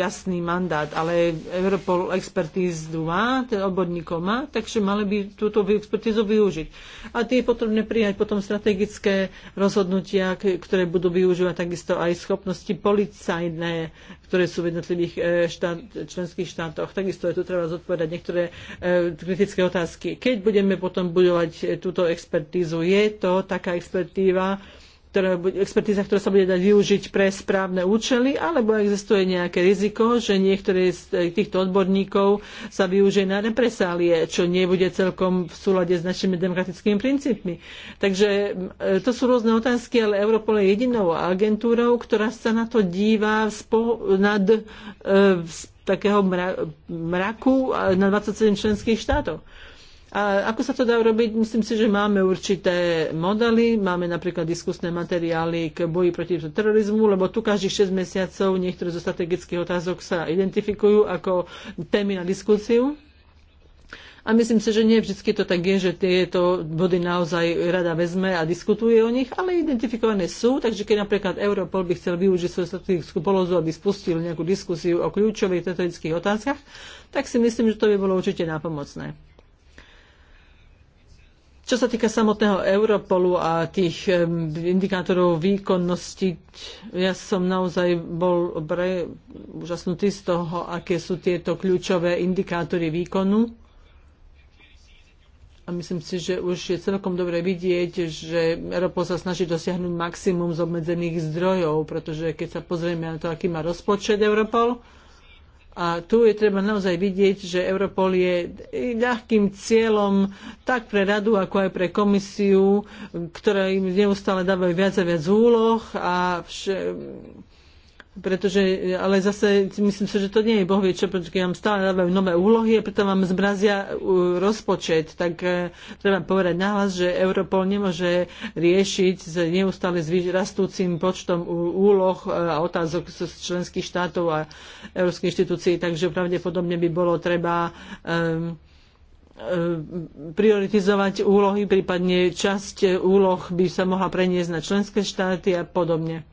jasný mandát, ale Europol expertízu má, ten odborníkov má, takže mali by túto expertízu využiť. A tie je potrebné prijať potom strategické rozhodnutia, ktoré budú využívať takisto aj schopnosti policajné, ktoré sú v jednotlivých e, štát, členských štátoch. Takisto je tu treba zodpovedať niektoré e, kritické otázky. Keď budeme potom budovať e, túto expertízu, je to taká expertíva, ktoré, expertíza, ktorá sa bude dať využiť pre správne účely, alebo existuje nejaké riziko, že niektorý z e, týchto odborníkov sa využije na represálie, čo nebude celkom v súlade s našimi demokratickými princípmi. Takže e, to sú rôzne otázky, ale Europol je jedinou agentúrou, ktorá sa na to díva spo, nad e, z takého mra, mraku na 27 členských štátov. A ako sa to dá urobiť? Myslím si, že máme určité modely. Máme napríklad diskusné materiály k boji proti terorizmu, lebo tu každých 6 mesiacov niektoré zo strategických otázok sa identifikujú ako témy na diskusiu. A myslím si, že nie vždy to tak je, že tieto body naozaj rada vezme a diskutuje o nich, ale identifikované sú, takže keď napríklad Europol by chcel využiť svoju strategickú polozu, aby spustil nejakú diskusiu o kľúčových strategických otázkach, tak si myslím, že to by bolo určite nápomocné. Čo sa týka samotného Europolu a tých indikátorov výkonnosti, ja som naozaj bol pre, úžasnutý z toho, aké sú tieto kľúčové indikátory výkonu. A myslím si, že už je celkom dobre vidieť, že Europol sa snaží dosiahnuť maximum z obmedzených zdrojov, pretože keď sa pozrieme na to, aký má rozpočet Europol, a tu je treba naozaj vidieť, že Europol je ľahkým cieľom tak pre radu, ako aj pre komisiu, ktorá im neustále dávajú viac a viac úloh a vš- pretože, ale zase myslím si, že to nie je bohvie čo, pretože nám stále dávajú nové úlohy a preto vám zmrazia e, rozpočet, tak e, treba povedať nahlas, že Europol nemôže riešiť s neustále rastúcim počtom úloh e, a otázok z členských štátov a európskych inštitúcií, takže pravdepodobne by bolo treba um, prioritizovať úlohy, prípadne časť úloh by sa mohla preniesť na členské štáty a podobne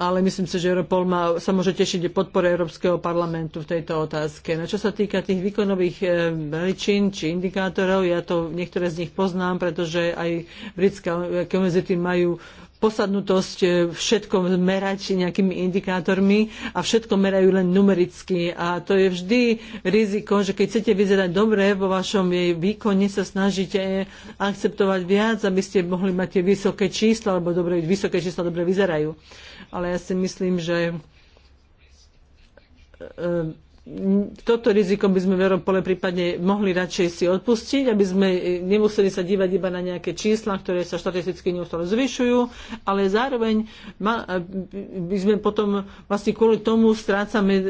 ale myslím si, že Europol má, sa môže tešiť podpore Európskeho parlamentu v tejto otázke. Na no, čo sa týka tých výkonových eh, veličín či indikátorov, ja to niektoré z nich poznám, pretože aj britské komunizity majú posadnutosť eh, všetko merať nejakými indikátormi a všetko merajú len numericky. A to je vždy riziko, že keď chcete vyzerať dobre vo vašom výkone, sa snažíte akceptovať viac, aby ste mohli mať tie vysoké čísla, alebo dobre, vysoké čísla dobre vyzerajú ale ja si myslím, že e, toto riziko by sme v Europole prípadne mohli radšej si odpustiť, aby sme e, nemuseli sa dívať iba na nejaké čísla, ktoré sa štatisticky neustále zvyšujú, ale zároveň e, by sme potom vlastne kvôli tomu strácame e,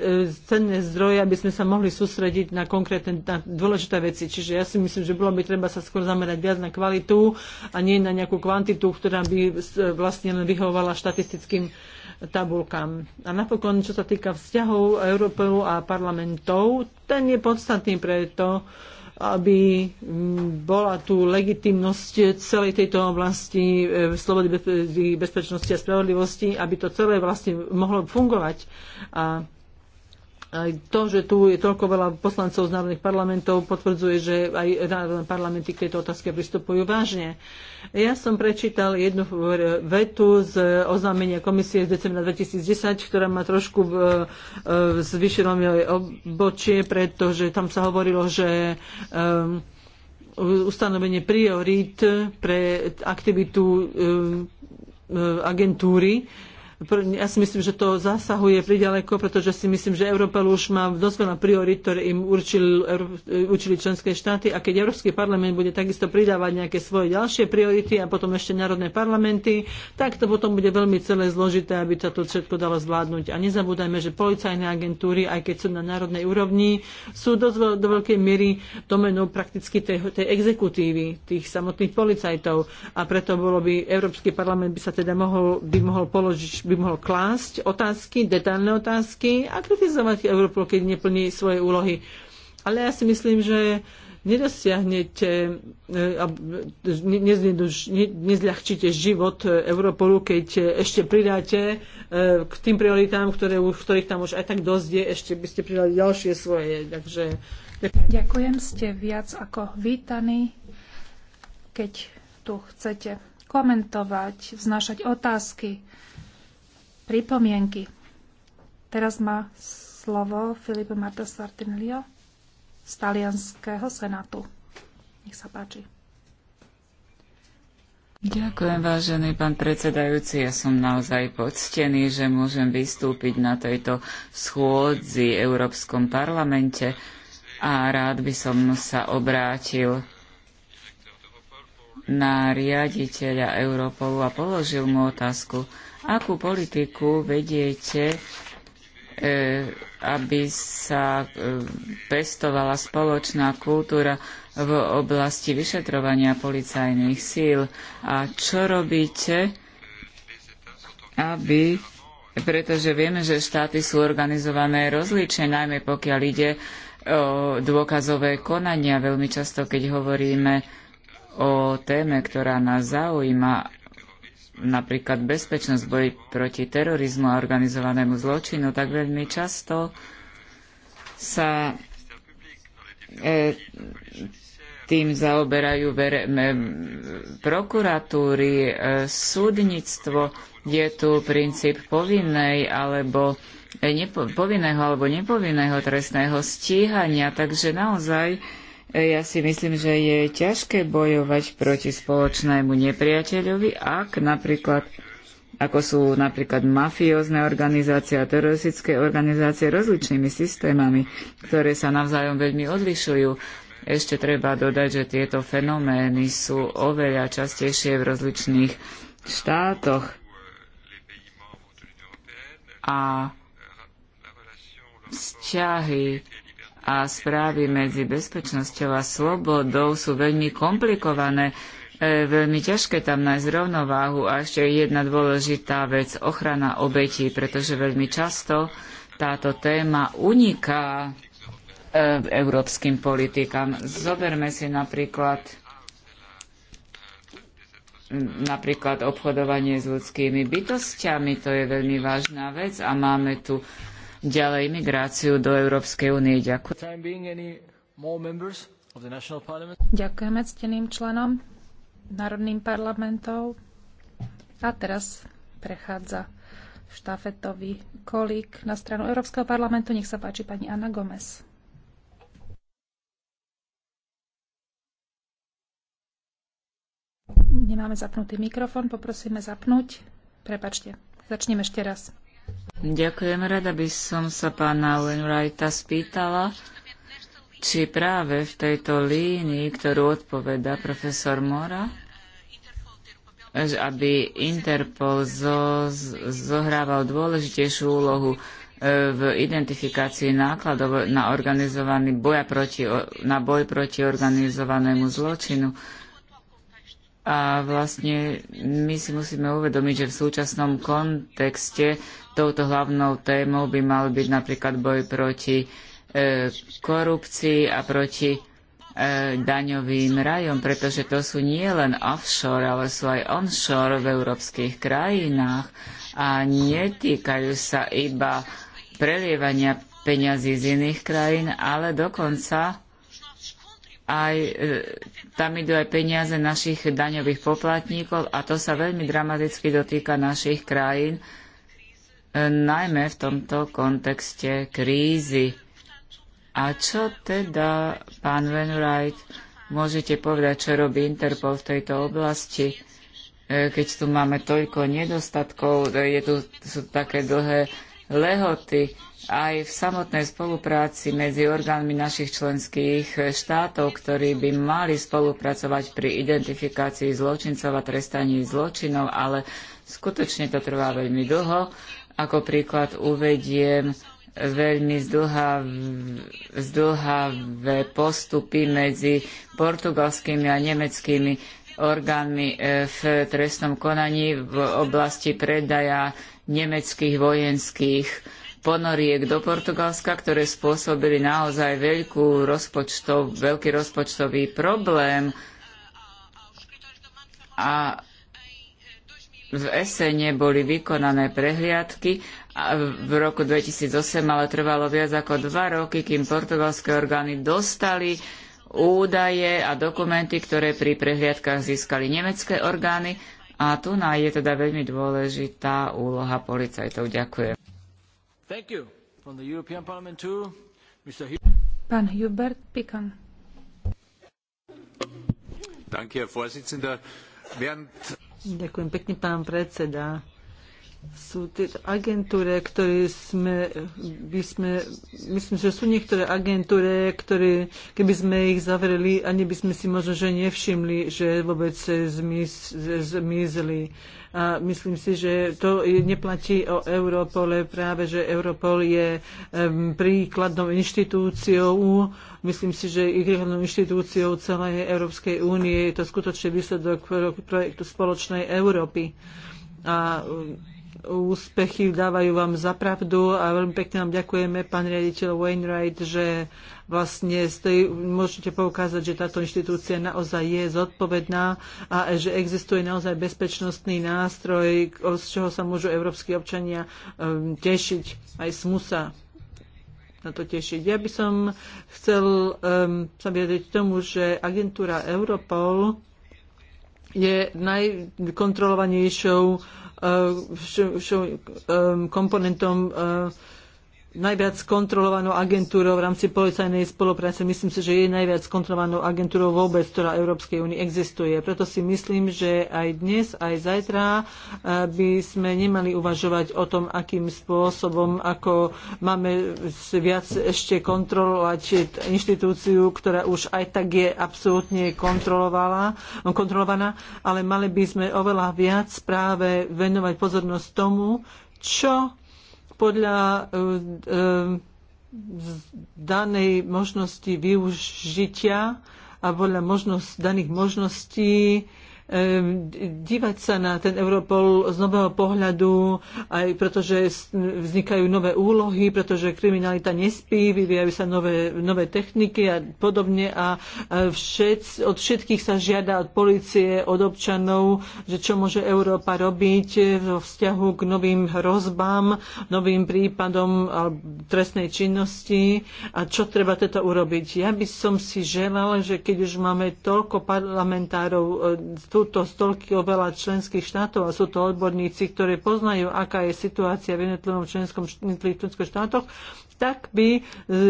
cenné zdroje, aby sme sa mohli sústrediť na konkrétne na dôležité veci. Čiže ja si myslím, že bolo by treba sa skôr zamerať viac na kvalitu a nie na nejakú kvantitu, ktorá by vlastne len vyhovovala štatistickým tabulkám. A napokon, čo sa týka vzťahov Európou a parlamentov, ten je podstatný preto, aby mm, bola tu legitimnosť celej tejto oblasti e, slobody, bezpečnosti a spravodlivosti, aby to celé vlastne mohlo fungovať. A aj to, že tu je toľko veľa poslancov z národných parlamentov, potvrdzuje, že aj národné parlamenty k tejto otázke pristupujú vážne. Ja som prečítal jednu vetu z oznámenia komisie z decembra 2010, ktorá ma trošku e, e, zvyšila mi obočie, pretože tam sa hovorilo, že e, ustanovenie priorít pre aktivitu agentúry ja si myslím, že to zasahuje priďaleko, pretože si myslím, že Európa už má dosť veľa priorit, ktoré im určil, e, určili členské štáty a keď Európsky parlament bude takisto pridávať nejaké svoje ďalšie priority a potom ešte národné parlamenty, tak to potom bude veľmi celé zložité, aby sa to všetko dalo zvládnuť. A nezabúdajme, že policajné agentúry, aj keď sú na národnej úrovni, sú dosť do veľkej miery domenou prakticky tej, tej exekutívy, tých samotných policajtov. A preto bolo by Európsky parlament by sa teda mohol, by mohol položiť by mohol klásť otázky, detailné otázky a kritizovať Európu, keď neplní svoje úlohy. Ale ja si myslím, že nedosiahnete, eh, nezľahčíte život Európolu, keď ešte pridáte eh, k tým prioritám, ktoré, ktorých tam už aj tak dosť je, ešte by ste pridali ďalšie svoje. Takže... Ďakujem, ste viac ako vítaní, keď tu chcete komentovať, vznášať otázky pripomienky. Teraz má slovo Filipe Marta Sartinlio z talianského senátu. Nech sa páči. Ďakujem, vážený pán predsedajúci. Ja som naozaj poctený, že môžem vystúpiť na tejto schôdzi v Európskom parlamente a rád by som sa obrátil na riaditeľa Europolu a položil mu otázku. Akú politiku vediete, e, aby sa e, pestovala spoločná kultúra v oblasti vyšetrovania policajných síl? A čo robíte, aby pretože vieme, že štáty sú organizované rozlične, najmä pokiaľ ide o dôkazové konania. Veľmi často, keď hovoríme o téme, ktorá nás zaujíma, napríklad bezpečnosť boji proti terorizmu a organizovanému zločinu, tak veľmi často sa e, tým zaoberajú vere, me, prokuratúry, e, súdnictvo, je tu princíp povinnej alebo e, nepo, povinného alebo nepovinného trestného stíhania, takže naozaj ja si myslím, že je ťažké bojovať proti spoločnému nepriateľovi, ak napríklad ako sú napríklad mafiózne organizácie a teroristické organizácie rozličnými systémami, ktoré sa navzájom veľmi odlišujú. Ešte treba dodať, že tieto fenomény sú oveľa častejšie v rozličných štátoch. A vzťahy a správy medzi bezpečnosťou a slobodou sú veľmi komplikované. E, veľmi ťažké tam nájsť rovnováhu a ešte jedna dôležitá vec, ochrana obetí, pretože veľmi často táto téma uniká e, európskym politikám. Zoberme si napríklad napríklad obchodovanie s ľudskými bytostiami, to je veľmi vážna vec a máme tu ďalej migráciu do Európskej únie. Ďakujem. Ďakujeme cteným členom národným parlamentov. A teraz prechádza štafetový kolík na stranu Európskeho parlamentu. Nech sa páči pani Anna Gomez. Nemáme zapnutý mikrofón, poprosíme zapnúť. Prepačte, začneme ešte raz. Ďakujem, rada by som sa pána Wainwrighta spýtala, či práve v tejto línii, ktorú odpoveda profesor Mora, aby Interpol zo, zohrával dôležitejšiu úlohu e, v identifikácii nákladov na, organizovaný boja proti, na boj proti organizovanému zločinu. A vlastne my si musíme uvedomiť, že v súčasnom kontexte touto hlavnou témou by mal byť napríklad boj proti e, korupcii a proti e, daňovým rajom, pretože to sú nie len offshore, ale sú aj onshore v európskych krajinách a netýkajú sa iba prelievania peňazí z iných krajín, ale dokonca aj, e, tam idú aj peniaze našich daňových poplatníkov a to sa veľmi dramaticky dotýka našich krajín, e, najmä v tomto kontexte krízy. A čo teda, pán Wainwright, môžete povedať, čo robí Interpol v tejto oblasti, e, keď tu máme toľko nedostatkov, je tu, sú také dlhé lehoty, aj v samotnej spolupráci medzi orgánmi našich členských štátov, ktorí by mali spolupracovať pri identifikácii zločincov a trestaní zločinov, ale skutočne to trvá veľmi dlho. Ako príklad uvediem veľmi zdlhavé postupy medzi portugalskými a nemeckými orgánmi eh, v trestnom konaní v oblasti predaja nemeckých vojenských ponoriek do Portugalska, ktoré spôsobili naozaj veľkú rozpočtov, veľký rozpočtový problém. A v Esene boli vykonané prehliadky a v roku 2008, ale trvalo viac ako dva roky, kým portugalské orgány dostali údaje a dokumenty, ktoré pri prehliadkach získali nemecké orgány. A tu je teda veľmi dôležitá úloha policajtov. Ďakujem. Thank you. From the European Parliament too, Mr. Hu Pan Hubert Pickam. Danke, Herr Vorsitzender. Während... Ďakujem pekne, pán predseda sú tie agentúre, ktoré sme, by sme, myslím, že sú niektoré agentúre, ktoré, keby sme ich zavreli, ani by sme si možno, že nevšimli, že vôbec zmiz, zmizli a myslím si, že to neplatí o Europole, práve že Europol je príkladnou inštitúciou, myslím si, že ich hlavnou inštitúciou celej Európskej únie je to skutočne výsledok projektu spoločnej Európy. A úspechy dávajú vám zapravdu a veľmi pekne vám ďakujeme, pán riaditeľ Wainwright, že vlastne ste, môžete poukázať, že táto inštitúcia naozaj je zodpovedná a že existuje naozaj bezpečnostný nástroj, z čoho sa môžu európsky občania ehm, tešiť, aj smusa na to tešiť. Ja by som chcel um, sa vyjadriť tomu, že agentúra Europol je najkontrolovanejšou Eh, eh, komponentom eh, najviac kontrolovanou agentúrou v rámci policajnej spolupráce. Myslím si, že je najviac kontrolovanou agentúrou vôbec, ktorá Európskej únii existuje. Preto si myslím, že aj dnes, aj zajtra eh, by sme nemali uvažovať o tom, akým spôsobom, ako máme viac ešte kontrolovať inštitúciu, ktorá už aj tak je absolútne no, kontrolovaná, ale mali by sme oveľa viac práve venovať pozornosť tomu, čo podľa eh, eh, danej možnosti využitia a podľa možnosť, daných možností Ehm, dívať sa na ten Europol z nového pohľadu, aj pretože vznikajú nové úlohy, pretože kriminalita nespí, vyvíjajú sa nové, nové techniky a podobne a e, všet, od všetkých sa žiada od policie, od občanov, že čo môže Európa robiť e, vo vzťahu k novým hrozbám, novým prípadom trestnej činnosti a čo treba teda urobiť. Ja by som si želala, že keď už máme toľko parlamentárov e, tu sú to stolky veľa členských štátov a sú to odborníci, ktorí poznajú, aká je situácia v členskom, jednotlivých členských štátoch tak by e,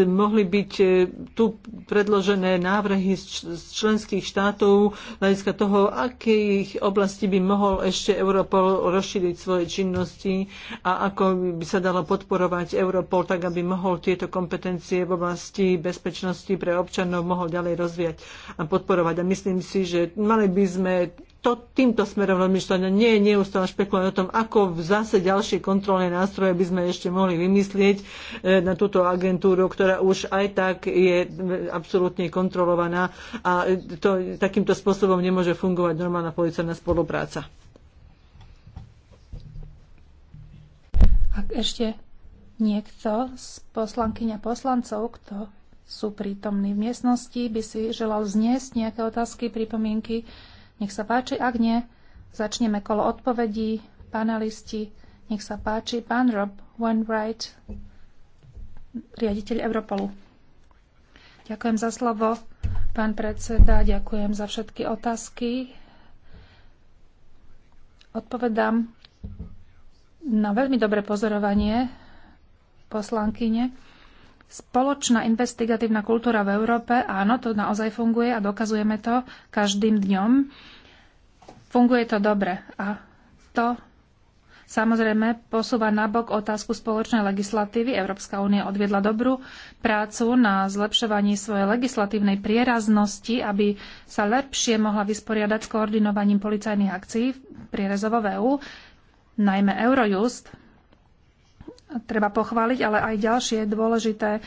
mohli byť e, tu predložené návrhy z členských štátov hľadiska toho, akých oblasti by mohol ešte Europol rozšíriť svoje činnosti a ako by sa dalo podporovať Europol tak, aby mohol tieto kompetencie v oblasti bezpečnosti pre občanov mohol ďalej rozvíjať a podporovať. A myslím si, že mali by sme to, týmto smerom rozmýšľania, nie je neustále špekulovať o tom, ako zase ďalšie kontrolné nástroje by sme ešte mohli vymyslieť e, na túto agentúru, ktorá už aj tak je absolútne kontrolovaná a to, takýmto spôsobom nemôže fungovať normálna policajná spolupráca. Ak ešte niekto z poslankyň a poslancov, kto sú prítomní v miestnosti, by si želal zniesť nejaké otázky, pripomienky, nech sa páči, ak nie, začneme kolo odpovedí, panelisti. Nech sa páči, pán Rob Wainwright, riaditeľ Europolu. Ďakujem za slovo, pán predseda, ďakujem za všetky otázky. Odpovedám na veľmi dobré pozorovanie poslankyne. Spoločná investigatívna kultúra v Európe, áno, to naozaj funguje a dokazujeme to každým dňom. Funguje to dobre a to samozrejme posúva nabok otázku spoločnej legislatívy. Európska únia odviedla dobrú prácu na zlepšovaní svojej legislatívnej prieraznosti, aby sa lepšie mohla vysporiadať s koordinovaním policajných akcií prierezovo v EÚ. Najmä Eurojust treba pochváliť, ale aj ďalšie dôležité e,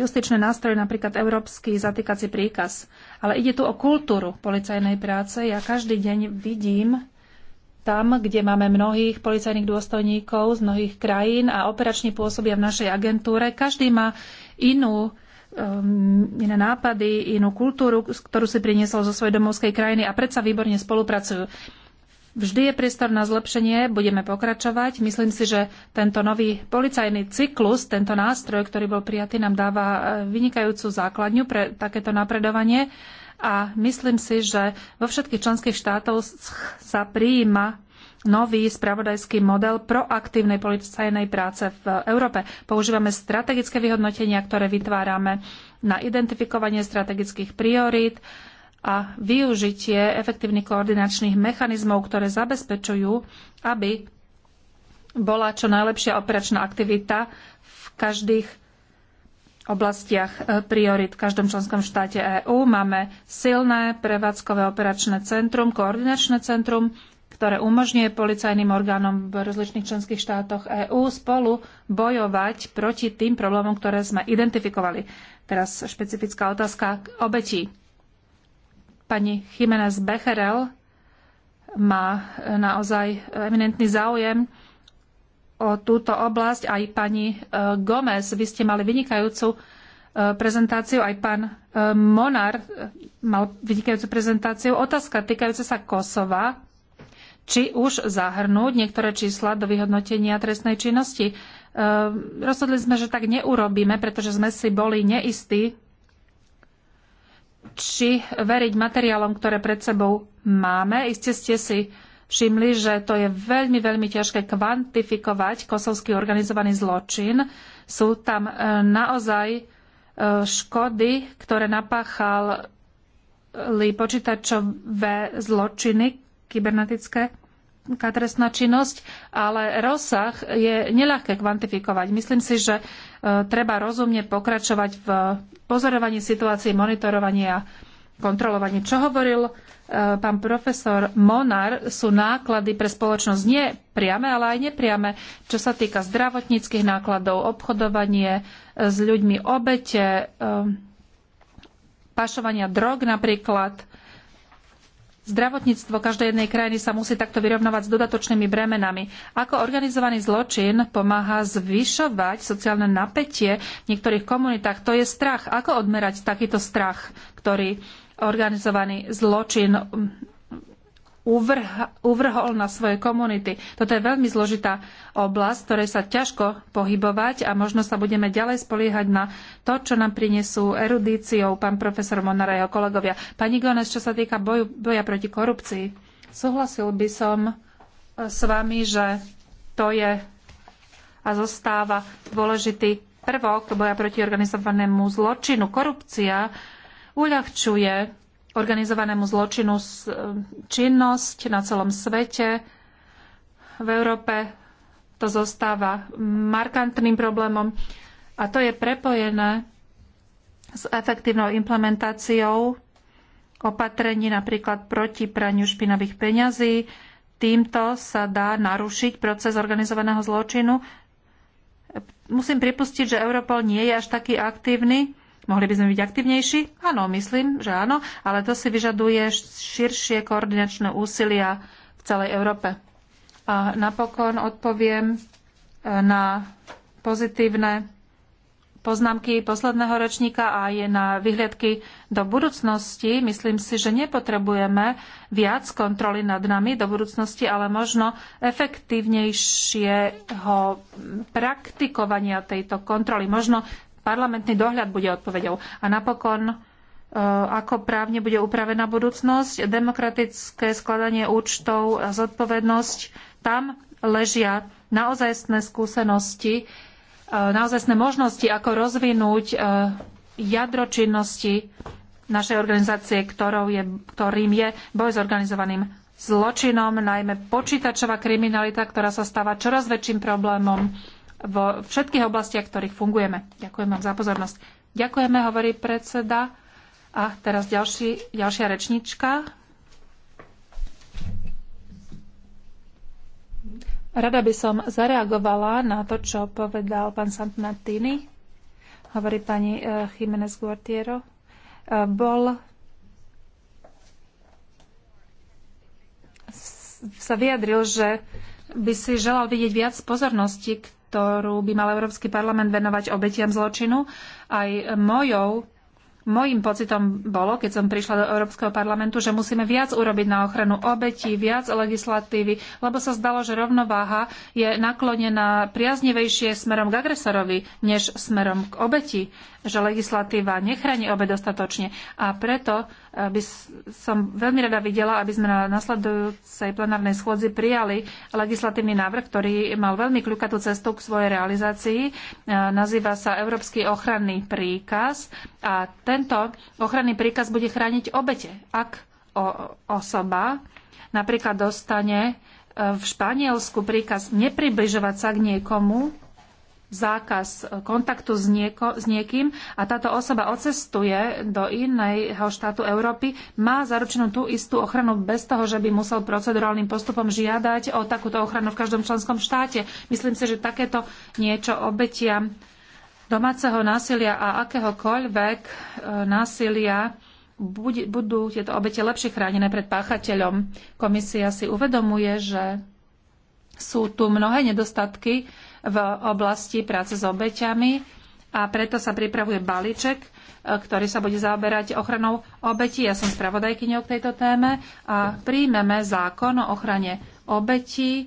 justičné nástroje, napríklad európsky zatýkací príkaz. Ale ide tu o kultúru policajnej práce. Ja každý deň vidím tam, kde máme mnohých policajných dôstojníkov z mnohých krajín a operačne pôsobia v našej agentúre. Každý má inú um, iné nápady, inú kultúru, ktorú si priniesol zo svojej domovskej krajiny a predsa výborne spolupracujú. Vždy je priestor na zlepšenie, budeme pokračovať. Myslím si, že tento nový policajný cyklus, tento nástroj, ktorý bol prijatý, nám dáva e, vynikajúcu základňu pre takéto napredovanie a myslím si, že vo všetkých členských štátoch sa prijíma nový spravodajský model proaktívnej policajnej práce v Európe. Používame strategické vyhodnotenia, ktoré vytvárame na identifikovanie strategických priorít, a využitie efektívnych koordinačných mechanizmov, ktoré zabezpečujú, aby bola čo najlepšia operačná aktivita v každých oblastiach e, priorit v každom členskom štáte EÚ. Máme silné prevádzkové operačné centrum, koordinačné centrum, ktoré umožňuje policajným orgánom v rozličných členských štátoch EÚ spolu bojovať proti tým problémom, ktoré sme identifikovali. Teraz špecifická otázka k obetí. Pani Jiménez Becherel má e, naozaj eminentný záujem o túto oblasť. Aj pani e, Gomez, vy ste mali vynikajúcu e, prezentáciu, aj pán Monar mal vynikajúcu prezentáciu. Otázka týkajúca sa Kosova, či už zahrnúť niektoré čísla do vyhodnotenia trestnej činnosti. Rozhodli sme, že tak neurobíme, pretože sme si boli neistí, či veriť materiálom, ktoré pred sebou máme. Iste ste si všimli, že to je veľmi, veľmi ťažké kvantifikovať kosovský organizovaný zločin. Sú tam e, naozaj e, škody, ktoré napáchali počítačové zločiny kybernetické veľká trestná činnosť, ale rozsah je neľahké kvantifikovať. Myslím si, že e, treba rozumne pokračovať v pozorovaní situácií, monitorovaní a kontrolovaní. Čo hovoril e, pán profesor Monar, sú náklady pre spoločnosť nie priame, ale aj nepriame, čo sa týka zdravotníckých nákladov, obchodovanie e, s ľuďmi, obete, pašovania drog napríklad, Zdravotníctvo každej jednej krajiny sa musí takto vyrovnovať s dodatočnými bremenami. Ako organizovaný zločin pomáha zvyšovať sociálne napätie v niektorých komunitách, to je strach. Ako odmerať takýto strach, ktorý organizovaný zločin uvrha, uvrhol na svoje komunity. Toto je veľmi zložitá oblasť, ktorej sa ťažko pohybovať a možno sa budeme ďalej spoliehať na to, čo nám prinesú erudíciou pán profesor Monara a jeho kolegovia. Pani Gones, čo sa týka boju, boja proti korupcii, súhlasil by som eh, s vami, že to je a zostáva dôležitý prvok boja proti organizovanému zločinu. Korupcia uľahčuje organizovanému zločinu e, činnosť na celom svete. V Európe to zostáva markantným problémom a to je prepojené s efektívnou implementáciou opatrení napríklad proti praniu špinavých peňazí. Týmto sa dá narušiť proces organizovaného zločinu. Musím pripustiť, že Europol nie je až taký aktívny, Mohli by sme byť aktivnejší? Áno, myslím, že áno, ale to si vyžaduje širšie koordinačné úsilia v celej Európe. A napokon odpoviem e, na pozitívne poznámky posledného ročníka a je na vyhliadky do budúcnosti. Myslím si, že nepotrebujeme viac kontroly nad nami do budúcnosti, ale možno efektívnejšieho praktikovania tejto kontroly. Možno parlamentný dohľad bude odpovedou. A napokon, e, ako právne bude upravená budúcnosť, demokratické skladanie účtov a zodpovednosť, tam ležia naozajstné skúsenosti, e, naozajstné možnosti, ako rozvinúť e, jadro činnosti našej organizácie, je, ktorým je boj s organizovaným zločinom, najmä počítačová kriminalita, ktorá sa stáva čoraz väčším problémom vo všetkých oblastiach, v ktorých fungujeme. Ďakujem vám za pozornosť. Ďakujeme, hovorí predseda. A teraz ďalší, ďalšia rečnička. Rada by som zareagovala na to, čo povedal pán Santnatini, hovorí pani eh, Jiménez Guartiero. Eh, bol sa vyjadril, že by si želal vidieť viac pozornosti k ktorú by mal Európsky parlament venovať obetiam zločinu. Aj mojou Mojím pocitom bolo, keď som prišla do Európskeho parlamentu, že musíme viac urobiť na ochranu obetí, viac legislatívy, lebo sa zdalo, že rovnováha je naklonená priaznivejšie smerom k agresorovi, než smerom k obeti že legislatíva nechráni obe dostatočne. A preto e, by som veľmi rada videla, aby sme na nasledujúcej plenárnej schôdzi prijali legislatívny návrh, ktorý mal veľmi kľukatú cestu k svojej realizácii. E, nazýva sa Európsky ochranný príkaz a tento ochranný príkaz bude chrániť obete, ak osoba napríklad dostane e, v Španielsku príkaz nepribližovať sa k niekomu, zákaz kontaktu s, nieko, s niekým a táto osoba odcestuje do iného štátu Európy, má zaručenú tú istú ochranu bez toho, že by musel procedurálnym postupom žiadať o takúto ochranu v každom členskom štáte. Myslím si, že takéto niečo obetia domáceho násilia a akéhokoľvek e, násilia budú tieto obete lepšie chránené pred páchateľom. Komisia si uvedomuje, že sú tu mnohé nedostatky, v oblasti práce s obeťami a preto sa pripravuje balíček, e, ktorý sa bude zaoberať ochranou obetí. Ja som spravodajkyňou k tejto téme a príjmeme zákon o ochrane obetí, e,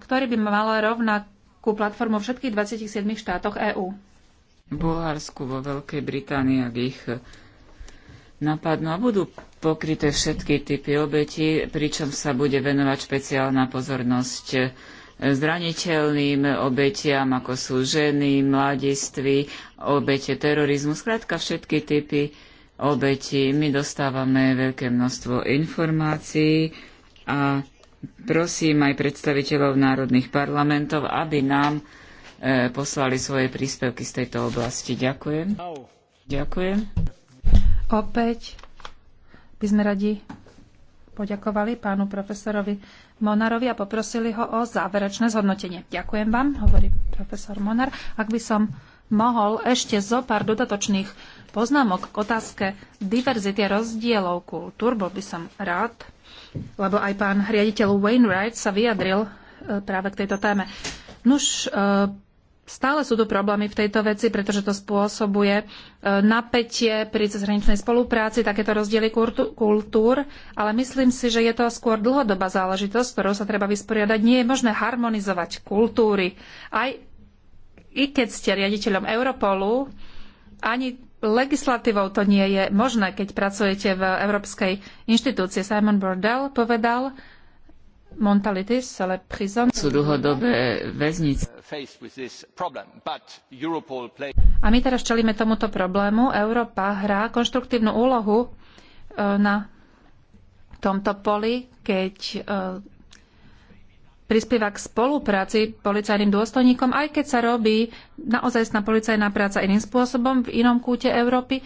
ktorý by mal rovnakú platformu všetkých 27 štátoch EÚ. V Bulharsku, vo Veľkej Británii, ak ich e, napadnú a budú pokryté všetky typy obetí, pričom sa bude venovať špeciálna pozornosť zraniteľným obetiam, ako sú ženy, mladiství, obete terorizmu, skrátka všetky typy obetí. My dostávame veľké množstvo informácií a prosím aj predstaviteľov národných parlamentov, aby nám e, poslali svoje príspevky z tejto oblasti. Ďakujem. Ďakujem. Opäť by sme radi poďakovali pánu profesorovi Monarovi a poprosili ho o záverečné zhodnotenie. Ďakujem vám, hovorí profesor Monar. Ak by som mohol ešte zo pár dodatočných poznámok k otázke diverzity a rozdielov kultúr, bol by som rád, lebo aj pán riaditeľ Wainwright sa vyjadril e, práve k tejto téme. Nuž, e, Stále sú tu problémy v tejto veci, pretože to spôsobuje e, napätie pri cezhraničnej spolupráci, takéto rozdiely kultúr, ale myslím si, že je to skôr dlhodobá záležitosť, ktorou sa treba vysporiadať. Nie je možné harmonizovať kultúry. Aj i keď ste riaditeľom Europolu, ani legislatívou to nie je možné, keď pracujete v Európskej inštitúcie. Simon Bordell povedal, sú dlhodobé väznice. A my teraz čelíme tomuto problému. Európa hrá konštruktívnu úlohu e, na tomto poli, keď e, prispieva k spolupráci policajným dôstojníkom, aj keď sa robí naozajstná policajná práca iným spôsobom v inom kúte Európy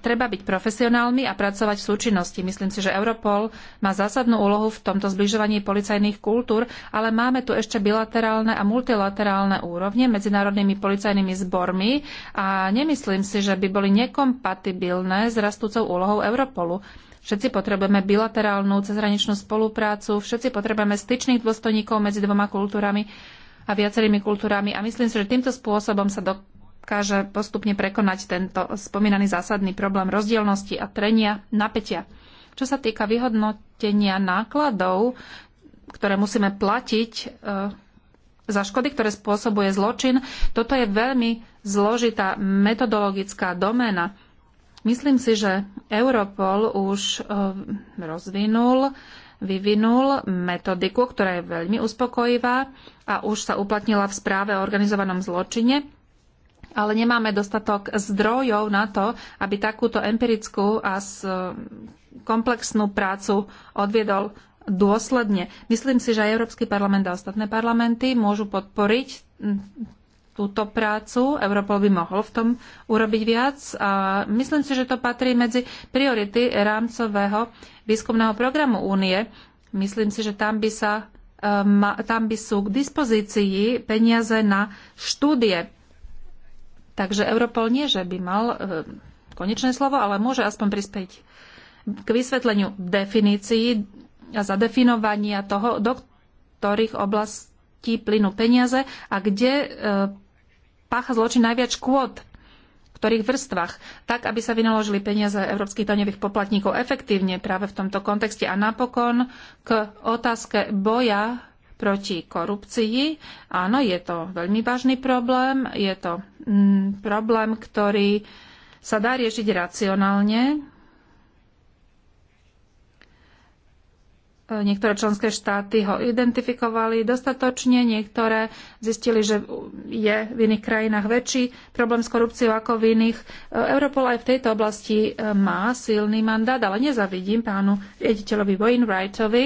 treba byť profesionálmi a pracovať v súčinnosti. Myslím si, že Europol má zásadnú úlohu v tomto zbližovaní policajných kultúr, ale máme tu ešte bilaterálne a multilaterálne úrovne medzinárodnými policajnými zbormi a nemyslím si, že by boli nekompatibilné s rastúcou úlohou Europolu. Všetci potrebujeme bilaterálnu cezhraničnú spoluprácu, všetci potrebujeme styčných dôstojníkov medzi dvoma kultúrami a viacerými kultúrami a myslím si, že týmto spôsobom sa do, dokáže postupne prekonať tento spomínaný zásadný problém rozdielnosti a trenia napätia. Čo sa týka vyhodnotenia nákladov, ktoré musíme platiť e, za škody, ktoré spôsobuje zločin, toto je veľmi zložitá metodologická doména. Myslím si, že Europol už e, rozvinul, vyvinul metodiku, ktorá je veľmi uspokojivá a už sa uplatnila v správe o organizovanom zločine ale nemáme dostatok zdrojov na to, aby takúto empirickú a komplexnú prácu odviedol dôsledne. Myslím si, že aj Európsky parlament a ostatné parlamenty môžu podporiť túto prácu. Europol by mohol v tom urobiť viac a myslím si, že to patrí medzi priority rámcového výskumného programu únie. Myslím si, že tam by, sa, e, tam by sú k dispozícii peniaze na štúdie Takže Europol nie, že by mal e, konečné slovo, ale môže aspoň prispieť k vysvetleniu definícií a zadefinovania toho, do ktorých oblastí plynú peniaze a kde e, pácha zločin najviac škôd, v ktorých vrstvách, tak aby sa vynaložili peniaze európskych daňových poplatníkov efektívne práve v tomto kontexte. A napokon k otázke boja proti korupcii. Áno, je to veľmi vážny problém. Je to mm, problém, ktorý sa dá riešiť racionálne. Niektoré členské štáty ho identifikovali dostatočne, niektoré zistili, že je v iných krajinách väčší problém s korupciou ako v iných. Europol aj v tejto oblasti má silný mandát, ale nezavidím pánu riaditeľovi Wainwrightovi,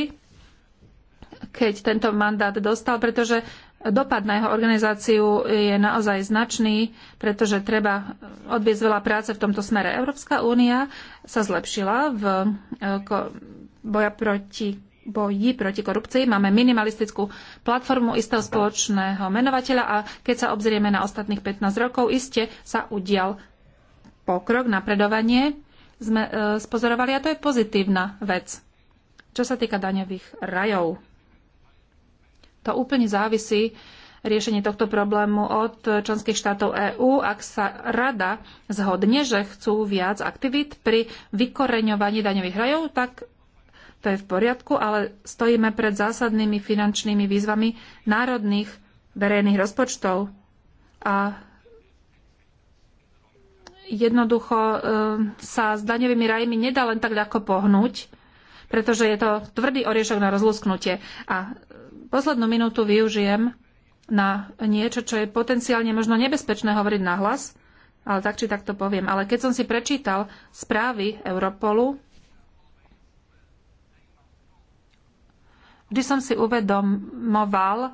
keď tento mandát dostal, pretože dopad na jeho organizáciu je naozaj značný, pretože treba odviesť veľa práce v tomto smere. Európska únia sa zlepšila v e, boja proti boji proti korupcii. Máme minimalistickú platformu istého spoločného menovateľa a keď sa obzrieme na ostatných 15 rokov, iste sa udial pokrok, napredovanie sme e, spozorovali a to je pozitívna vec, čo sa týka daňových rajov. To úplne závisí riešenie tohto problému od členských štátov EÚ, ak sa rada zhodne, že chcú viac aktivít pri vykoreňovaní daňových rajov, tak to je v poriadku, ale stojíme pred zásadnými finančnými výzvami národných verejných rozpočtov. A jednoducho ehm, sa s daňovými rajmi nedá len tak ľahko pohnúť, pretože je to tvrdý oriešok na rozlúsknutie. A Poslednú minútu využijem na niečo, čo je potenciálne možno nebezpečné hovoriť nahlas, ale tak či tak to poviem. Ale keď som si prečítal správy Europolu, vždy som si uvedomoval,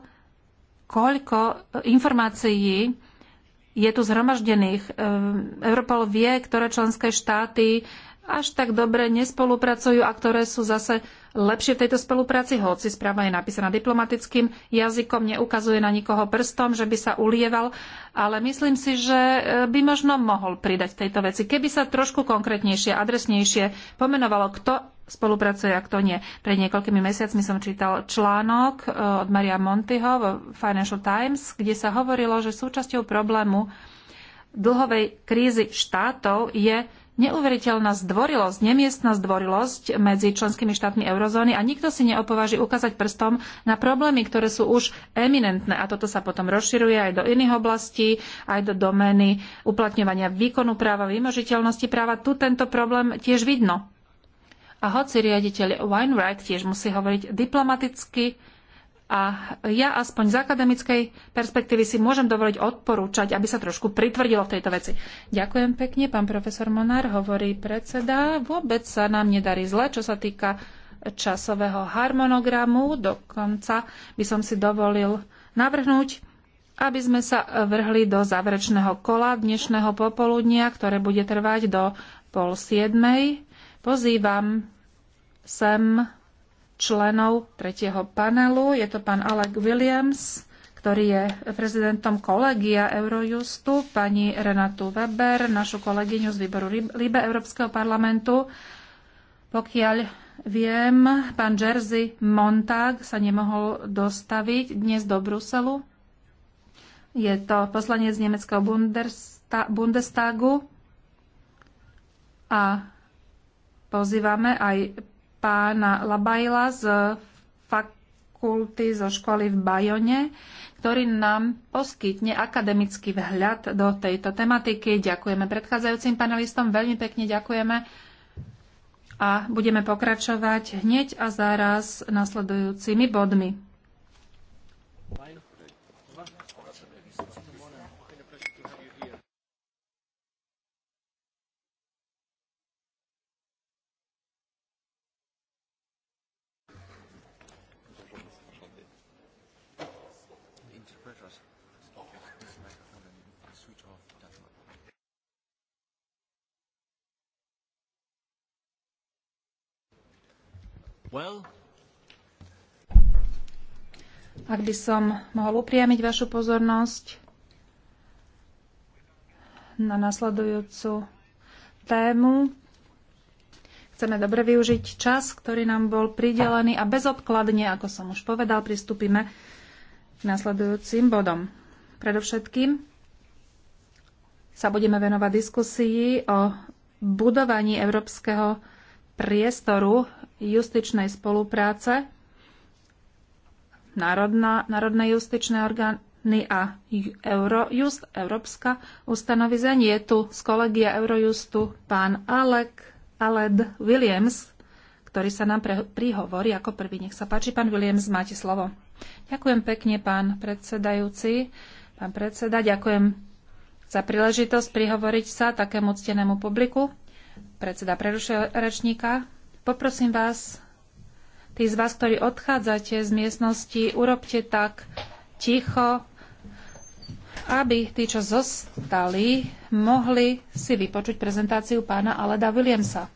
koľko informácií je tu zhromaždených. Ehm, Europol vie, ktoré členské štáty až tak dobre nespolupracujú a ktoré sú zase lepšie v tejto spolupráci, hoci správa je napísaná diplomatickým jazykom, neukazuje na nikoho prstom, že by sa ulieval, ale myslím si, že e, by možno mohol pridať tejto veci, keby sa trošku konkrétnejšie, adresnejšie pomenovalo, kto spolupracuje a kto nie. Pred niekoľkými mesiacmi som čítal článok e, od Maria Montyho v Financial Times, kde sa hovorilo, že súčasťou problému dlhovej krízy štátov je neuveriteľná zdvorilosť, nemiestná zdvorilosť medzi členskými štátmi eurozóny a nikto si neopováži ukázať prstom na problémy, ktoré sú už eminentné. A toto sa potom rozširuje aj do iných oblastí, aj do domény uplatňovania výkonu práva, vymožiteľnosti práva. Tu tento problém tiež vidno. A hoci riaditeľ Wainwright tiež musí hovoriť diplomaticky, a ja aspoň z akademickej perspektívy si môžem dovoliť odporúčať, aby sa trošku pritvrdilo v tejto veci. Ďakujem pekne, pán profesor Monár, hovorí predseda. Vôbec sa nám nedarí zle, čo sa týka časového harmonogramu. Dokonca by som si dovolil navrhnúť, aby sme sa vrhli do záverečného kola dnešného popoludnia, ktoré bude trvať do pol siedmej. Pozývam sem členov tretieho panelu. Je to pán Alec Williams, ktorý je prezidentom kolegia Eurojustu, pani Renatu Weber, našu kolegyňu z výboru Líbe Európskeho parlamentu. Pokiaľ viem, pán Jerzy Montag sa nemohol dostaviť dnes do Bruselu. Je to poslanec nemeckého Bundestagu a pozývame aj pána Labajla z fakulty zo školy v Bajone, ktorý nám poskytne akademický vhľad do tejto tematiky. Ďakujeme predchádzajúcim panelistom, veľmi pekne ďakujeme a budeme pokračovať hneď a zaraz nasledujúcimi bodmi. Ak by som mohol upriamiť vašu pozornosť na nasledujúcu tému. Chceme dobre využiť čas, ktorý nám bol pridelený a bezodkladne, ako som už povedal, pristúpime k nasledujúcim bodom. Predovšetkým sa budeme venovať diskusii o budovaní európskeho priestoru justičnej spolupráce, národná, národné justičné orgány a Eurojust, Európska ustanovizenie. Je tu z kolegia Eurojustu pán Alek, Aled Williams, ktorý sa nám pre, prihovorí ako prvý. Nech sa páči, pán Williams, máte slovo. Ďakujem pekne, pán predsedajúci. Pán predseda, ďakujem za príležitosť prihovoriť sa takému ctenému publiku. Predseda prerušuje rečníka. Poprosím vás, tí z vás, ktorí odchádzate z miestnosti, urobte tak ticho, aby tí, čo zostali, mohli si vypočuť prezentáciu pána Aleda Williamsa.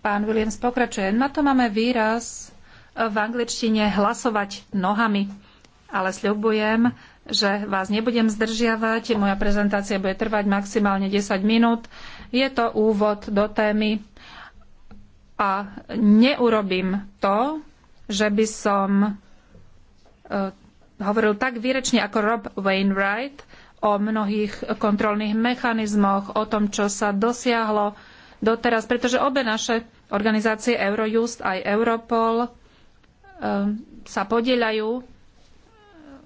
Pán Williams pokračuje. Na to máme výraz v angličtine hlasovať nohami, ale sľubujem, že vás nebudem zdržiavať. Moja prezentácia bude trvať maximálne 10 minút. Je to úvod do témy a neurobím to, že by som e, hovoril tak výrečne ako Rob Wainwright o mnohých kontrolných mechanizmoch, o tom, čo sa dosiahlo doteraz, pretože obe naše organizácie Eurojust aj Europol e, sa podieľajú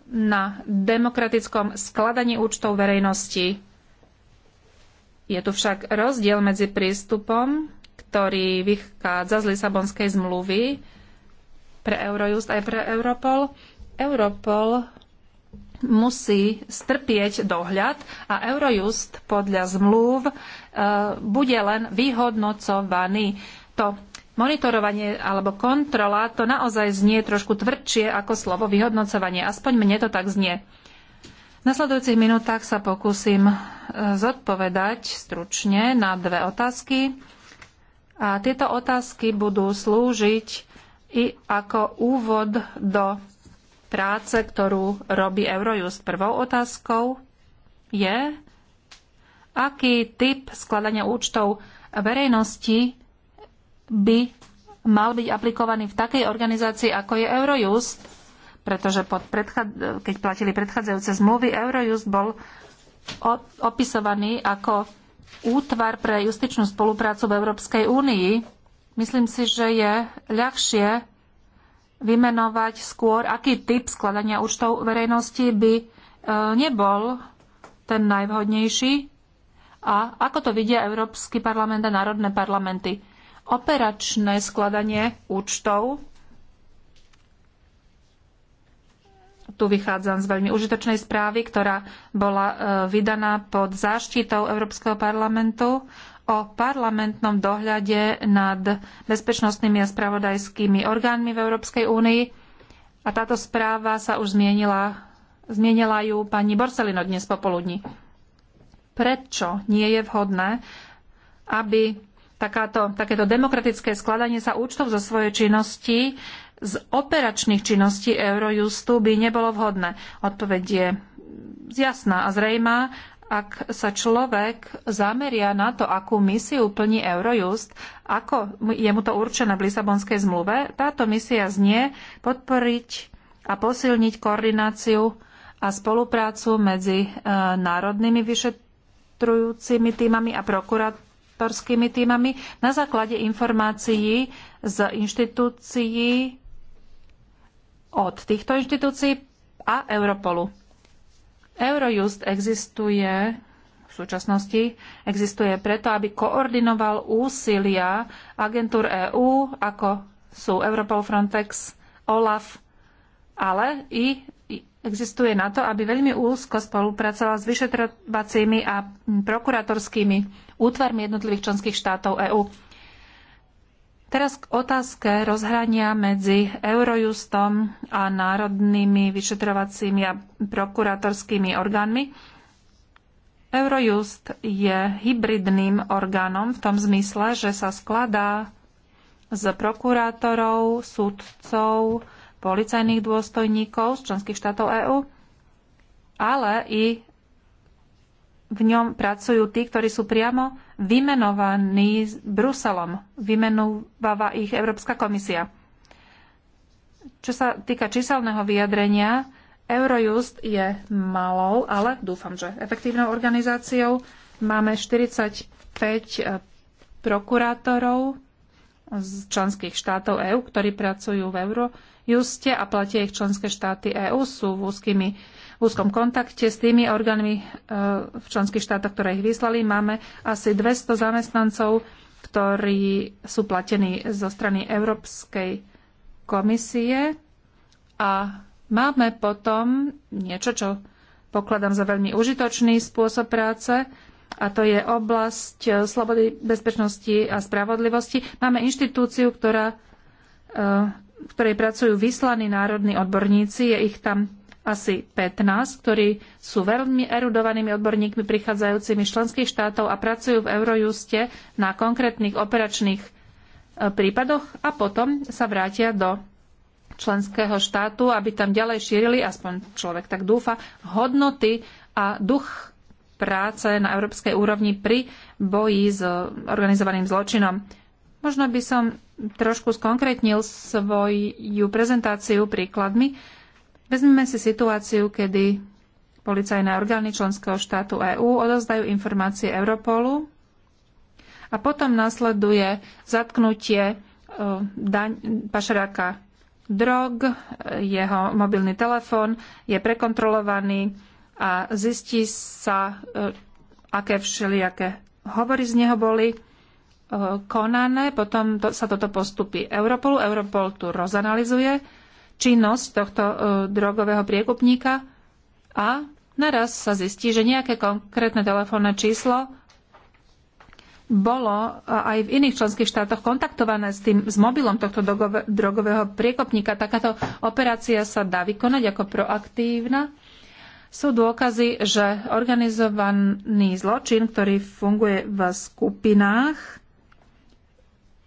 na demokratickom skladaní účtov verejnosti. Je tu však rozdiel medzi prístupom ktorý vychádza z Lisabonskej zmluvy pre Eurojust aj pre Europol. Europol musí strpieť dohľad a Eurojust podľa zmluv e, bude len vyhodnocovaný. To monitorovanie alebo kontrola to naozaj znie trošku tvrdšie ako slovo vyhodnocovanie. Aspoň mne to tak znie. V nasledujúcich minútach sa pokúsim e, zodpovedať stručne na dve otázky. A tieto otázky budú slúžiť i ako úvod do práce, ktorú robí Eurojust. Prvou otázkou je, aký typ skladania účtov verejnosti by mal byť aplikovaný v takej organizácii, ako je Eurojust, pretože pod predchá... keď platili predchádzajúce zmluvy, Eurojust bol opisovaný ako útvar pre justičnú spoluprácu v Európskej únii. Myslím si, že je ľahšie vymenovať skôr, aký typ skladania účtov verejnosti by e, nebol ten najvhodnejší a ako to vidia Európsky parlament a národné parlamenty. Operačné skladanie účtov tu vychádzam z veľmi užitočnej správy, ktorá bola e, vydaná pod záštitou Európskeho parlamentu o parlamentnom dohľade nad bezpečnostnými a spravodajskými orgánmi v Európskej únii. A táto správa sa už zmienila, zmienila ju pani Borselino dnes popoludní. Prečo nie je vhodné, aby takáto, takéto demokratické skladanie sa účtov zo svojej činnosti z operačných činností Eurojustu by nebolo vhodné? Odpoveď je jasná a zrejmá. Ak sa človek zameria na to, akú misiu plní Eurojust, ako je mu to určené v Lisabonskej zmluve, táto misia znie podporiť a posilniť koordináciu a spoluprácu medzi e, národnými vyšetrujúcimi týmami a prokurátorskými týmami na základe informácií z inštitúcií od týchto inštitúcií a Europolu. Eurojust existuje v súčasnosti existuje preto, aby koordinoval úsilia agentúr EÚ, ako sú Europol, Frontex, OLAF, ale i existuje na to, aby veľmi úzko spolupracoval s vyšetrovacími a prokuratorskými útvarmi jednotlivých členských štátov EÚ. Teraz k otázke rozhrania medzi Eurojustom a národnými vyšetrovacími a prokurátorskými orgánmi. Eurojust je hybridným orgánom v tom zmysle, že sa skladá z prokurátorov, súdcov, policajných dôstojníkov z členských štátov EÚ, ale i v ňom pracujú tí, ktorí sú priamo vymenovaní Bruselom. Vymenováva ich Európska komisia. Čo sa týka číselného vyjadrenia, Eurojust je malou, ale dúfam, že efektívnou organizáciou. Máme 45 eh, prokurátorov z členských štátov EÚ, ktorí pracujú v Eurojuste a platia ich členské štáty EÚ, sú úzkými v úzkom kontakte s tými orgánmi e, v členských štátoch, ktoré ich vyslali. Máme asi 200 zamestnancov, ktorí sú platení zo strany Európskej komisie a máme potom niečo, čo pokladám za veľmi užitočný spôsob práce, a to je oblasť e, slobody, bezpečnosti a spravodlivosti. Máme inštitúciu, ktorá, e, v ktorej pracujú vyslaní národní odborníci, je ich tam asi 15, ktorí sú veľmi erudovanými odborníkmi prichádzajúcimi z členských štátov a pracujú v Eurojuste na konkrétnych operačných e, prípadoch a potom sa vrátia do členského štátu, aby tam ďalej šírili, aspoň človek tak dúfa, hodnoty a duch práce na európskej úrovni pri boji s organizovaným zločinom. Možno by som trošku skonkrétnil svoju prezentáciu príkladmi. Vezmeme si situáciu, kedy policajné orgány členského štátu EÚ odozdajú informácie Europolu a potom nasleduje zatknutie e, daň, pašeráka drog, jeho mobilný telefón je prekontrolovaný a zistí sa, e, aké všelijaké hovory z neho boli e, konané. Potom to, sa toto postupí Europolu. Europol tu rozanalizuje činnosť tohto e, drogového priekupníka a naraz sa zistí, že nejaké konkrétne telefónne číslo bolo e, aj v iných členských štátoch kontaktované s tým s mobilom tohto drogového priekopníka. Takáto operácia sa dá vykonať ako proaktívna. Sú dôkazy, že organizovaný zločin, ktorý funguje v skupinách,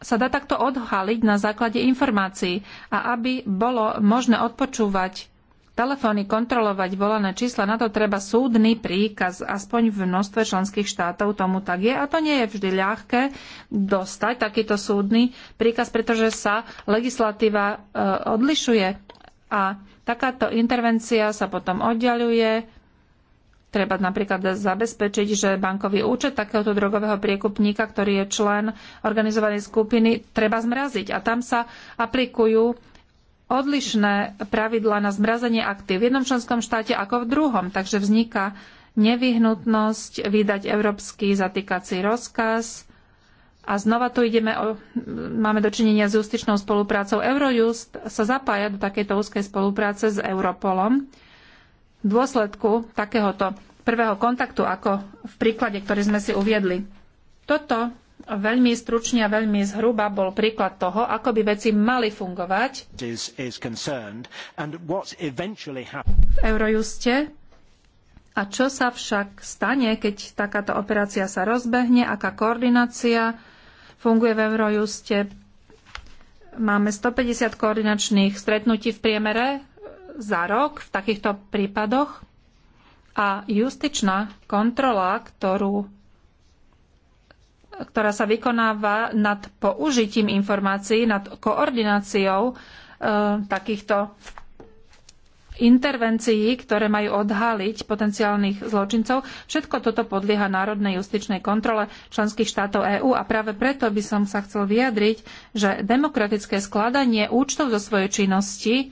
sa dá takto odhaliť na základe informácií a aby bolo možné odpočúvať telefóny, kontrolovať volané čísla, na to treba súdny príkaz. Aspoň v množstve členských štátov tomu tak je a to nie je vždy ľahké dostať takýto súdny príkaz, pretože sa legislatíva e, odlišuje a takáto intervencia sa potom oddialuje Treba napríklad zabezpečiť, že bankový účet takéhoto drogového priekupníka, ktorý je člen organizovanej skupiny, treba zmraziť. A tam sa aplikujú odlišné pravidlá na zmrazenie aktív v jednom členskom štáte ako v druhom. Takže vzniká nevyhnutnosť vydať európsky zatýkací rozkaz. A znova tu ideme o, máme dočinenia s justičnou spoluprácou. Eurojust sa zapája do takejto úzkej spolupráce s Europolom dôsledku takéhoto prvého kontaktu, ako v príklade, ktorý sme si uviedli. Toto veľmi stručne a veľmi zhruba bol príklad toho, ako by veci mali fungovať v Eurojuste a čo sa však stane, keď takáto operácia sa rozbehne, aká koordinácia funguje v Eurojuste. Máme 150 koordinačných stretnutí v priemere za rok v takýchto prípadoch a justičná kontrola, ktorú, ktorá sa vykonáva nad použitím informácií, nad koordináciou e, takýchto intervencií, ktoré majú odhaliť potenciálnych zločincov. Všetko toto podlieha národnej justičnej kontrole členských štátov EÚ a práve preto by som sa chcel vyjadriť, že demokratické skladanie účtov zo svojej činnosti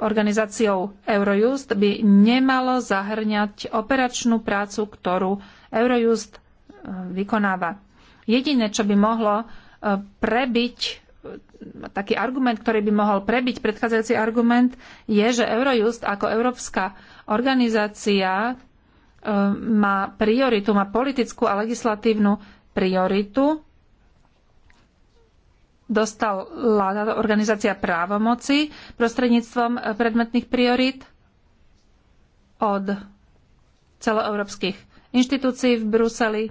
organizáciou Eurojust by nemalo zahrňať operačnú prácu, ktorú Eurojust eh, vykonáva. Jediné, čo by mohlo eh, prebiť eh, taký argument, ktorý by mohol prebiť predchádzajúci argument, je, že Eurojust ako európska organizácia má prioritu, má politickú a legislatívnu prioritu dostala táto organizácia právomoci prostredníctvom eh, predmetných priorit od celoeurópskych inštitúcií v Bruseli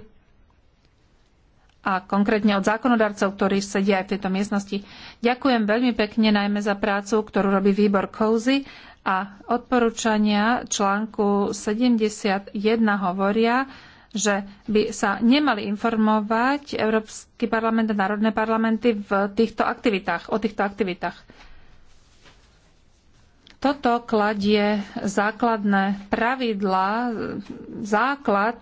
a konkrétne od zákonodarcov, ktorí sedia aj v tejto miestnosti. Ďakujem veľmi pekne najmä za prácu, ktorú robí výbor COZY a odporúčania článku 71 hovoria, že by sa nemali informovať Európsky parlament a národné parlamenty v týchto aktivitách, o týchto aktivitách. Toto kladie základné pravidlá, základ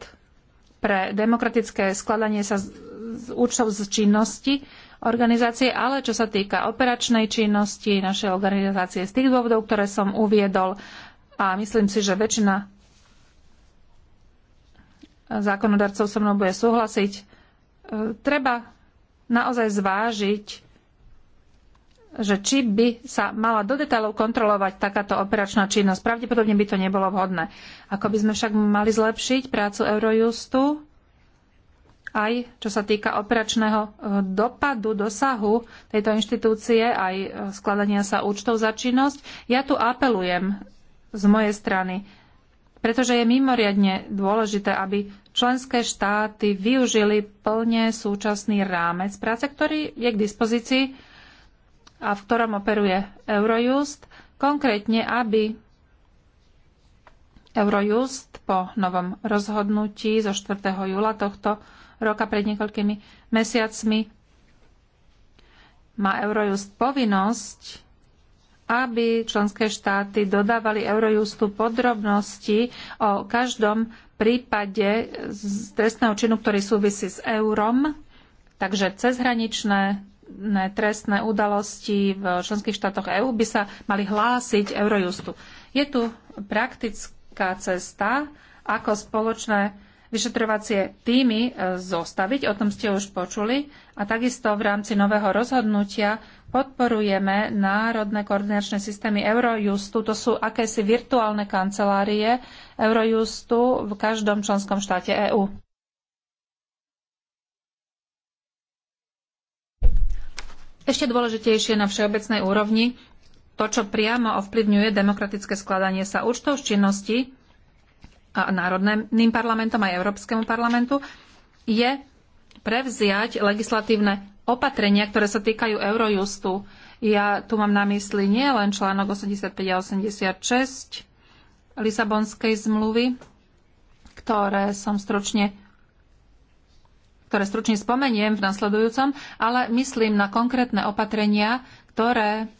pre demokratické skladanie sa z účtov z činnosti organizácie, ale čo sa týka operačnej činnosti našej organizácie z tých dôvodov, ktoré som uviedol a myslím si, že väčšina zákonodarcov so mnou bude súhlasiť. E, treba naozaj zvážiť, že či by sa mala do detailov kontrolovať takáto operačná činnosť. Pravdepodobne by to nebolo vhodné. Ako by sme však mali zlepšiť prácu Eurojustu, aj čo sa týka operačného e, dopadu, dosahu tejto inštitúcie, aj e, skladania sa účtov za činnosť, ja tu apelujem z mojej strany, pretože je mimoriadne dôležité, aby členské štáty využili plne súčasný rámec práce, ktorý je k dispozícii a v ktorom operuje Eurojust, konkrétne aby Eurojust po novom rozhodnutí zo 4. júla tohto roka pred niekoľkými mesiacmi má Eurojust povinnosť, aby členské štáty dodávali Eurojustu podrobnosti o každom prípade z trestného činu, ktorý súvisí s eurom, takže cezhraničné trestné udalosti v členských štátoch EÚ by sa mali hlásiť Eurojustu. Je tu praktická cesta, ako spoločné vyšetrovacie týmy e, zostaviť, o tom ste už počuli, a takisto v rámci nového rozhodnutia podporujeme národné koordinačné systémy Eurojustu, to sú akési virtuálne kancelárie, Eurojustu v každom členskom štáte EÚ. Ešte dôležitejšie na všeobecnej úrovni, to, čo priamo ovplyvňuje demokratické skladanie sa účtov z činnosti a národným parlamentom aj Európskemu parlamentu, je prevziať legislatívne opatrenia, ktoré sa týkajú Eurojustu. Ja tu mám na mysli nie len článok 85 a 86, Lisabonskej zmluvy, ktoré som stručne ktoré stručne spomeniem v nasledujúcom, ale myslím na konkrétne opatrenia, ktoré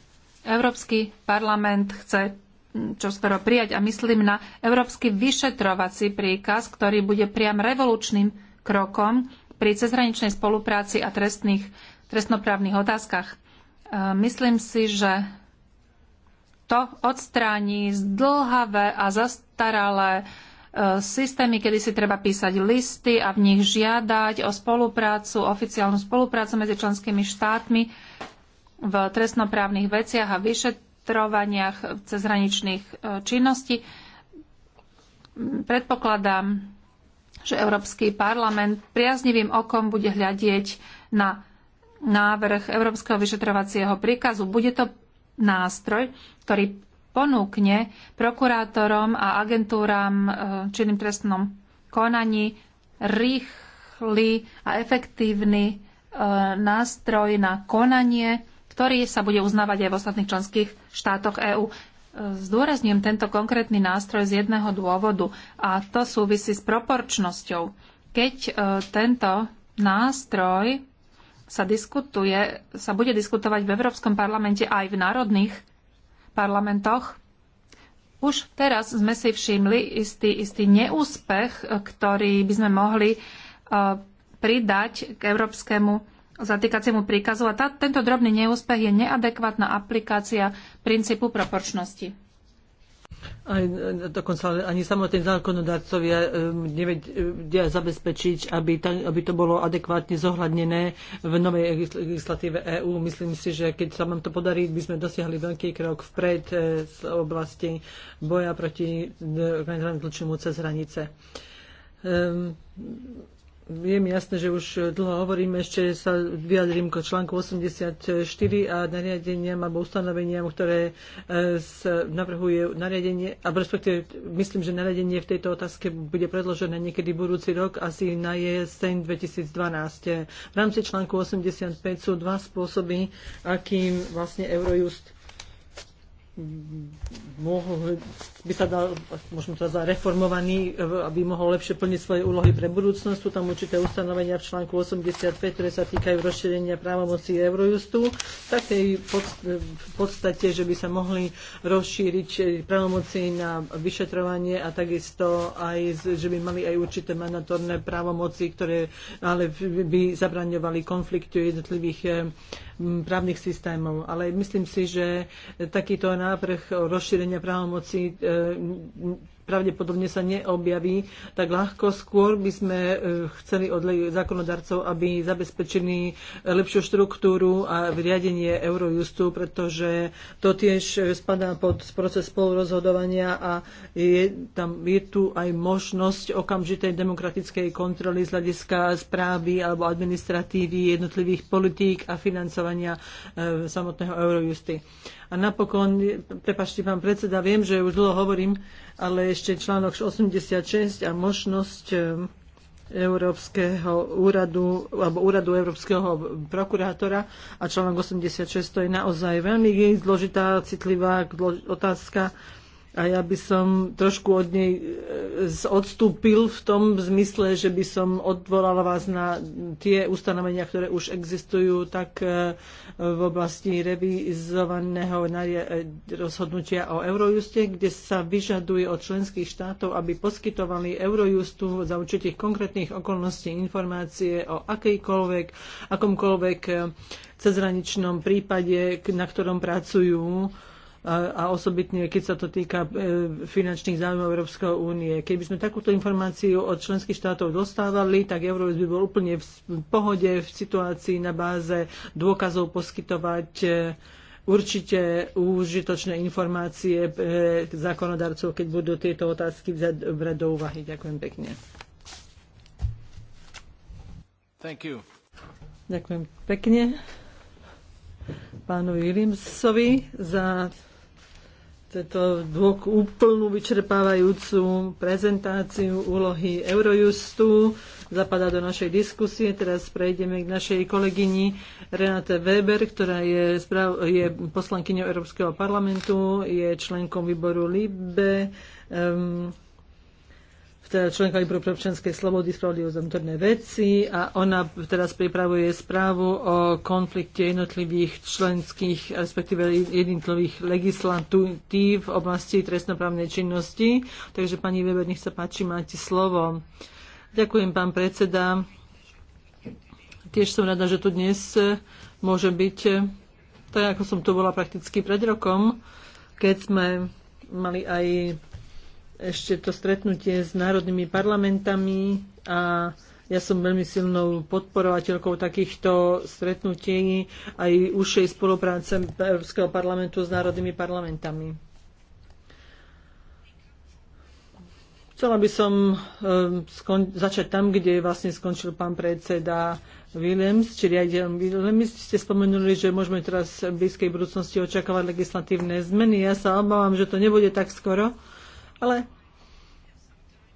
Európsky parlament chce čo skoro prijať a myslím na Európsky vyšetrovací príkaz, ktorý bude priam revolučným krokom pri cezhraničnej spolupráci a trestných, trestnoprávnych otázkach. Ehm, myslím si, že to odstráni zdlhavé a zastaralé e, systémy, kedy si treba písať listy a v nich žiadať o spoluprácu, oficiálnu spoluprácu medzi členskými štátmi v trestnoprávnych veciach a vyšetrovaniach cezhraničných e, činností. Predpokladám, že Európsky parlament priaznivým okom bude hľadieť na návrh Európskeho vyšetrovacieho príkazu. Bude to nástroj, ktorý ponúkne prokurátorom a agentúram e, činným trestnom konaní rýchly a efektívny e, nástroj na konanie, ktorý sa bude uznávať aj v ostatných členských štátoch EÚ. E, zdôrazňujem tento konkrétny nástroj z jedného dôvodu a to súvisí s proporčnosťou. Keď tento nástroj sa diskutuje, sa bude diskutovať v Európskom parlamente aj v národných parlamentoch. Už teraz sme si všimli istý, istý neúspech, ktorý by sme mohli e, pridať k európskemu zatýkaciemu príkazu a tá, tento drobný neúspech je neadekvátna aplikácia princípu proporčnosti. Aj, dokonca ani samotní zákonodarcovia ehm, nevedia zabezpečiť, aby, ta, aby to bolo adekvátne zohľadnené v novej legislatíve EÚ. Myslím si, že keď sa nám to podarí, by sme dosiahli veľký krok vpred eh, z oblasti boja proti eh, organizovanému zločinu cez hranice. Um, je mi jasné, že už dlho hovorím, ešte sa vyjadrím k článku 84 a nariadeniam alebo ustanoveniam, ktoré e, sa navrhuje nariadenie, a respektíve myslím, že nariadenie v tejto otázke bude predložené niekedy budúci rok, asi na jeseň 2012. V rámci článku 85 sú dva spôsoby, akým vlastne Eurojust mohol, by sa dal, možno teda za reformovaný, aby mohol lepšie plniť svoje úlohy pre budúcnosť. Sú tam určité ustanovenia v článku 85, ktoré sa týkajú rozšírenia právomocí Eurojustu. Tak v podstate, že by sa mohli rozšíriť právomoci na vyšetrovanie a takisto aj, že by mali aj určité mandatórne právomoci, ktoré ale by zabraňovali konfliktu jednotlivých právnych systémov. Ale myslím si, že takýto návrh rozšírenia právomocí e, pravdepodobne sa neobjaví tak ľahko. Skôr by sme e, chceli od zákonodarcov, aby zabezpečili e, lepšiu štruktúru a riadenie Eurojustu, pretože to tiež e, spadá pod proces spolurozhodovania a je, tam je tu aj možnosť okamžitej demokratickej kontroly z hľadiska správy alebo administratívy jednotlivých politík a financovania e, samotného Eurojusty. A napokon, prepašte pán predseda, viem, že už dlho hovorím, ale ešte článok 86 a možnosť e, Európskeho úradu, alebo úradu Európskeho prokurátora a článok 86 to je naozaj veľmi zložitá, citlivá otázka a ja by som trošku od nej e, odstúpil v tom zmysle, že by som odvolala vás na tie ustanovenia, ktoré už existujú tak e, v oblasti revizovaného e, rozhodnutia o Eurojuste, kde sa vyžaduje od členských štátov, aby poskytovali Eurojustu za určitých konkrétnych okolností informácie o akejkoľvek, akomkoľvek cezhraničnom prípade, na ktorom pracujú a, osobitne, keď sa to týka e, finančných záujmov Európskej únie. Keby sme takúto informáciu od členských štátov dostávali, tak Európs by bol úplne v pohode v situácii na báze dôkazov poskytovať e, určite užitočné informácie pre zákonodarcov, keď budú tieto otázky brať do úvahy. Ďakujem pekne. Thank you. Ďakujem pekne pánovi Rimsovi za tento dôk úplnú vyčerpávajúcu prezentáciu úlohy Eurojustu. Zapadá do našej diskusie. Teraz prejdeme k našej kolegyni Renate Weber, ktorá je, sprav- je poslankyňou Európskeho parlamentu, je členkom výboru LIBE. Um, teda členka výboru pre občianskej slobody, spravodlivosť a vnútorné veci a ona teraz pripravuje správu o konflikte jednotlivých členských, respektíve jednotlivých legislatív v oblasti trestnoprávnej činnosti. Takže pani Weber, nech sa páči, máte slovo. Ďakujem, pán predseda. Tiež som rada, že tu dnes môže byť, tak ako som tu bola prakticky pred rokom, keď sme mali aj ešte to stretnutie s národnými parlamentami a ja som veľmi silnou podporovateľkou takýchto stretnutí aj užšej spolupráce Európskeho parlamentu s národnými parlamentami. Chcela by som ehm, začať tam, kde vlastne skončil pán predseda Williams. či riaditeľ Williams. Ste spomenuli, že môžeme teraz v blízkej budúcnosti očakávať legislatívne zmeny. Ja sa obávam, že to nebude tak skoro ale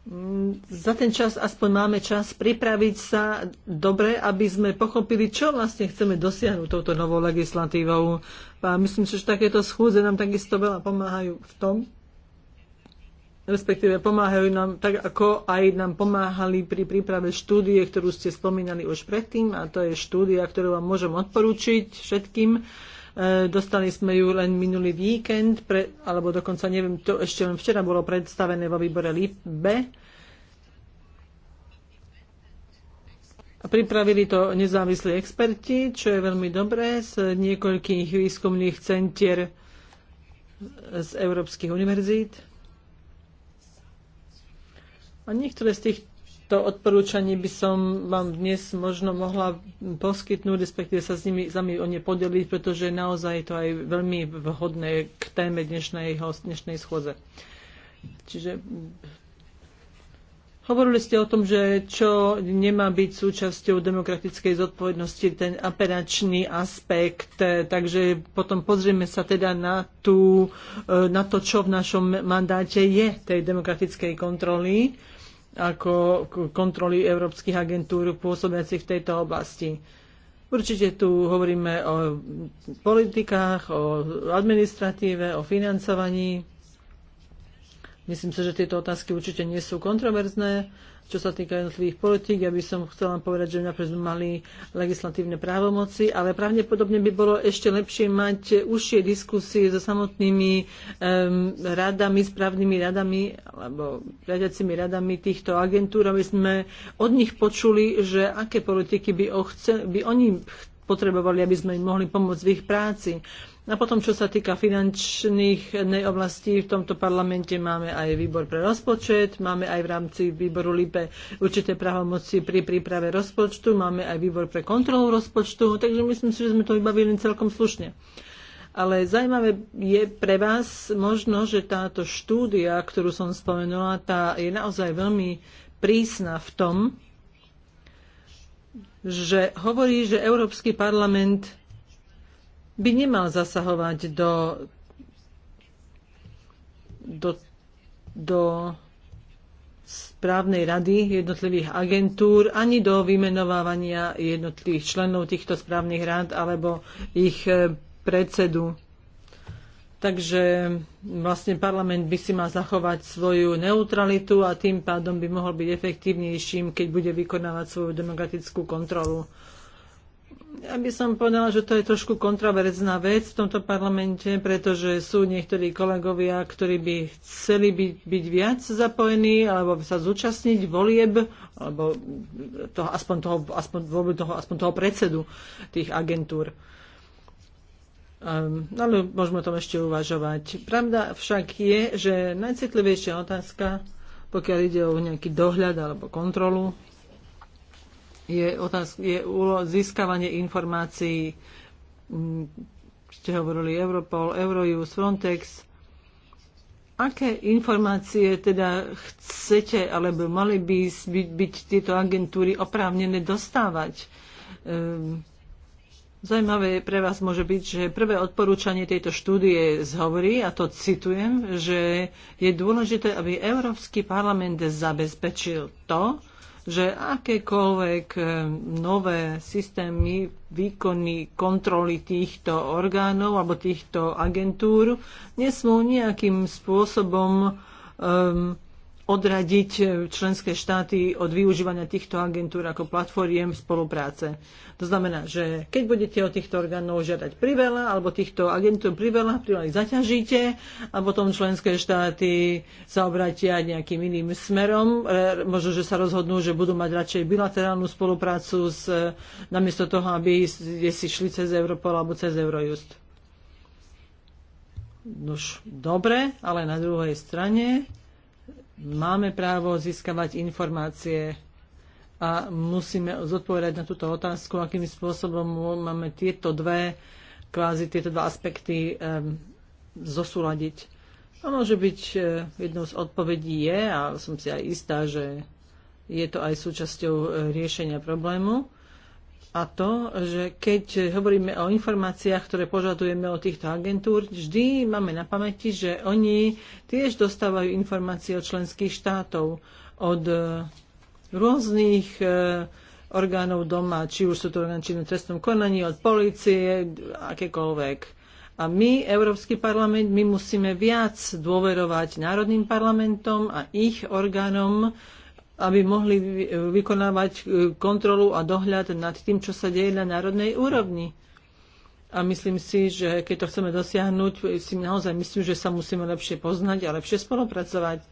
mm, za ten čas aspoň máme čas pripraviť sa dobre, aby sme pochopili, čo vlastne chceme dosiahnuť touto novou legislatívou. A myslím, že takéto schúze nám takisto veľa pomáhajú v tom, respektíve pomáhajú nám tak, ako aj nám pomáhali pri príprave štúdie, ktorú ste spomínali už predtým, a to je štúdia, ktorú vám môžem odporúčiť všetkým E, dostali sme ju len minulý víkend, pre, alebo dokonca neviem, to ešte len včera bolo predstavené vo výbore LIBE. A pripravili to nezávislí experti, čo je veľmi dobré, z niekoľkých výskumných centier z európskych univerzít. A niektoré z tých to odporúčanie by som vám dnes možno mohla poskytnúť, respektíve sa s nimi sami o ne podeliť, pretože naozaj je to aj veľmi vhodné k téme dnešnej, dnešnej schôze. Čiže Hovorili ste o tom, že čo nemá byť súčasťou demokratickej zodpovednosti, ten aperačný aspekt. Takže potom pozrieme sa teda na, tú, na to, čo v našom mandáte je tej demokratickej kontroly ako kontroly európskych agentúr pôsobiacich v tejto oblasti. Určite tu hovoríme o politikách, o administratíve, o financovaní. Myslím si, že tieto otázky určite nie sú kontroverzné čo sa týka jednotlivých politík. Ja by som chcela povedať, že napríklad sme mali legislatívne právomoci, ale pravdepodobne by bolo ešte lepšie mať užšie diskusie so samotnými um, radami, správnymi radami alebo riadiacimi radami týchto agentúr, aby sme od nich počuli, že aké politiky by, ochce, by oni potrebovali, aby sme im mohli pomôcť v ich práci. A potom, čo sa týka finančných oblastí, v tomto parlamente máme aj výbor pre rozpočet, máme aj v rámci výboru LIPE určité právomoci pri príprave rozpočtu, máme aj výbor pre kontrolu rozpočtu, takže myslím si, že sme to vybavili celkom slušne. Ale zaujímavé je pre vás možno, že táto štúdia, ktorú som spomenula, tá je naozaj veľmi prísna v tom, že hovorí, že Európsky parlament by nemal zasahovať do, do, do správnej rady jednotlivých agentúr, ani do vymenovávania jednotlivých členov týchto správnych rád alebo ich e, predsedu. Takže vlastne parlament by si mal zachovať svoju neutralitu a tým pádom by mohol byť efektívnejším, keď bude vykonávať svoju demokratickú kontrolu. Ja by som povedala, že to je trošku kontroverzná vec v tomto parlamente, pretože sú niektorí kolegovia, ktorí by chceli byť, byť viac zapojení alebo sa zúčastniť volieb, alebo toho, aspoň, toho, aspoň, toho, aspoň toho predsedu tých agentúr. Um, ale môžeme o tom ešte uvažovať. Pravda však je, že najcitlivejšia otázka, pokiaľ ide o nejaký dohľad alebo kontrolu je, otázka, je úlo, získavanie informácií, mm, ste hovorili Europol, Eurojus, Frontex. Aké informácie teda chcete, alebo mali by byť, byť tieto agentúry oprávnené dostávať? Um, ehm, Zajímavé pre vás môže byť, že prvé odporúčanie tejto štúdie zhovorí, a to citujem, že je dôležité, aby Európsky parlament zabezpečil to, že akékoľvek eh, nové systémy výkony kontroly týchto orgánov alebo týchto agentúr nesmú nejakým spôsobom um, odradiť e, členské štáty od využívania týchto agentúr ako platformiem spolupráce. To znamená, že keď budete od týchto orgánov žiadať priveľa, alebo týchto agentúr priveľa, priveľa ich zaťažíte a potom členské štáty sa obratia nejakým iným smerom. E, možno, že sa rozhodnú, že budú mať radšej bilaterálnu spoluprácu s, e, namiesto toho, aby si šli cez Europol alebo cez Eurojust. Nož, dobre, ale na druhej strane máme právo získavať informácie a musíme zodpovedať na túto otázku, akým spôsobom máme tieto dve, kvázi tieto dva aspekty um, zosúľadiť. A môže byť eh, jednou z odpovedí je, a som si aj istá, že je to aj súčasťou eh, riešenia problému, a to, že keď hovoríme o informáciách, ktoré požadujeme od týchto agentúr, vždy máme na pamäti, že oni tiež dostávajú informácie od členských štátov, od eh, rôznych eh, orgánov doma, či už sú to orgány na trestnom konaní, od policie, akékoľvek. A my, Európsky parlament, my musíme viac dôverovať národným parlamentom a ich orgánom, aby mohli vykonávať e, kontrolu a dohľad nad tým, čo sa deje na národnej úrovni. A myslím si, že keď to chceme dosiahnuť, si naozaj myslím, že sa musíme lepšie poznať a lepšie spolupracovať.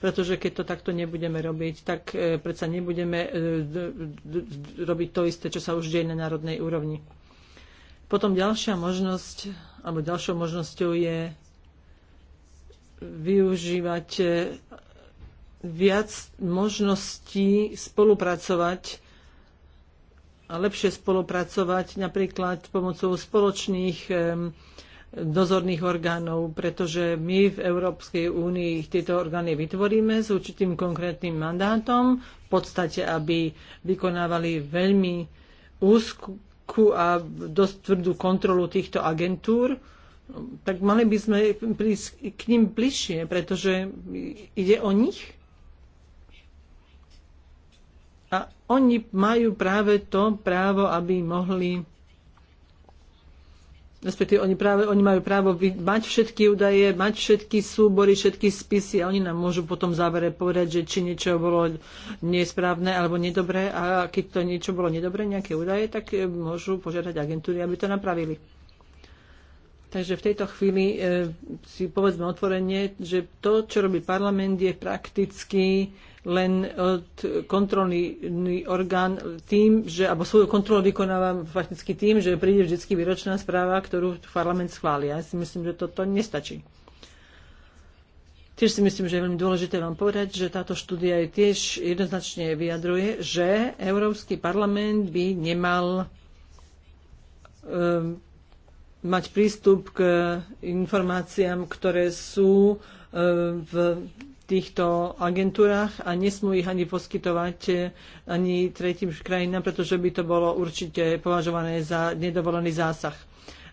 Pretože keď to takto nebudeme robiť, tak e, predsa nebudeme e, robiť to isté, čo sa už deje na národnej úrovni. Potom ďalšia možnosť, alebo ďalšou možnosťou je využívať viac možností spolupracovať a lepšie spolupracovať napríklad pomocou spoločných dozorných orgánov, pretože my v Európskej únii tieto orgány vytvoríme s určitým konkrétnym mandátom, v podstate, aby vykonávali veľmi úzku a dosť tvrdú kontrolu týchto agentúr, tak mali by sme prísť k ním bližšie, pretože ide o nich a oni majú práve to právo, aby mohli respektíve oni, práve, oni majú právo mať všetky údaje, mať všetky súbory, všetky spisy a oni nám môžu potom v závere povedať, že či niečo bolo nesprávne alebo nedobré a keď to niečo bolo nedobré, nejaké údaje, tak e, môžu požiadať agentúry, aby to napravili. Takže v tejto chvíli e, si povedzme otvorenie, že to, čo robí parlament, je prakticky len kontrolný orgán tým, že, alebo svoju kontrolu vykonávam fakticky tým, že príde vždy výročná správa, ktorú parlament schváli. Ja si myslím, že toto nestačí. Tiež si myslím, že je veľmi dôležité vám povedať, že táto štúdia je tiež jednoznačne vyjadruje, že Európsky parlament by nemal um, mať prístup k informáciám, ktoré sú um, v týchto agentúrach a nesmú ich ani poskytovať e, ani tretím krajinám, pretože by to bolo určite považované za nedovolený zásah.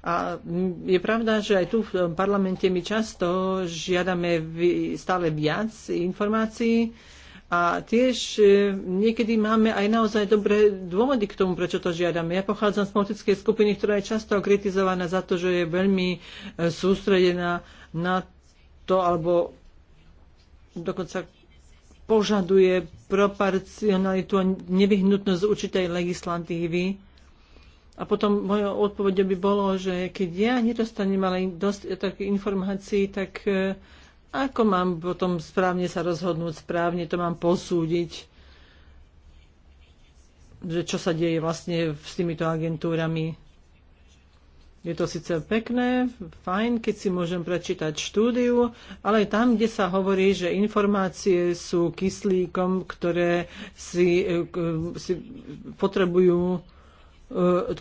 A je pravda, že aj tu v parlamente my často žiadame stále viac informácií a tiež e, niekedy máme aj naozaj dobré dôvody k tomu, prečo to žiadame. Ja pochádzam z politickej skupiny, ktorá je často kritizovaná za to, že je veľmi e, sústredená na to, alebo dokonca požaduje proporcionalitu a nevyhnutnosť určitej legislatívy. A potom mojou odpovede by bolo, že keď ja nedostanem ale dosť takých informácií, tak e, ako mám potom správne sa rozhodnúť, správne to mám posúdiť, že čo sa deje vlastne s týmito agentúrami. Je to síce pekné, fajn, keď si môžem prečítať štúdiu, ale tam, kde sa hovorí, že informácie sú kyslíkom, ktoré si, eh, si potrebujú E,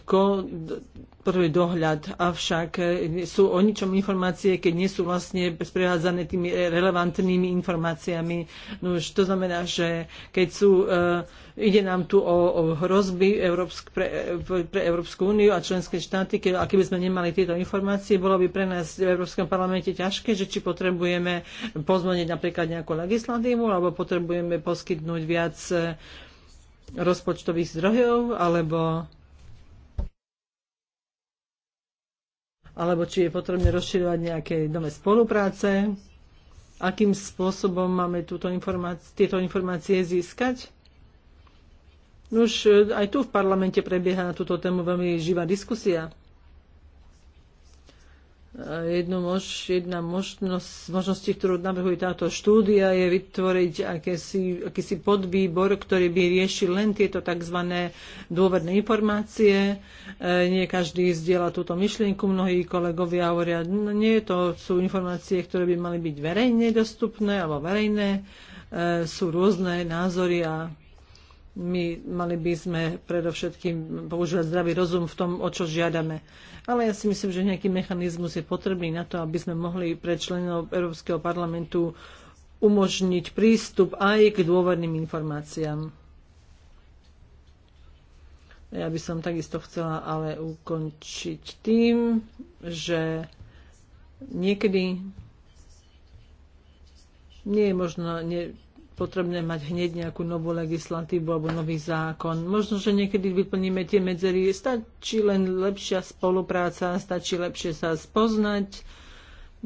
prvý dohľad, avšak e, sú o ničom informácie, keď nie sú vlastne sprevádzane tými relevantnými informáciami. No už to znamená, že keď sú, e, ide nám tu o, o hrozby Európsk, pre, pre Európsku úniu a členské štáty, keď, a keby sme nemali tieto informácie, bolo by pre nás v Európskom parlamente ťažké, že či potrebujeme pozvoniť napríklad nejakú legislatívu, alebo potrebujeme poskytnúť viac rozpočtových zdrojov, alebo alebo či je potrebné rozširovať nejaké nové spolupráce, akým spôsobom máme túto informácie, tieto informácie získať. Už aj tu v parlamente prebieha na túto tému veľmi živá diskusia. Jednu mož, jedna možnosť, možnosti, ktorú nabrhuje táto štúdia, je vytvoriť akési, akýsi podvýbor, ktorý by riešil len tieto tzv. dôverné informácie. E, nie každý zdieľa túto myšlienku, mnohí kolegovia hovoria, no nie, to sú informácie, ktoré by mali byť verejne dostupné alebo verejné. E, sú rôzne názory a my mali by sme predovšetkým používať zdravý rozum v tom, o čo žiadame. Ale ja si myslím, že nejaký mechanizmus je potrebný na to, aby sme mohli pre členov Európskeho parlamentu umožniť prístup aj k dôverným informáciám. Ja by som takisto chcela ale ukončiť tým, že niekedy nie je možno potrebné mať hneď nejakú novú legislatívu alebo nový zákon. Možno, že niekedy vyplníme tie medzery. Stačí len lepšia spolupráca, stačí lepšie sa spoznať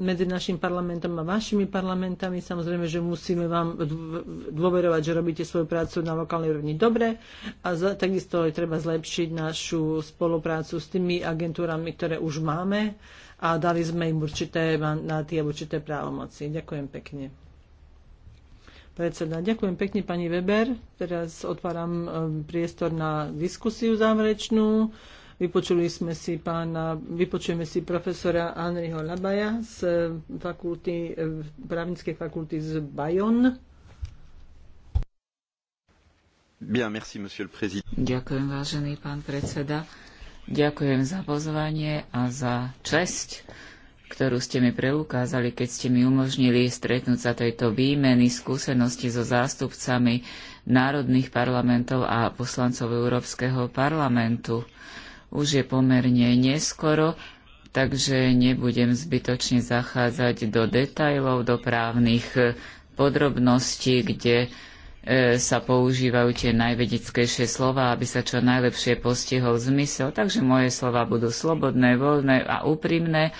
medzi našim parlamentom a vašimi parlamentami. Samozrejme, že musíme vám dôverovať, že robíte svoju prácu na lokálnej úrovni dobre a za, takisto je treba zlepšiť našu spoluprácu s tými agentúrami, ktoré už máme a dali sme im určité mandáty a určité právomoci. Ďakujem pekne predseda. Ďakujem pekne pani Weber. Teraz otváram e, priestor na diskusiu záverečnú. Vypočuli sme si pána, vypočujeme si profesora Anriho Labaja z e, fakulty, e, právnickej fakulty z Bayon. Bien, merci, monsieur le président. Ďakujem, vážený pán predseda. Ďakujem za pozvanie a za česť ktorú ste mi preukázali, keď ste mi umožnili stretnúť sa tejto výmeny skúsenosti so zástupcami národných parlamentov a poslancov Európskeho parlamentu. Už je pomerne neskoro, takže nebudem zbytočne zachádzať do detajlov, do právnych eh, podrobností, kde eh, sa používajú tie najvedeckejšie slova, aby sa čo najlepšie postihol zmysel. Takže moje slova budú slobodné, voľné a úprimné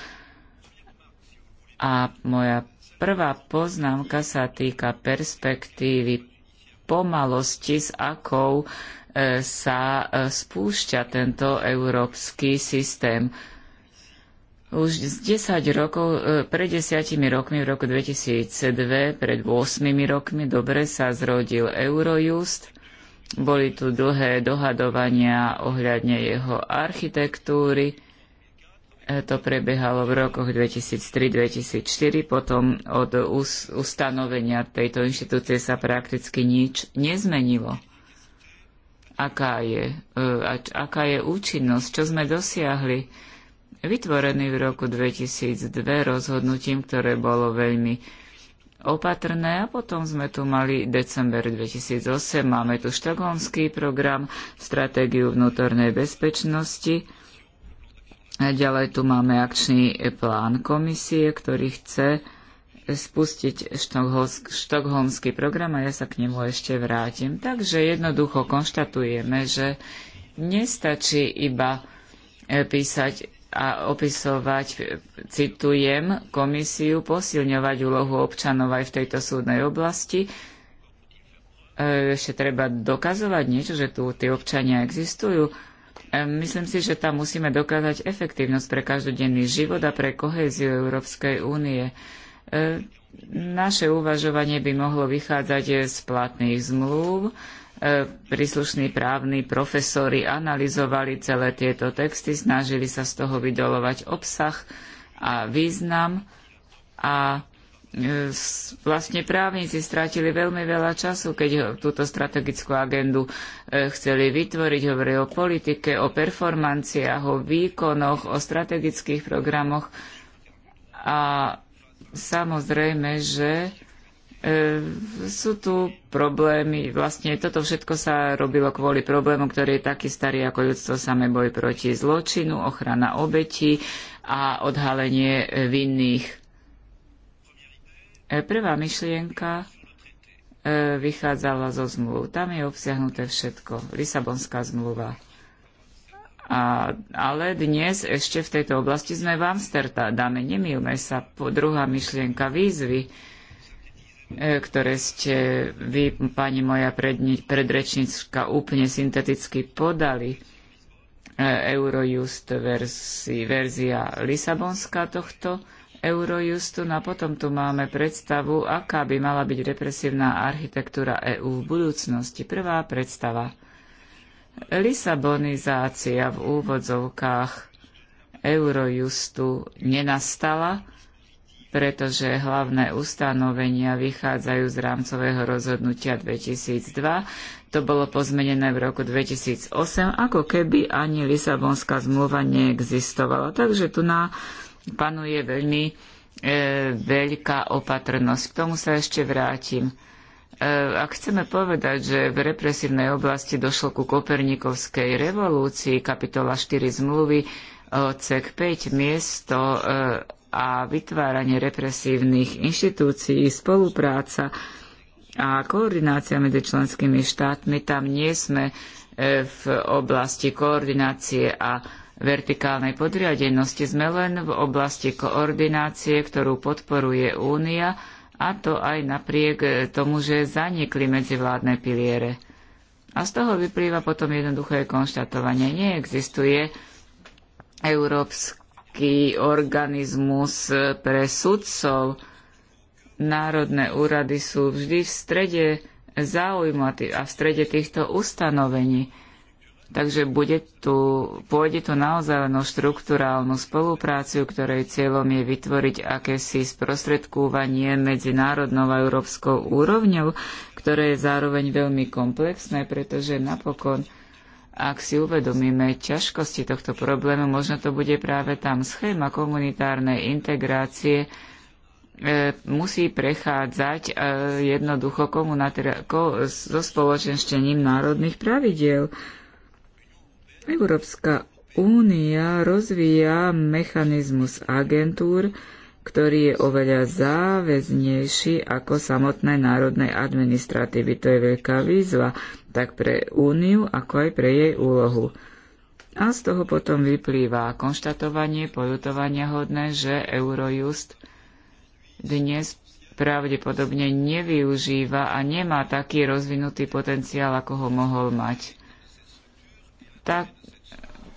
a moja prvá poznámka sa týka perspektívy pomalosti, s akou e, sa e, spúšťa tento európsky systém. Už z 10 rokov, e, pred desiatimi rokmi, v roku 2002, pred 8 rokmi, dobre sa zrodil Eurojust. Boli tu dlhé dohadovania ohľadne jeho architektúry to prebiehalo v rokoch 2003-2004, potom od ustanovenia tejto inštitúcie sa prakticky nič nezmenilo. Aká je, e, aká je účinnosť, čo sme dosiahli? Vytvorený v roku 2002 rozhodnutím, ktoré bolo veľmi opatrné a potom sme tu mali december 2008, máme tu štokholmský program, stratégiu vnútornej bezpečnosti, Ďalej tu máme akčný plán komisie, ktorý chce spustiť štokholmský program a ja sa k nemu ešte vrátim. Takže jednoducho konštatujeme, že nestačí iba e, písať a opisovať, e, citujem, komisiu posilňovať úlohu občanov aj v tejto súdnej oblasti. E, ešte treba dokazovať niečo, že tu tí občania existujú Myslím si, že tam musíme dokázať efektívnosť pre každodenný život a pre kohéziu Európskej únie. E, naše uvažovanie by mohlo vychádzať z platných zmluv. E, príslušní právni profesori analyzovali celé tieto texty, snažili sa z toho vydolovať obsah a význam a E, vlastne právnici strátili veľmi veľa času, keď túto strategickú agendu e, chceli vytvoriť. Hovorili o politike, o performanciách, o výkonoch, o strategických programoch. A samozrejme, že e, sú tu problémy. Vlastne toto všetko sa robilo kvôli problému, ktorý je taký starý ako ľudstvo samé boj proti zločinu, ochrana obetí a odhalenie vinných E, prvá myšlienka e, vychádzala zo zmluv. Tam je obsiahnuté všetko. Lisabonská zmluva. A, ale dnes ešte v tejto oblasti sme v Amsterdame. Nemýlme sa. Po druhá myšlienka výzvy, e, ktoré ste vy, pani moja predni, predrečnička, úplne synteticky podali. Eurojust verzi, verzia Lisabonská tohto Eurojustu, no a potom tu máme predstavu, aká by mala byť represívna architektúra EÚ v budúcnosti. Prvá predstava. Lisabonizácia v úvodzovkách Eurojustu nenastala, pretože hlavné ustanovenia vychádzajú z rámcového rozhodnutia 2002. To bolo pozmenené v roku 2008, ako keby ani Lisabonská zmluva neexistovala. Takže tu na panuje veľmi e, veľká opatrnosť. K tomu sa ešte vrátim. E, ak chceme povedať, že v represívnej oblasti došlo ku Kopernikovskej revolúcii, kapitola 4 zmluvy, cek 5 miesto e, a vytváranie represívnych inštitúcií, spolupráca a koordinácia medzi členskými štátmi, tam nie sme e, v oblasti koordinácie a vertikálnej podriadenosti. Sme len v oblasti koordinácie, ktorú podporuje Únia, a to aj napriek e, tomu, že zanikli medzivládne piliere. A z toho vyplýva potom jednoduché konštatovanie. Neexistuje európsky organizmus e, pre sudcov. Národné úrady sú vždy v strede záujmu a v strede týchto ustanovení. Takže bude tu, pôjde tu naozaj len o štruktúrálnu spoluprácu, ktorej cieľom je vytvoriť akési sprostredkúvanie medzi národnou a európskou úrovňou, ktoré je zároveň veľmi komplexné, pretože napokon, ak si uvedomíme ťažkosti tohto problému, možno to bude práve tam schéma komunitárnej integrácie, e, musí prechádzať e, jednoducho so spoločenštením národných pravidiel. Európska únia rozvíja mechanizmus agentúr, ktorý je oveľa záväznejší ako samotné národnej administratívy. To je veľká výzva tak pre úniu, ako aj pre jej úlohu. A z toho potom vyplýva konštatovanie poľutovania hodné, že Eurojust dnes pravdepodobne nevyužíva a nemá taký rozvinutý potenciál, ako ho mohol mať. Tak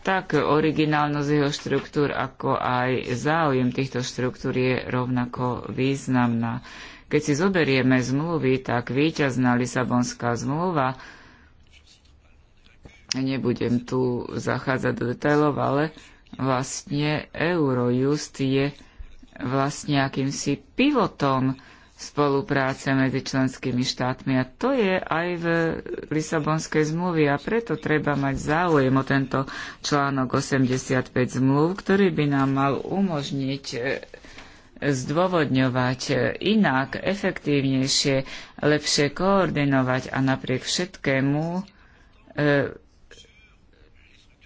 tak originálnosť jeho štruktúr, ako aj záujem týchto štruktúr je rovnako významná. Keď si zoberieme zmluvy, tak víťazná Lisabonská zmluva, nebudem tu zachádzať do detailov, ale vlastne Eurojust je vlastne akýmsi pivotom spolupráce medzi členskými štátmi. A to je aj v Lisabonskej zmluvi a preto treba mať záujem o tento článok 85 zmluv, ktorý by nám mal umožniť e, zdôvodňovať e, inak, efektívnejšie, lepšie koordinovať a napriek všetkému e,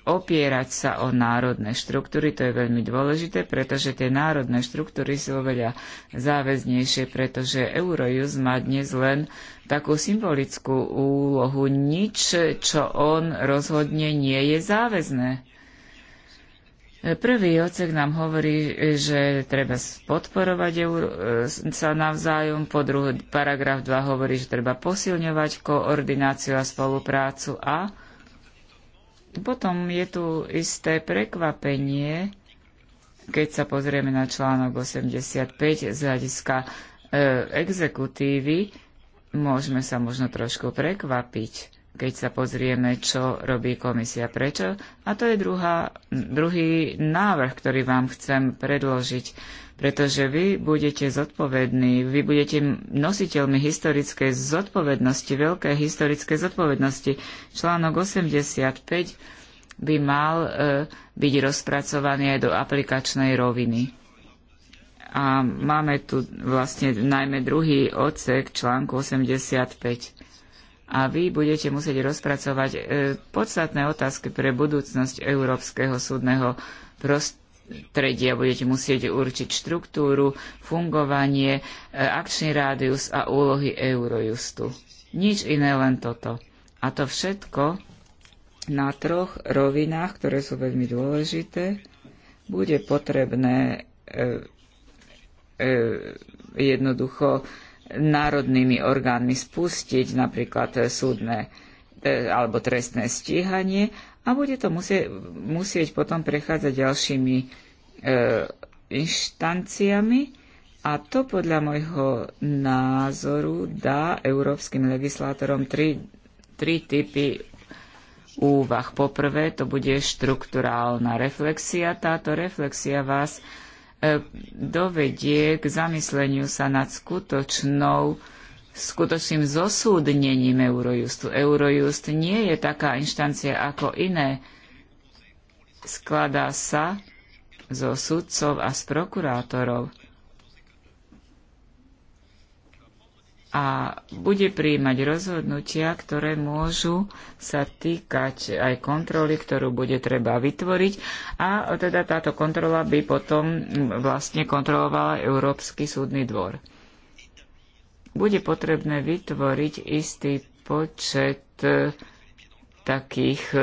opierať sa o národné štruktúry, to je veľmi dôležité, pretože tie národné štruktúry sú oveľa záväznejšie, pretože Eurojus má dnes len takú symbolickú úlohu. Nič, čo on rozhodne, nie je záväzné. Prvý odsek nám hovorí, že treba podporovať sa navzájom, po druhý paragraf 2 hovorí, že treba posilňovať koordináciu a spoluprácu a potom je tu isté prekvapenie, keď sa pozrieme na článok 85 z hľadiska e, exekutívy, môžeme sa možno trošku prekvapiť, keď sa pozrieme, čo robí komisia prečo. A to je druhá, druhý návrh, ktorý vám chcem predložiť pretože vy budete zodpovední, vy budete nositeľmi historickej zodpovednosti, veľké historické zodpovednosti. Článok 85 by mal e, byť rozpracovaný aj do aplikačnej roviny. A máme tu vlastne najmä druhý odsek článku 85 a vy budete musieť rozpracovať e, podstatné otázky pre budúcnosť Európskeho súdneho prostredia tredia budete musieť určiť štruktúru, fungovanie, e, akčný rádius a úlohy Eurojustu. Nič iné, len toto. A to všetko na troch rovinách, ktoré sú veľmi dôležité, bude potrebné e, e, jednoducho národnými orgánmi spustiť napríklad súdne e, alebo trestné stíhanie a bude to musieť, musieť potom prechádzať ďalšími e, inštanciami a to podľa môjho názoru dá európskym legislátorom tri, tri typy úvah. Poprvé, to bude štrukturálna reflexia. Táto reflexia vás e, dovedie k zamysleniu sa nad skutočnou skutočným zosúdnením Eurojustu. Eurojust nie je taká inštancia ako iné. Skladá sa zo sudcov a z prokurátorov. a bude prijímať rozhodnutia, ktoré môžu sa týkať aj kontroly, ktorú bude treba vytvoriť. A teda táto kontrola by potom vlastne kontrolovala Európsky súdny dvor bude potrebné vytvoriť istý počet e, takých e,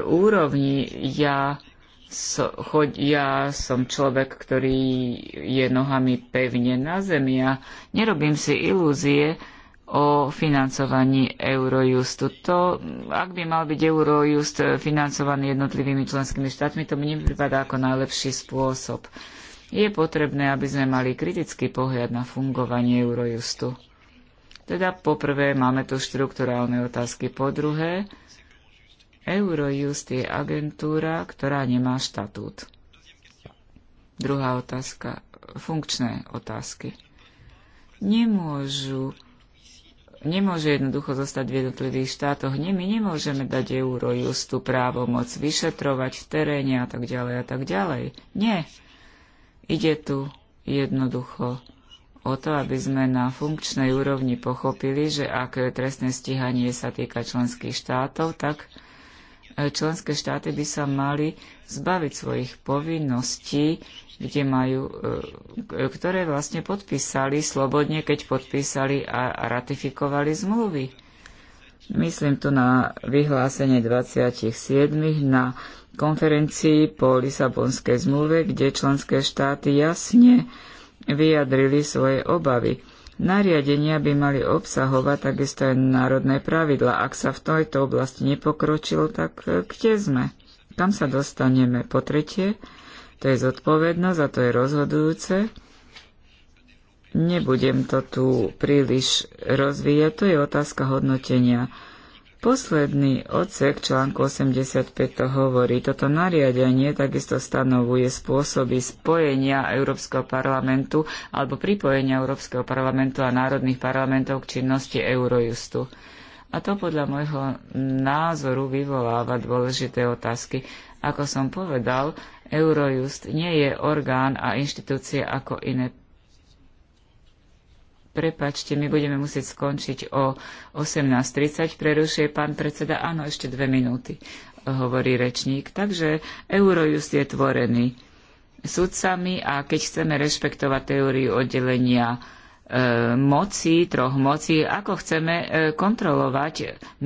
úrovní. Ja, so, choď, ja som človek, ktorý je nohami pevne na zemi a nerobím si ilúzie o financovaní Eurojustu. To, ak by mal byť Eurojust e, financovaný jednotlivými členskými štátmi, to mi nepripadá ako najlepší spôsob je potrebné, aby sme mali kritický pohľad na fungovanie Eurojustu. Teda poprvé máme tu štruktúrálne otázky, po druhé Eurojust je agentúra, ktorá nemá štatút. Druhá otázka, funkčné otázky. Nemôžu nemôže jednoducho zostať v jednotlivých štátoch. Nie, my nemôžeme dať Eurojustu právomoc vyšetrovať v teréne a tak ďalej a tak ďalej. Nie. Ide tu jednoducho o to, aby sme na funkčnej úrovni pochopili, že ak trestné stíhanie sa týka členských štátov, tak e, členské štáty by sa mali zbaviť svojich povinností, kde majú, e, ktoré vlastne podpísali slobodne, keď podpísali a ratifikovali zmluvy. Myslím tu na vyhlásenie 27 na konferencii po Lisabonskej zmluve, kde členské štáty jasne vyjadrili svoje obavy. Nariadenia by mali obsahovať takisto aj národné pravidla. Ak sa v tejto oblasti nepokročilo, tak e, kde sme? Kam sa dostaneme? Po tretie, to je zodpovednosť a to je rozhodujúce Nebudem to tu príliš rozvíjať, to je otázka hodnotenia. Posledný odsek článku 85 to hovorí. Toto nariadenie takisto stanovuje spôsoby spojenia Európskeho parlamentu alebo pripojenia Európskeho parlamentu a národných parlamentov k činnosti Eurojustu. A to podľa môjho názoru vyvoláva dôležité otázky. Ako som povedal, Eurojust nie je orgán a inštitúcia ako iné Prepačte, my budeme musieť skončiť o 18.30, prerušuje pán predseda. Áno, ešte dve minúty, hovorí rečník. Takže Eurojust je tvorený sudcami a keď chceme rešpektovať teóriu oddelenia e, moci, troch moci, ako chceme e, kontrolovať,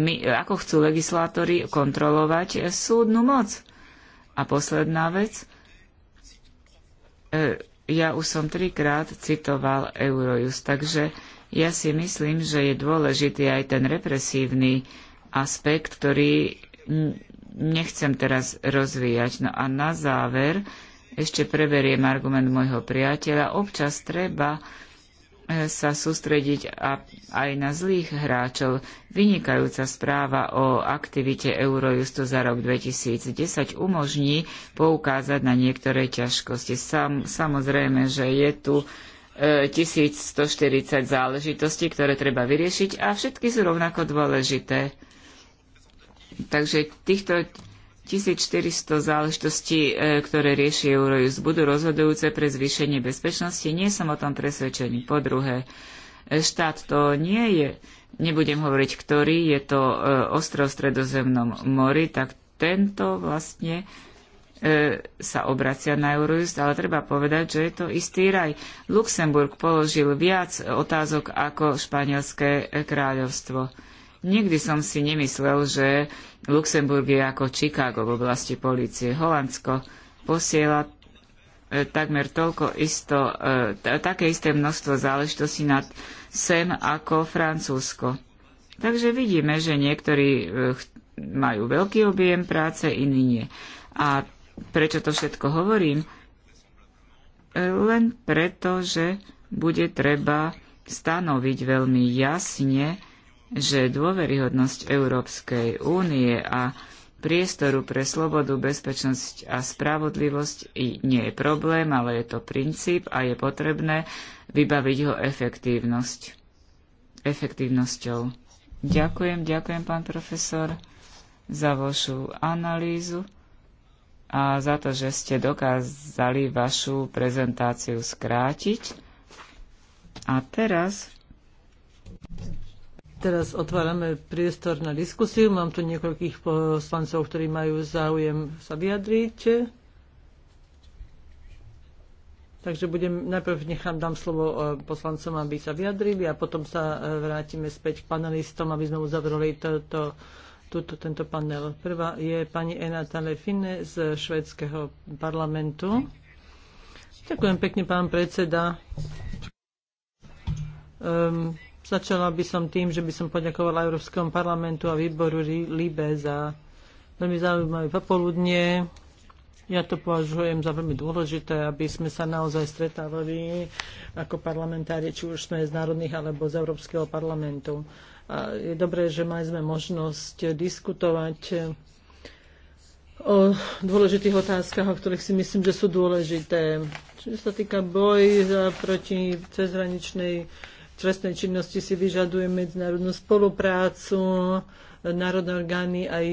my, e, ako chcú legislátori kontrolovať e, súdnu moc. A posledná vec, e, ja už som trikrát citoval Eurojust, takže ja si myslím, že je dôležitý aj ten represívny aspekt, ktorý nechcem teraz rozvíjať. No a na záver ešte preberiem argument môjho priateľa. Občas treba sa sústrediť aj na zlých hráčov. Vynikajúca správa o aktivite Eurojustu za rok 2010 umožní poukázať na niektoré ťažkosti. Sam, samozrejme, že je tu 1140 e, záležitostí, ktoré treba vyriešiť a všetky sú rovnako dôležité. Takže týchto 1400 záležitostí, e, ktoré rieši Eurojust, budú rozhodujúce pre zvýšenie bezpečnosti. Nie som o tom presvedčený. Po druhé, e, štát to nie je, nebudem hovoriť ktorý, je to e, ostrov v stredozemnom mori, tak tento vlastne sa obracia na Eurojust, ale treba povedať, že je to istý raj. Luxemburg položil viac otázok ako španielské kráľovstvo. Nikdy som si nemyslel, že Luxemburg je ako Chicago v oblasti polície. Holandsko posiela e, takmer toľko isto, e, také isté množstvo záležitostí nad sem ako Francúzsko. Takže vidíme, že niektorí e, majú veľký objem práce, iní nie. A prečo to všetko hovorím? Len preto, že bude treba stanoviť veľmi jasne že dôveryhodnosť Európskej únie a priestoru pre slobodu, bezpečnosť a spravodlivosť nie je problém, ale je to princíp a je potrebné vybaviť ho efektívnosť. efektívnosťou. Ďakujem, ďakujem, pán profesor, za vašu analýzu a za to, že ste dokázali vašu prezentáciu skrátiť. A teraz Teraz otvárame priestor na diskusiu. Mám tu niekoľkých poslancov, ktorí majú záujem sa vyjadriť. Takže budem, najprv nechám, dám slovo e, poslancom, aby sa vyjadrili a potom sa e, vrátime späť k panelistom, aby sme uzavreli toto, tuto, tento panel. Prvá je pani Ena Talefine z švedského parlamentu. Ďakujem pekne, pán predseda. Um, Začala by som tým, že by som poďakovala Európskom parlamentu a výboru LIBE za veľmi zaujímavé popoludnie. Ja to považujem za veľmi dôležité, aby sme sa naozaj stretávali ako parlamentári, či už sme z národných alebo z Európskeho parlamentu. A je dobré, že mali sme možnosť diskutovať o dôležitých otázkach, o ktorých si myslím, že sú dôležité. Čo sa týka boj proti cezhraničnej trestnej činnosti si vyžaduje medzinárodnú spoluprácu, národné orgány aj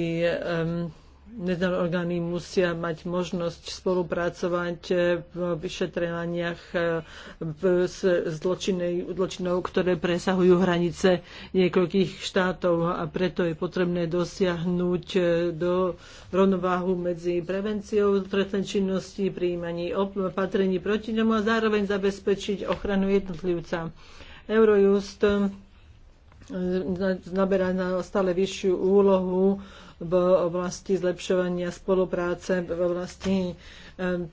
medzinárodné orgány musia mať možnosť spolupracovať v vyšetrovaniach eh, s zločinov, ktoré presahujú hranice niekoľkých štátov a preto je potrebné dosiahnuť eh, do rovnováhu medzi prevenciou trestnej činnosti, prijímaní opatrení proti ňomu a zároveň zabezpečiť ochranu jednotlivca. Eurojust e, naberá na stále vyššiu úlohu v oblasti zlepšovania spolupráce, v oblasti e,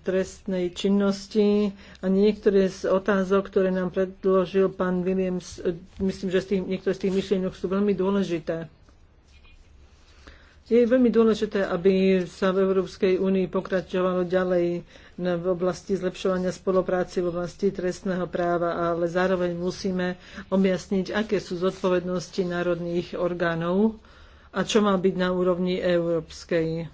trestnej činnosti a niektoré z otázok, ktoré nám predložil pán Williams, e, myslím, že z tých, niektoré z tých myšlienok sú veľmi dôležité. Je veľmi dôležité, aby sa v Európskej únii pokračovalo ďalej v oblasti zlepšovania spolupráci v oblasti trestného práva, ale zároveň musíme objasniť, aké sú zodpovednosti národných orgánov a čo má byť na úrovni európskej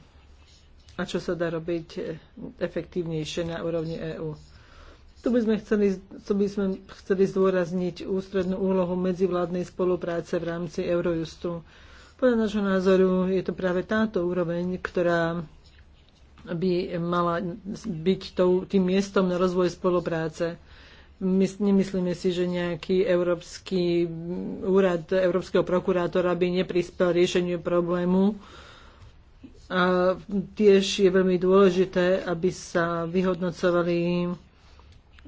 a čo sa dá robiť efektívnejšie na úrovni EÚ. Tu by sme chceli, tu by sme chceli zdôrazniť ústrednú úlohu medzivládnej spolupráce v rámci Eurojustu. Podľa nášho názoru je to práve táto úroveň, ktorá by mala byť tou, tým miestom na rozvoj spolupráce. My nemyslíme si, že nejaký európsky úrad európskeho prokurátora by neprispel riešeniu problému. A tiež je veľmi dôležité, aby sa vyhodnocovali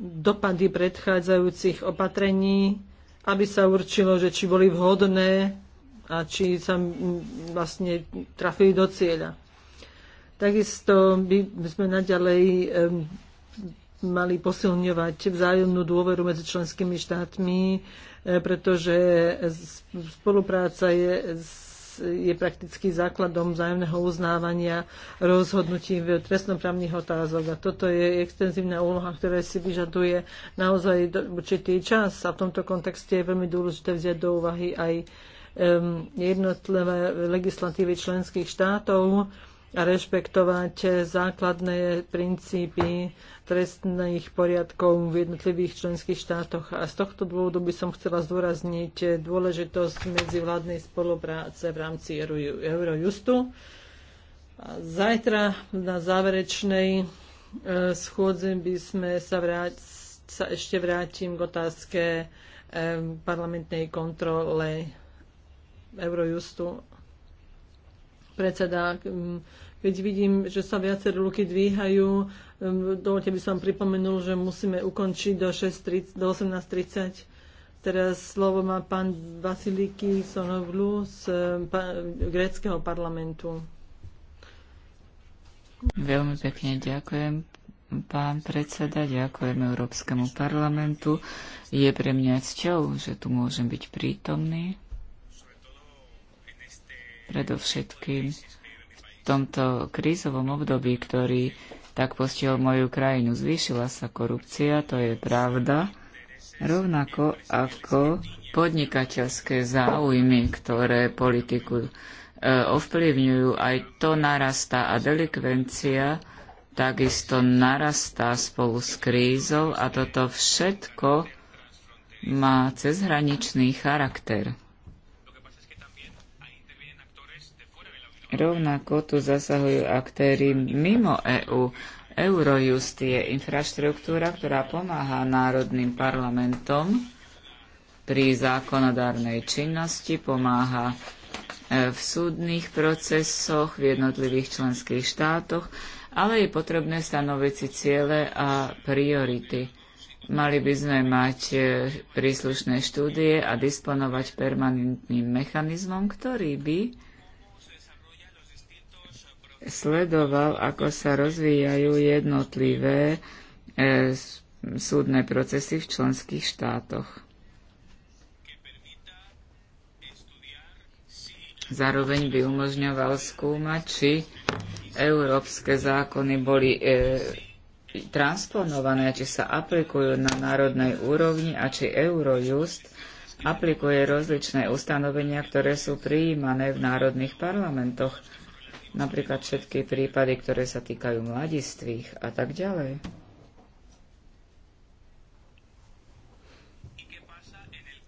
dopady predchádzajúcich opatrení, aby sa určilo, že či boli vhodné a či sa vlastne trafili do cieľa. Takisto by sme naďalej mali posilňovať vzájomnú dôveru medzi členskými štátmi, e, pretože spolupráca je, je prakticky základom vzájomného uznávania rozhodnutí v trestnoprávnych otázok. A toto je extenzívna úloha, ktorá si vyžaduje naozaj určitý čas. A v tomto kontexte je veľmi dôležité vziať do úvahy aj Um, jednotlivé legislatívy členských štátov a rešpektovať základné princípy trestných poriadkov v jednotlivých členských štátoch. A z tohto dôvodu by som chcela zdôrazniť dôležitosť medzivládnej spolupráce v rámci Eurojustu. Zajtra na záverečnej e, schôdze by sme sa, vráť, sa ešte vrátim k otázke e, parlamentnej kontrole Eurojustu predseda. Mm, keď vidím, že sa viaceré ruky dvíhajú, mm, dovolte by som pripomenul, že musíme ukončiť do, 6, do 18.30. Teraz slovo má pán Vasiliki Sonovlu z mm, gréckého parlamentu. Veľmi pekne ďakujem, pán predseda, ďakujem Európskemu parlamentu. Je pre mňa cťou, že tu môžem byť prítomný predovšetkým v tomto krízovom období, ktorý tak postihol moju krajinu. Zvýšila sa korupcia, to je pravda, rovnako ako podnikateľské záujmy, ktoré politiku e, ovplyvňujú. Aj to narastá a delikvencia takisto narastá spolu s krízou a toto všetko má cezhraničný charakter. Rovnako tu zasahujú aktéry mimo EÚ. Eurojust je infraštruktúra, ktorá pomáha národným parlamentom pri zákonodárnej činnosti, pomáha e, v súdnych procesoch v jednotlivých členských štátoch, ale je potrebné stanoviť si ciele a priority. Mali by sme mať e, príslušné štúdie a disponovať permanentným mechanizmom, ktorý by sledoval, ako sa rozvíjajú jednotlivé e, súdne procesy v členských štátoch. Zároveň by umožňoval skúmať, či európske zákony boli e, transponované, či sa aplikujú na národnej úrovni a či Eurojust aplikuje rozličné ustanovenia, ktoré sú prijímané v národných parlamentoch napríklad všetky prípady, ktoré sa týkajú mladistvých a tak ďalej.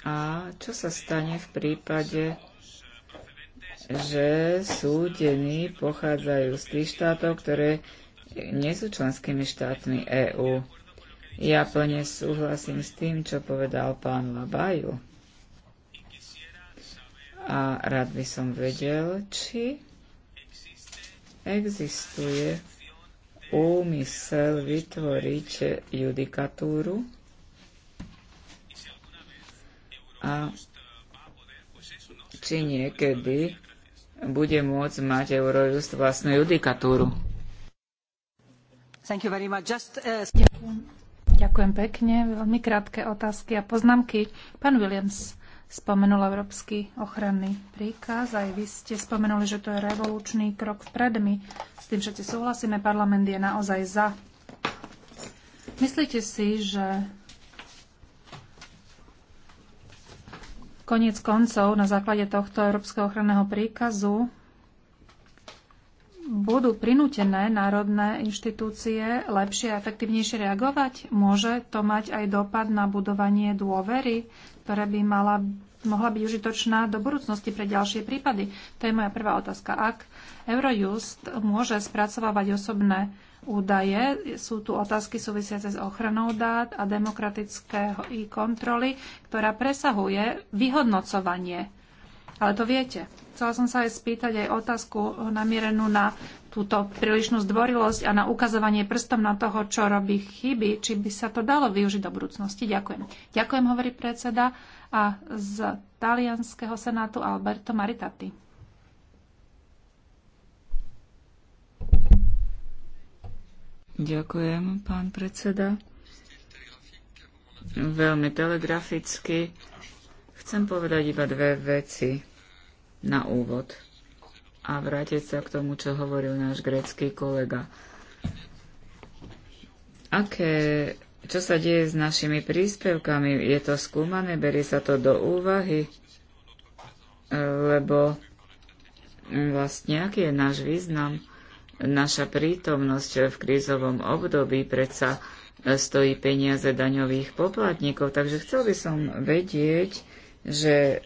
A čo sa stane v prípade, že súdení pochádzajú z tých štátov, ktoré nie sú členskými štátmi EÚ? Ja plne súhlasím s tým, čo povedal pán Labaju. A rád by som vedel, či Existuje úmysel vytvoriť judikatúru a či niekedy bude môcť mať Eurojust vlastnú judikatúru. Just, uh... Ďakujem. Ďakujem pekne. Veľmi krátke otázky a poznámky. Pán Williams spomenul Európsky ochranný príkaz. Aj vy ste spomenuli, že to je revolučný krok vpred. My s tým všetci súhlasíme. Parlament je naozaj za. Myslíte si, že koniec koncov na základe tohto Európskeho ochranného príkazu budú prinútené národné inštitúcie lepšie a efektívnejšie reagovať? Môže to mať aj dopad na budovanie dôvery ktoré by mala, mohla byť užitočná do budúcnosti pre ďalšie prípady? To je moja prvá otázka. Ak Eurojust môže spracovávať osobné údaje, sú tu otázky súvisiace s ochranou dát a demokratického i kontroly, ktorá presahuje vyhodnocovanie ale to viete. Chcela som sa aj spýtať aj otázku namierenú na túto prílišnú zdvorilosť a na ukazovanie prstom na toho, čo robí chyby, či by sa to dalo využiť do budúcnosti. Ďakujem. Ďakujem, hovorí predseda a z talianského senátu Alberto Maritati. Ďakujem, pán predseda. Veľmi telegraficky. Chcem povedať iba dve veci na úvod a vrátiť sa k tomu, čo hovoril náš grécky kolega. Aké, čo sa deje s našimi príspevkami? Je to skúmané? Berie sa to do úvahy? Lebo vlastne aký je náš význam? Naša prítomnosť v krízovom období predsa stojí peniaze daňových poplatníkov. Takže chcel by som vedieť, že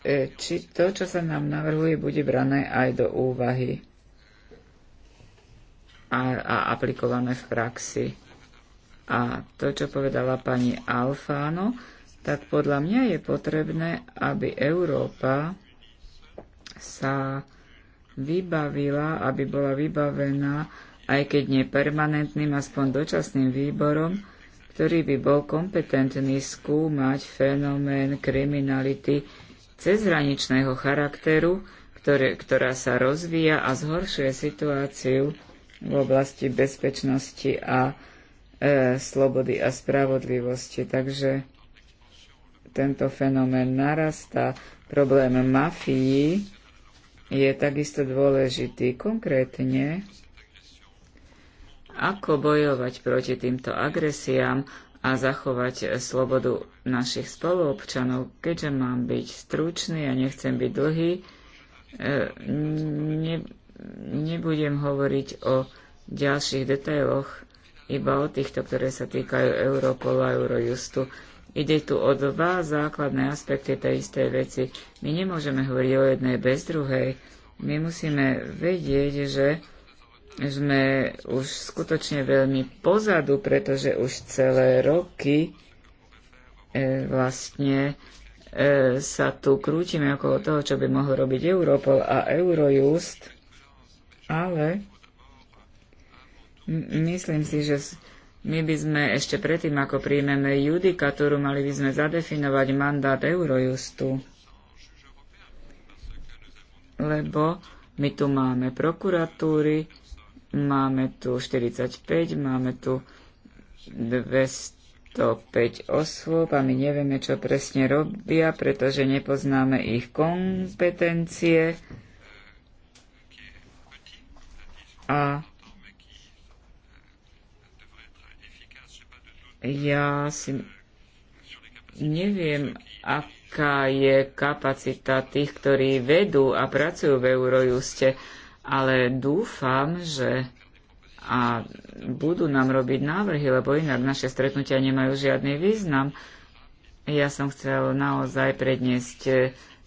E, či to, čo sa nám navrhuje, bude brané aj do úvahy a, a aplikované v praxi. A to, čo povedala pani Alfáno, tak podľa mňa je potrebné, aby Európa sa vybavila, aby bola vybavená, aj keď nie permanentným, aspoň dočasným výborom, ktorý by bol kompetentný skúmať fenomén kriminality cezhraničného charakteru, ktoré, ktorá sa rozvíja a zhoršuje situáciu v oblasti bezpečnosti a e, slobody a spravodlivosti. Takže tento fenomén narastá. Problém mafií je takisto dôležitý. Konkrétne, ako bojovať proti týmto agresiám, a zachovať e, slobodu našich spoluobčanov. Keďže mám byť stručný a nechcem byť dlhý, e, ne, nebudem hovoriť o ďalších detailoch, iba o týchto, ktoré sa týkajú Europolu a Eurojustu. Ide tu o dva základné aspekty tej istej veci. My nemôžeme hovoriť o jednej bez druhej. My musíme vedieť, že sme už skutočne veľmi pozadu, pretože už celé roky e, vlastne e, sa tu krútime okolo toho, čo by mohol robiť Europol a Eurojust, ale myslím si, že my by sme ešte predtým, ako príjmeme judikatúru, mali by sme zadefinovať mandát Eurojustu. Lebo my tu máme prokuratúry, Máme tu 45, máme tu 205 osôb a my nevieme, čo presne robia, pretože nepoznáme ich kompetencie. A ja si neviem, aká je kapacita tých, ktorí vedú a pracujú v Eurojuste ale dúfam, že a budú nám robiť návrhy, lebo inak naše stretnutia nemajú žiadny význam. Ja som chcel naozaj predniesť e,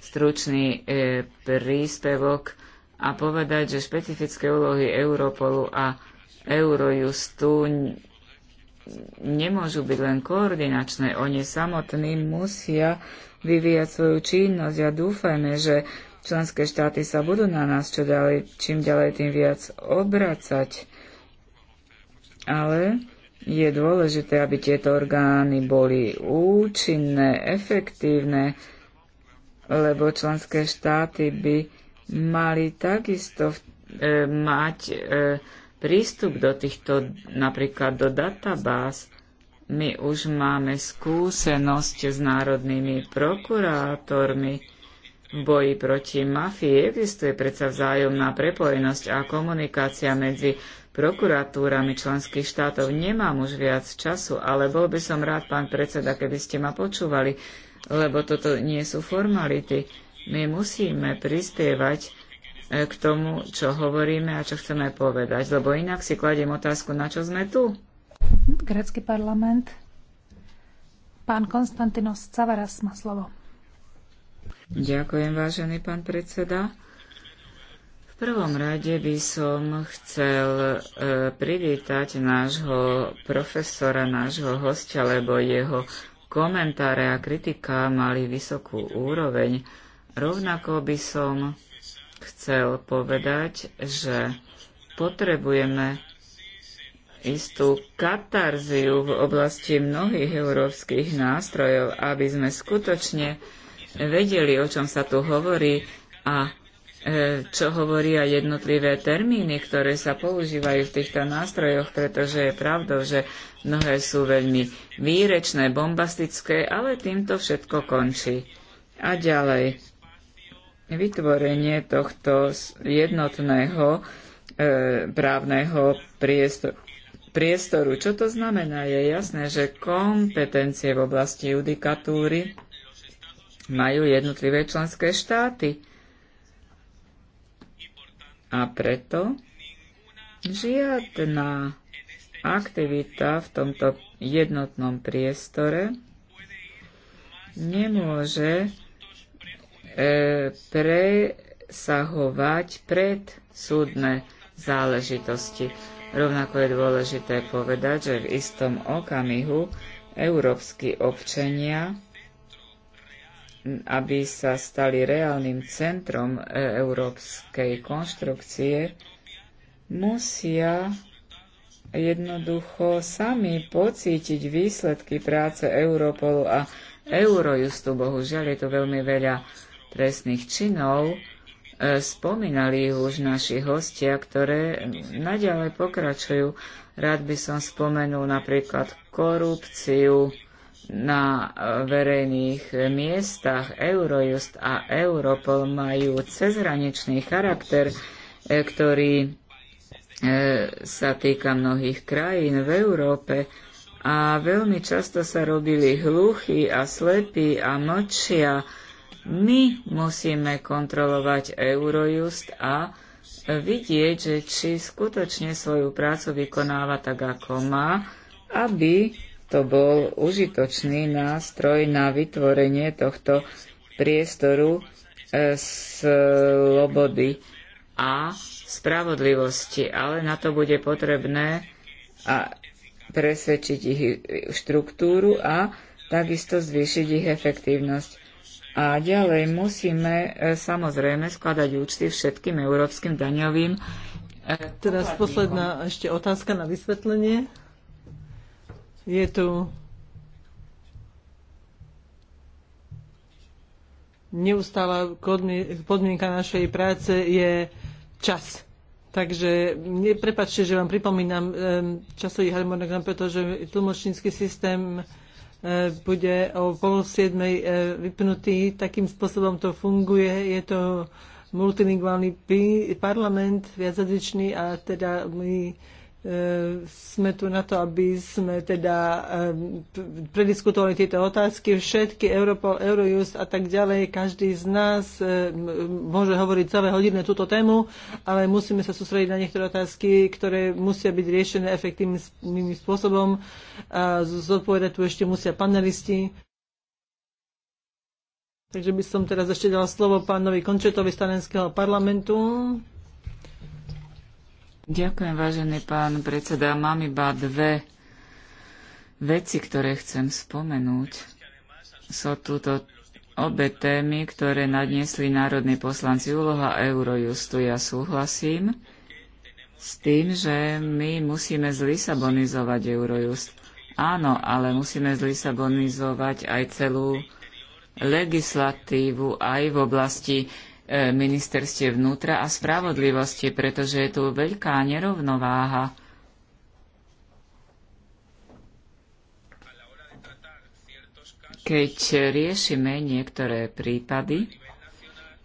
stručný e, príspevok a povedať, že špecifické úlohy Europolu a Eurojustu nemôžu byť len koordinačné. Oni samotní musia vyvíjať svoju činnosť a dúfajme, že Členské štáty sa budú na nás čo ďalej, čím ďalej tým viac obracať, ale je dôležité, aby tieto orgány boli účinné, efektívne, lebo členské štáty by mali takisto e, mať e, prístup do týchto, napríklad do databáz. My už máme skúsenosť s národnými prokurátormi boji proti mafii existuje predsa vzájomná prepojenosť a komunikácia medzi prokuratúrami členských štátov. Nemám už viac času, ale bol by som rád, pán predseda, keby ste ma počúvali, lebo toto nie sú formality. My musíme prispievať e, k tomu, čo hovoríme a čo chceme povedať, lebo inak si kladiem otázku, na čo sme tu. Grécky parlament. Pán Konstantinos Cavaras má slovo. Ďakujem, vážený pán predseda. V prvom rade by som chcel e, privítať nášho profesora, nášho hostia, lebo jeho komentáre a kritika mali vysokú úroveň. Rovnako by som chcel povedať, že potrebujeme istú katarziu v oblasti mnohých európskych nástrojov, aby sme skutočne vedeli, o čom sa tu hovorí a e, čo hovoria jednotlivé termíny, ktoré sa používajú v týchto nástrojoch, pretože je pravdou, že mnohé sú veľmi výrečné, bombastické, ale týmto všetko končí. A ďalej, vytvorenie tohto jednotného e, právneho priestoru, priestoru. Čo to znamená? Je jasné, že kompetencie v oblasti judikatúry majú jednotlivé členské štáty. A preto žiadna aktivita v tomto jednotnom priestore nemôže e, presahovať pred súdne záležitosti. Rovnako je dôležité povedať, že v istom okamihu európsky občania aby sa stali reálnym centrom e, európskej konštrukcie, musia jednoducho sami pocítiť výsledky práce Europolu a Eurojustu. Bohužiaľ je to veľmi veľa trestných činov. E, spomínali ich už naši hostia, ktoré naďalej pokračujú. Rád by som spomenul napríklad korupciu, na e, verejných miestach Eurojust a Europol majú cezhraničný charakter, e, ktorý e, sa týka mnohých krajín v Európe a veľmi často sa robili hluchí a slepí a mlčia. My musíme kontrolovať Eurojust a vidieť, že či skutočne svoju prácu vykonáva tak, ako má, aby to bol užitočný nástroj na vytvorenie tohto priestoru e, slobody a spravodlivosti, ale na to bude potrebné presvedčiť ich štruktúru a takisto zvýšiť ich efektívnosť. A ďalej musíme e, samozrejme skladať účty všetkým európskym daňovým. E, Teraz posledná ešte otázka na vysvetlenie. Je tu neustála podmienka našej práce je čas. Takže prepačte, že vám pripomínam časový harmonogram, pretože tlmočnícky systém bude o pol siedmej vypnutý. Takým spôsobom to funguje. Je to multilingválny parlament, viacjazyčný a teda my E, sme tu na to, aby sme teda e, prediskutovali tieto otázky. Všetky Europol, Eurojust a tak ďalej, každý z nás e, môže hovoriť celé hodiny túto tému, ale musíme sa sústrediť na niektoré otázky, ktoré musia byť riešené efektívnym spôsobom. A zodpovedať tu ešte musia panelisti. Takže by som teraz ešte dala slovo pánovi Končetovi z parlamentu. Ďakujem, vážený pán predseda. Mám iba dve veci, ktoré chcem spomenúť. Sú tuto obe témy, ktoré nadniesli národní poslanci úloha Eurojustu. Ja súhlasím s tým, že my musíme zlisabonizovať Eurojust. Áno, ale musíme zlisabonizovať aj celú legislatívu aj v oblasti E, ministerstie vnútra a spravodlivosti, pretože je tu veľká nerovnováha. Keď riešime niektoré prípady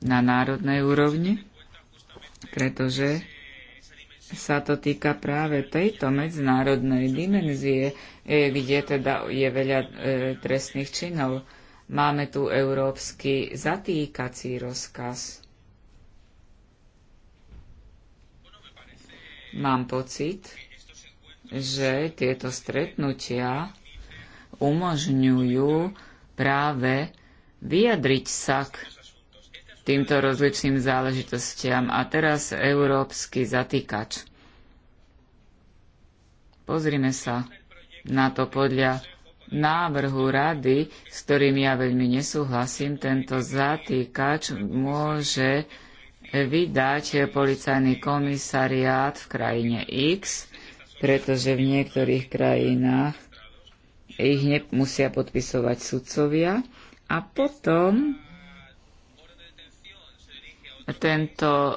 na národnej úrovni, pretože sa to týka práve tejto medzinárodnej dimenzie, e, kde teda je veľa e, trestných činov. Máme tu európsky zatýkací rozkaz. Mám pocit, že tieto stretnutia umožňujú práve vyjadriť sa k týmto rozličným záležitostiam. A teraz európsky zatýkač. Pozrime sa na to podľa návrhu rady, s ktorým ja veľmi nesúhlasím, tento zatýkač môže vydať policajný komisariát v krajine X, pretože v niektorých krajinách ich musia podpisovať sudcovia a potom tento e,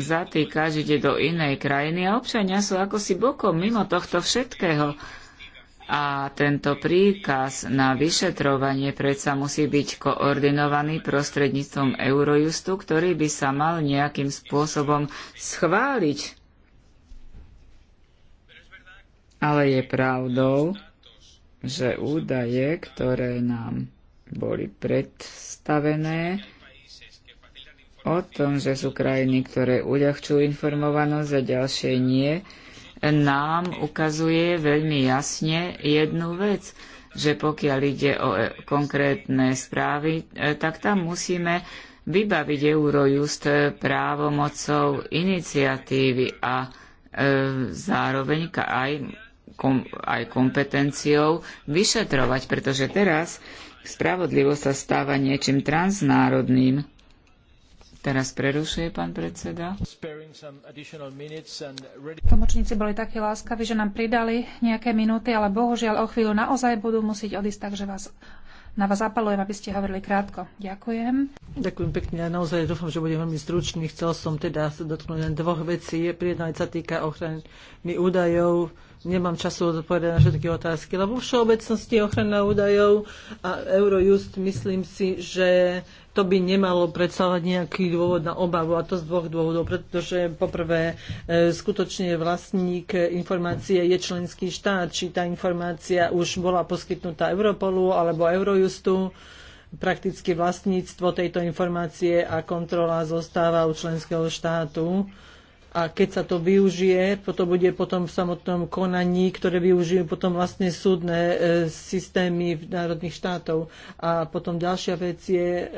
zatýkač ide do inej krajiny a občania sú ako si bokom mimo tohto všetkého. A tento príkaz na vyšetrovanie predsa musí byť koordinovaný prostredníctvom Eurojustu, ktorý by sa mal nejakým spôsobom schváliť. Ale je pravdou, že údaje, ktoré nám boli predstavené, o tom, že sú krajiny, ktoré uľahčujú informovanosť a ďalšie nie, nám ukazuje veľmi jasne jednu vec, že pokiaľ ide o e, konkrétne správy, e, tak tam musíme vybaviť Eurojust e, právomocou iniciatívy a e, zároveň aj, kom, aj kompetenciou vyšetrovať, pretože teraz spravodlivosť sa stáva niečím transnárodným Teraz prerušuje pán predseda. Tlmočníci boli takí láskaví, že nám pridali nejaké minúty, ale bohužiaľ o chvíľu naozaj budú musieť odísť, takže vás na vás apelujem, aby ste hovorili krátko. Ďakujem. Ďakujem pekne. Ja naozaj dúfam, že budem veľmi stručný. Chcel som teda sa dotknúť len dvoch vecí. Jedna sa týka ochrany údajov. Nemám času odpovedať na všetky otázky, lebo všeobecnosti ochrana údajov a Eurojust myslím si, že to by nemalo predstavovať nejaký dôvod na obavu a to z dvoch dôvodov, pretože poprvé e, skutočne vlastník informácie je členský štát, či tá informácia už bola poskytnutá Europolu alebo Eurojustu prakticky vlastníctvo tejto informácie a kontrola zostáva u členského štátu a keď sa to využije, to bude potom v samotnom konaní, ktoré využijú potom vlastne súdne e, systémy v národných štátov. A potom ďalšia vec je,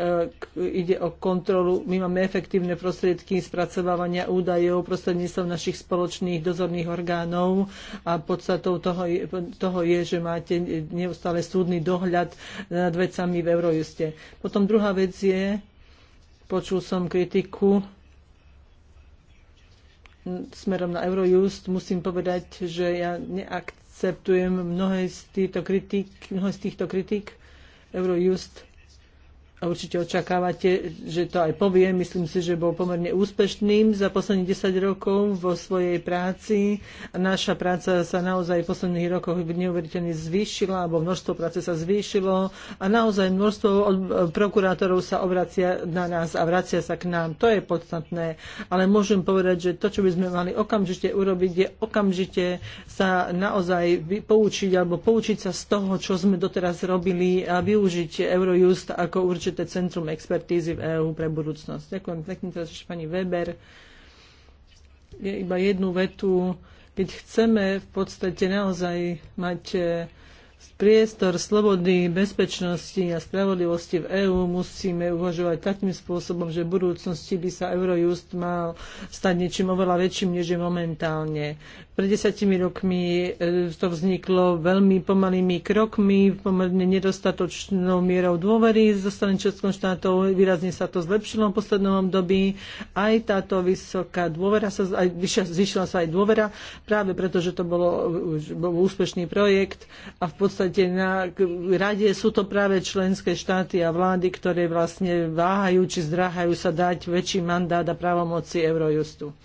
e, ide o kontrolu. My máme efektívne prostriedky spracovávania údajov prostredníctvom našich spoločných dozorných orgánov a podstatou toho, je, toho je, že máte neustále súdny dohľad nad vecami v Eurojuste. Potom druhá vec je, počul som kritiku smerom na Eurojust, musím povedať, že ja neakceptujem mnohé z, týchto kritik, mnohé z týchto kritik. Eurojust určite očakávate, že to aj poviem. Myslím si, že bol pomerne úspešným za posledných 10 rokov vo svojej práci. Naša práca sa naozaj v posledných rokoch neuveriteľne zvýšila, alebo množstvo práce sa zvýšilo a naozaj množstvo prokurátorov sa obracia na nás a vracia sa k nám. To je podstatné. Ale môžem povedať, že to, čo by sme mali okamžite urobiť, je okamžite sa naozaj poučiť alebo poučiť sa z toho, čo sme doteraz robili a využiť Eurojust ako určite určité centrum expertízy v EÚ pre budúcnosť. Ďakujem pekne teraz pani Weber. Je iba jednu vetu. Keď chceme v podstate naozaj mať e, priestor slobody, bezpečnosti a spravodlivosti v EÚ musíme uvažovať takým spôsobom, že v budúcnosti by sa Eurojust mal stať niečím oveľa väčším, než je momentálne. Pred desiatimi rokmi e, to vzniklo veľmi pomalými krokmi, pomerne nedostatočnou mierou dôvery zo strany Českom štátov. Výrazne sa to zlepšilo v poslednom období. Aj táto vysoká dôvera, sa, aj, zvyšila sa aj dôvera, práve preto, že to bolo, bol úspešný projekt. A v podstate na rade sú to práve členské štáty a vlády, ktoré vlastne váhajú či zdráhajú sa dať väčší mandát a právomoci Eurojustu.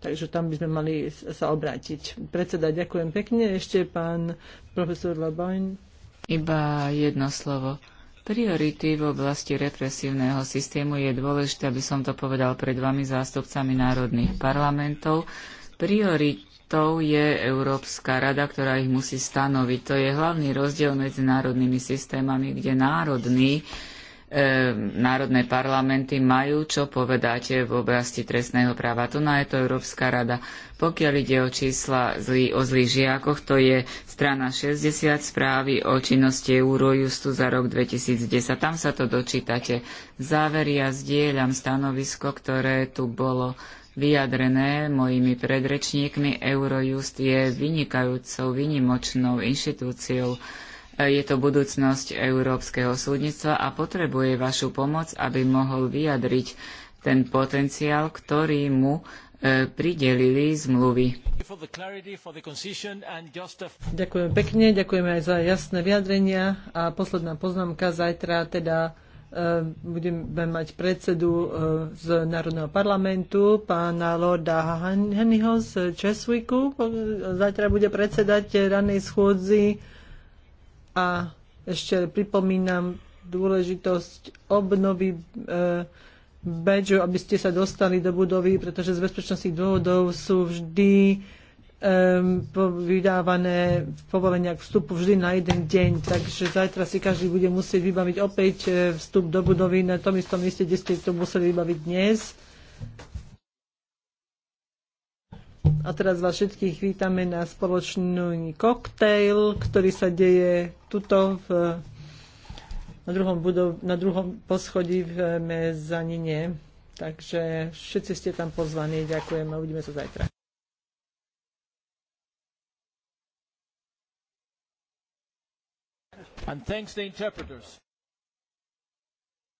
Takže tam by sme mali sa obrátiť. Predseda, ďakujem pekne. Ešte pán profesor Labajn. Iba jedno slovo. Priority v oblasti represívneho systému je dôležité, aby som to povedal pred vami zástupcami národných parlamentov. Prioritou je Európska rada, ktorá ich musí stanoviť. To je hlavný rozdiel medzi národnými systémami, kde národný E, národné parlamenty majú čo povedať v oblasti trestného práva. Tu na je to Európska rada. Pokiaľ ide o čísla o zlých žiakoch, to je strana 60 správy o činnosti Eurojustu za rok 2010. Tam sa to dočítate. Závery ja zdieľam stanovisko, ktoré tu bolo vyjadrené mojimi predrečníkmi. Eurojust je vynikajúcou, vynimočnou inštitúciou je to budúcnosť Európskeho súdnictva a potrebuje vašu pomoc, aby mohol vyjadriť ten potenciál, ktorý mu e, pridelili zmluvy. Ďakujem pekne, ďakujeme aj za jasné vyjadrenia a posledná poznámka zajtra teda e, budeme mať predsedu e, z Národného parlamentu, pána Lorda Hennyho z Česviku. Zajtra bude predsedať ranej schôdzi a ešte pripomínam dôležitosť obnovy e, badge, aby ste sa dostali do budovy, pretože z bezpečnostných dôvodov sú vždy um, vydávané povolenia k vstupu vždy na jeden deň, takže zajtra si každý bude musieť vybaviť opäť e, vstup do budovy na tom istom mieste, kde ste to museli vybaviť dnes. A teraz vás všetkých vítame na spoločný koktejl, ktorý sa deje tuto v, na, druhom budov, na druhom poschodí v mezanine. Takže všetci ste tam pozvaní. Ďakujem a uvidíme sa zajtra. And thanks the interpreters.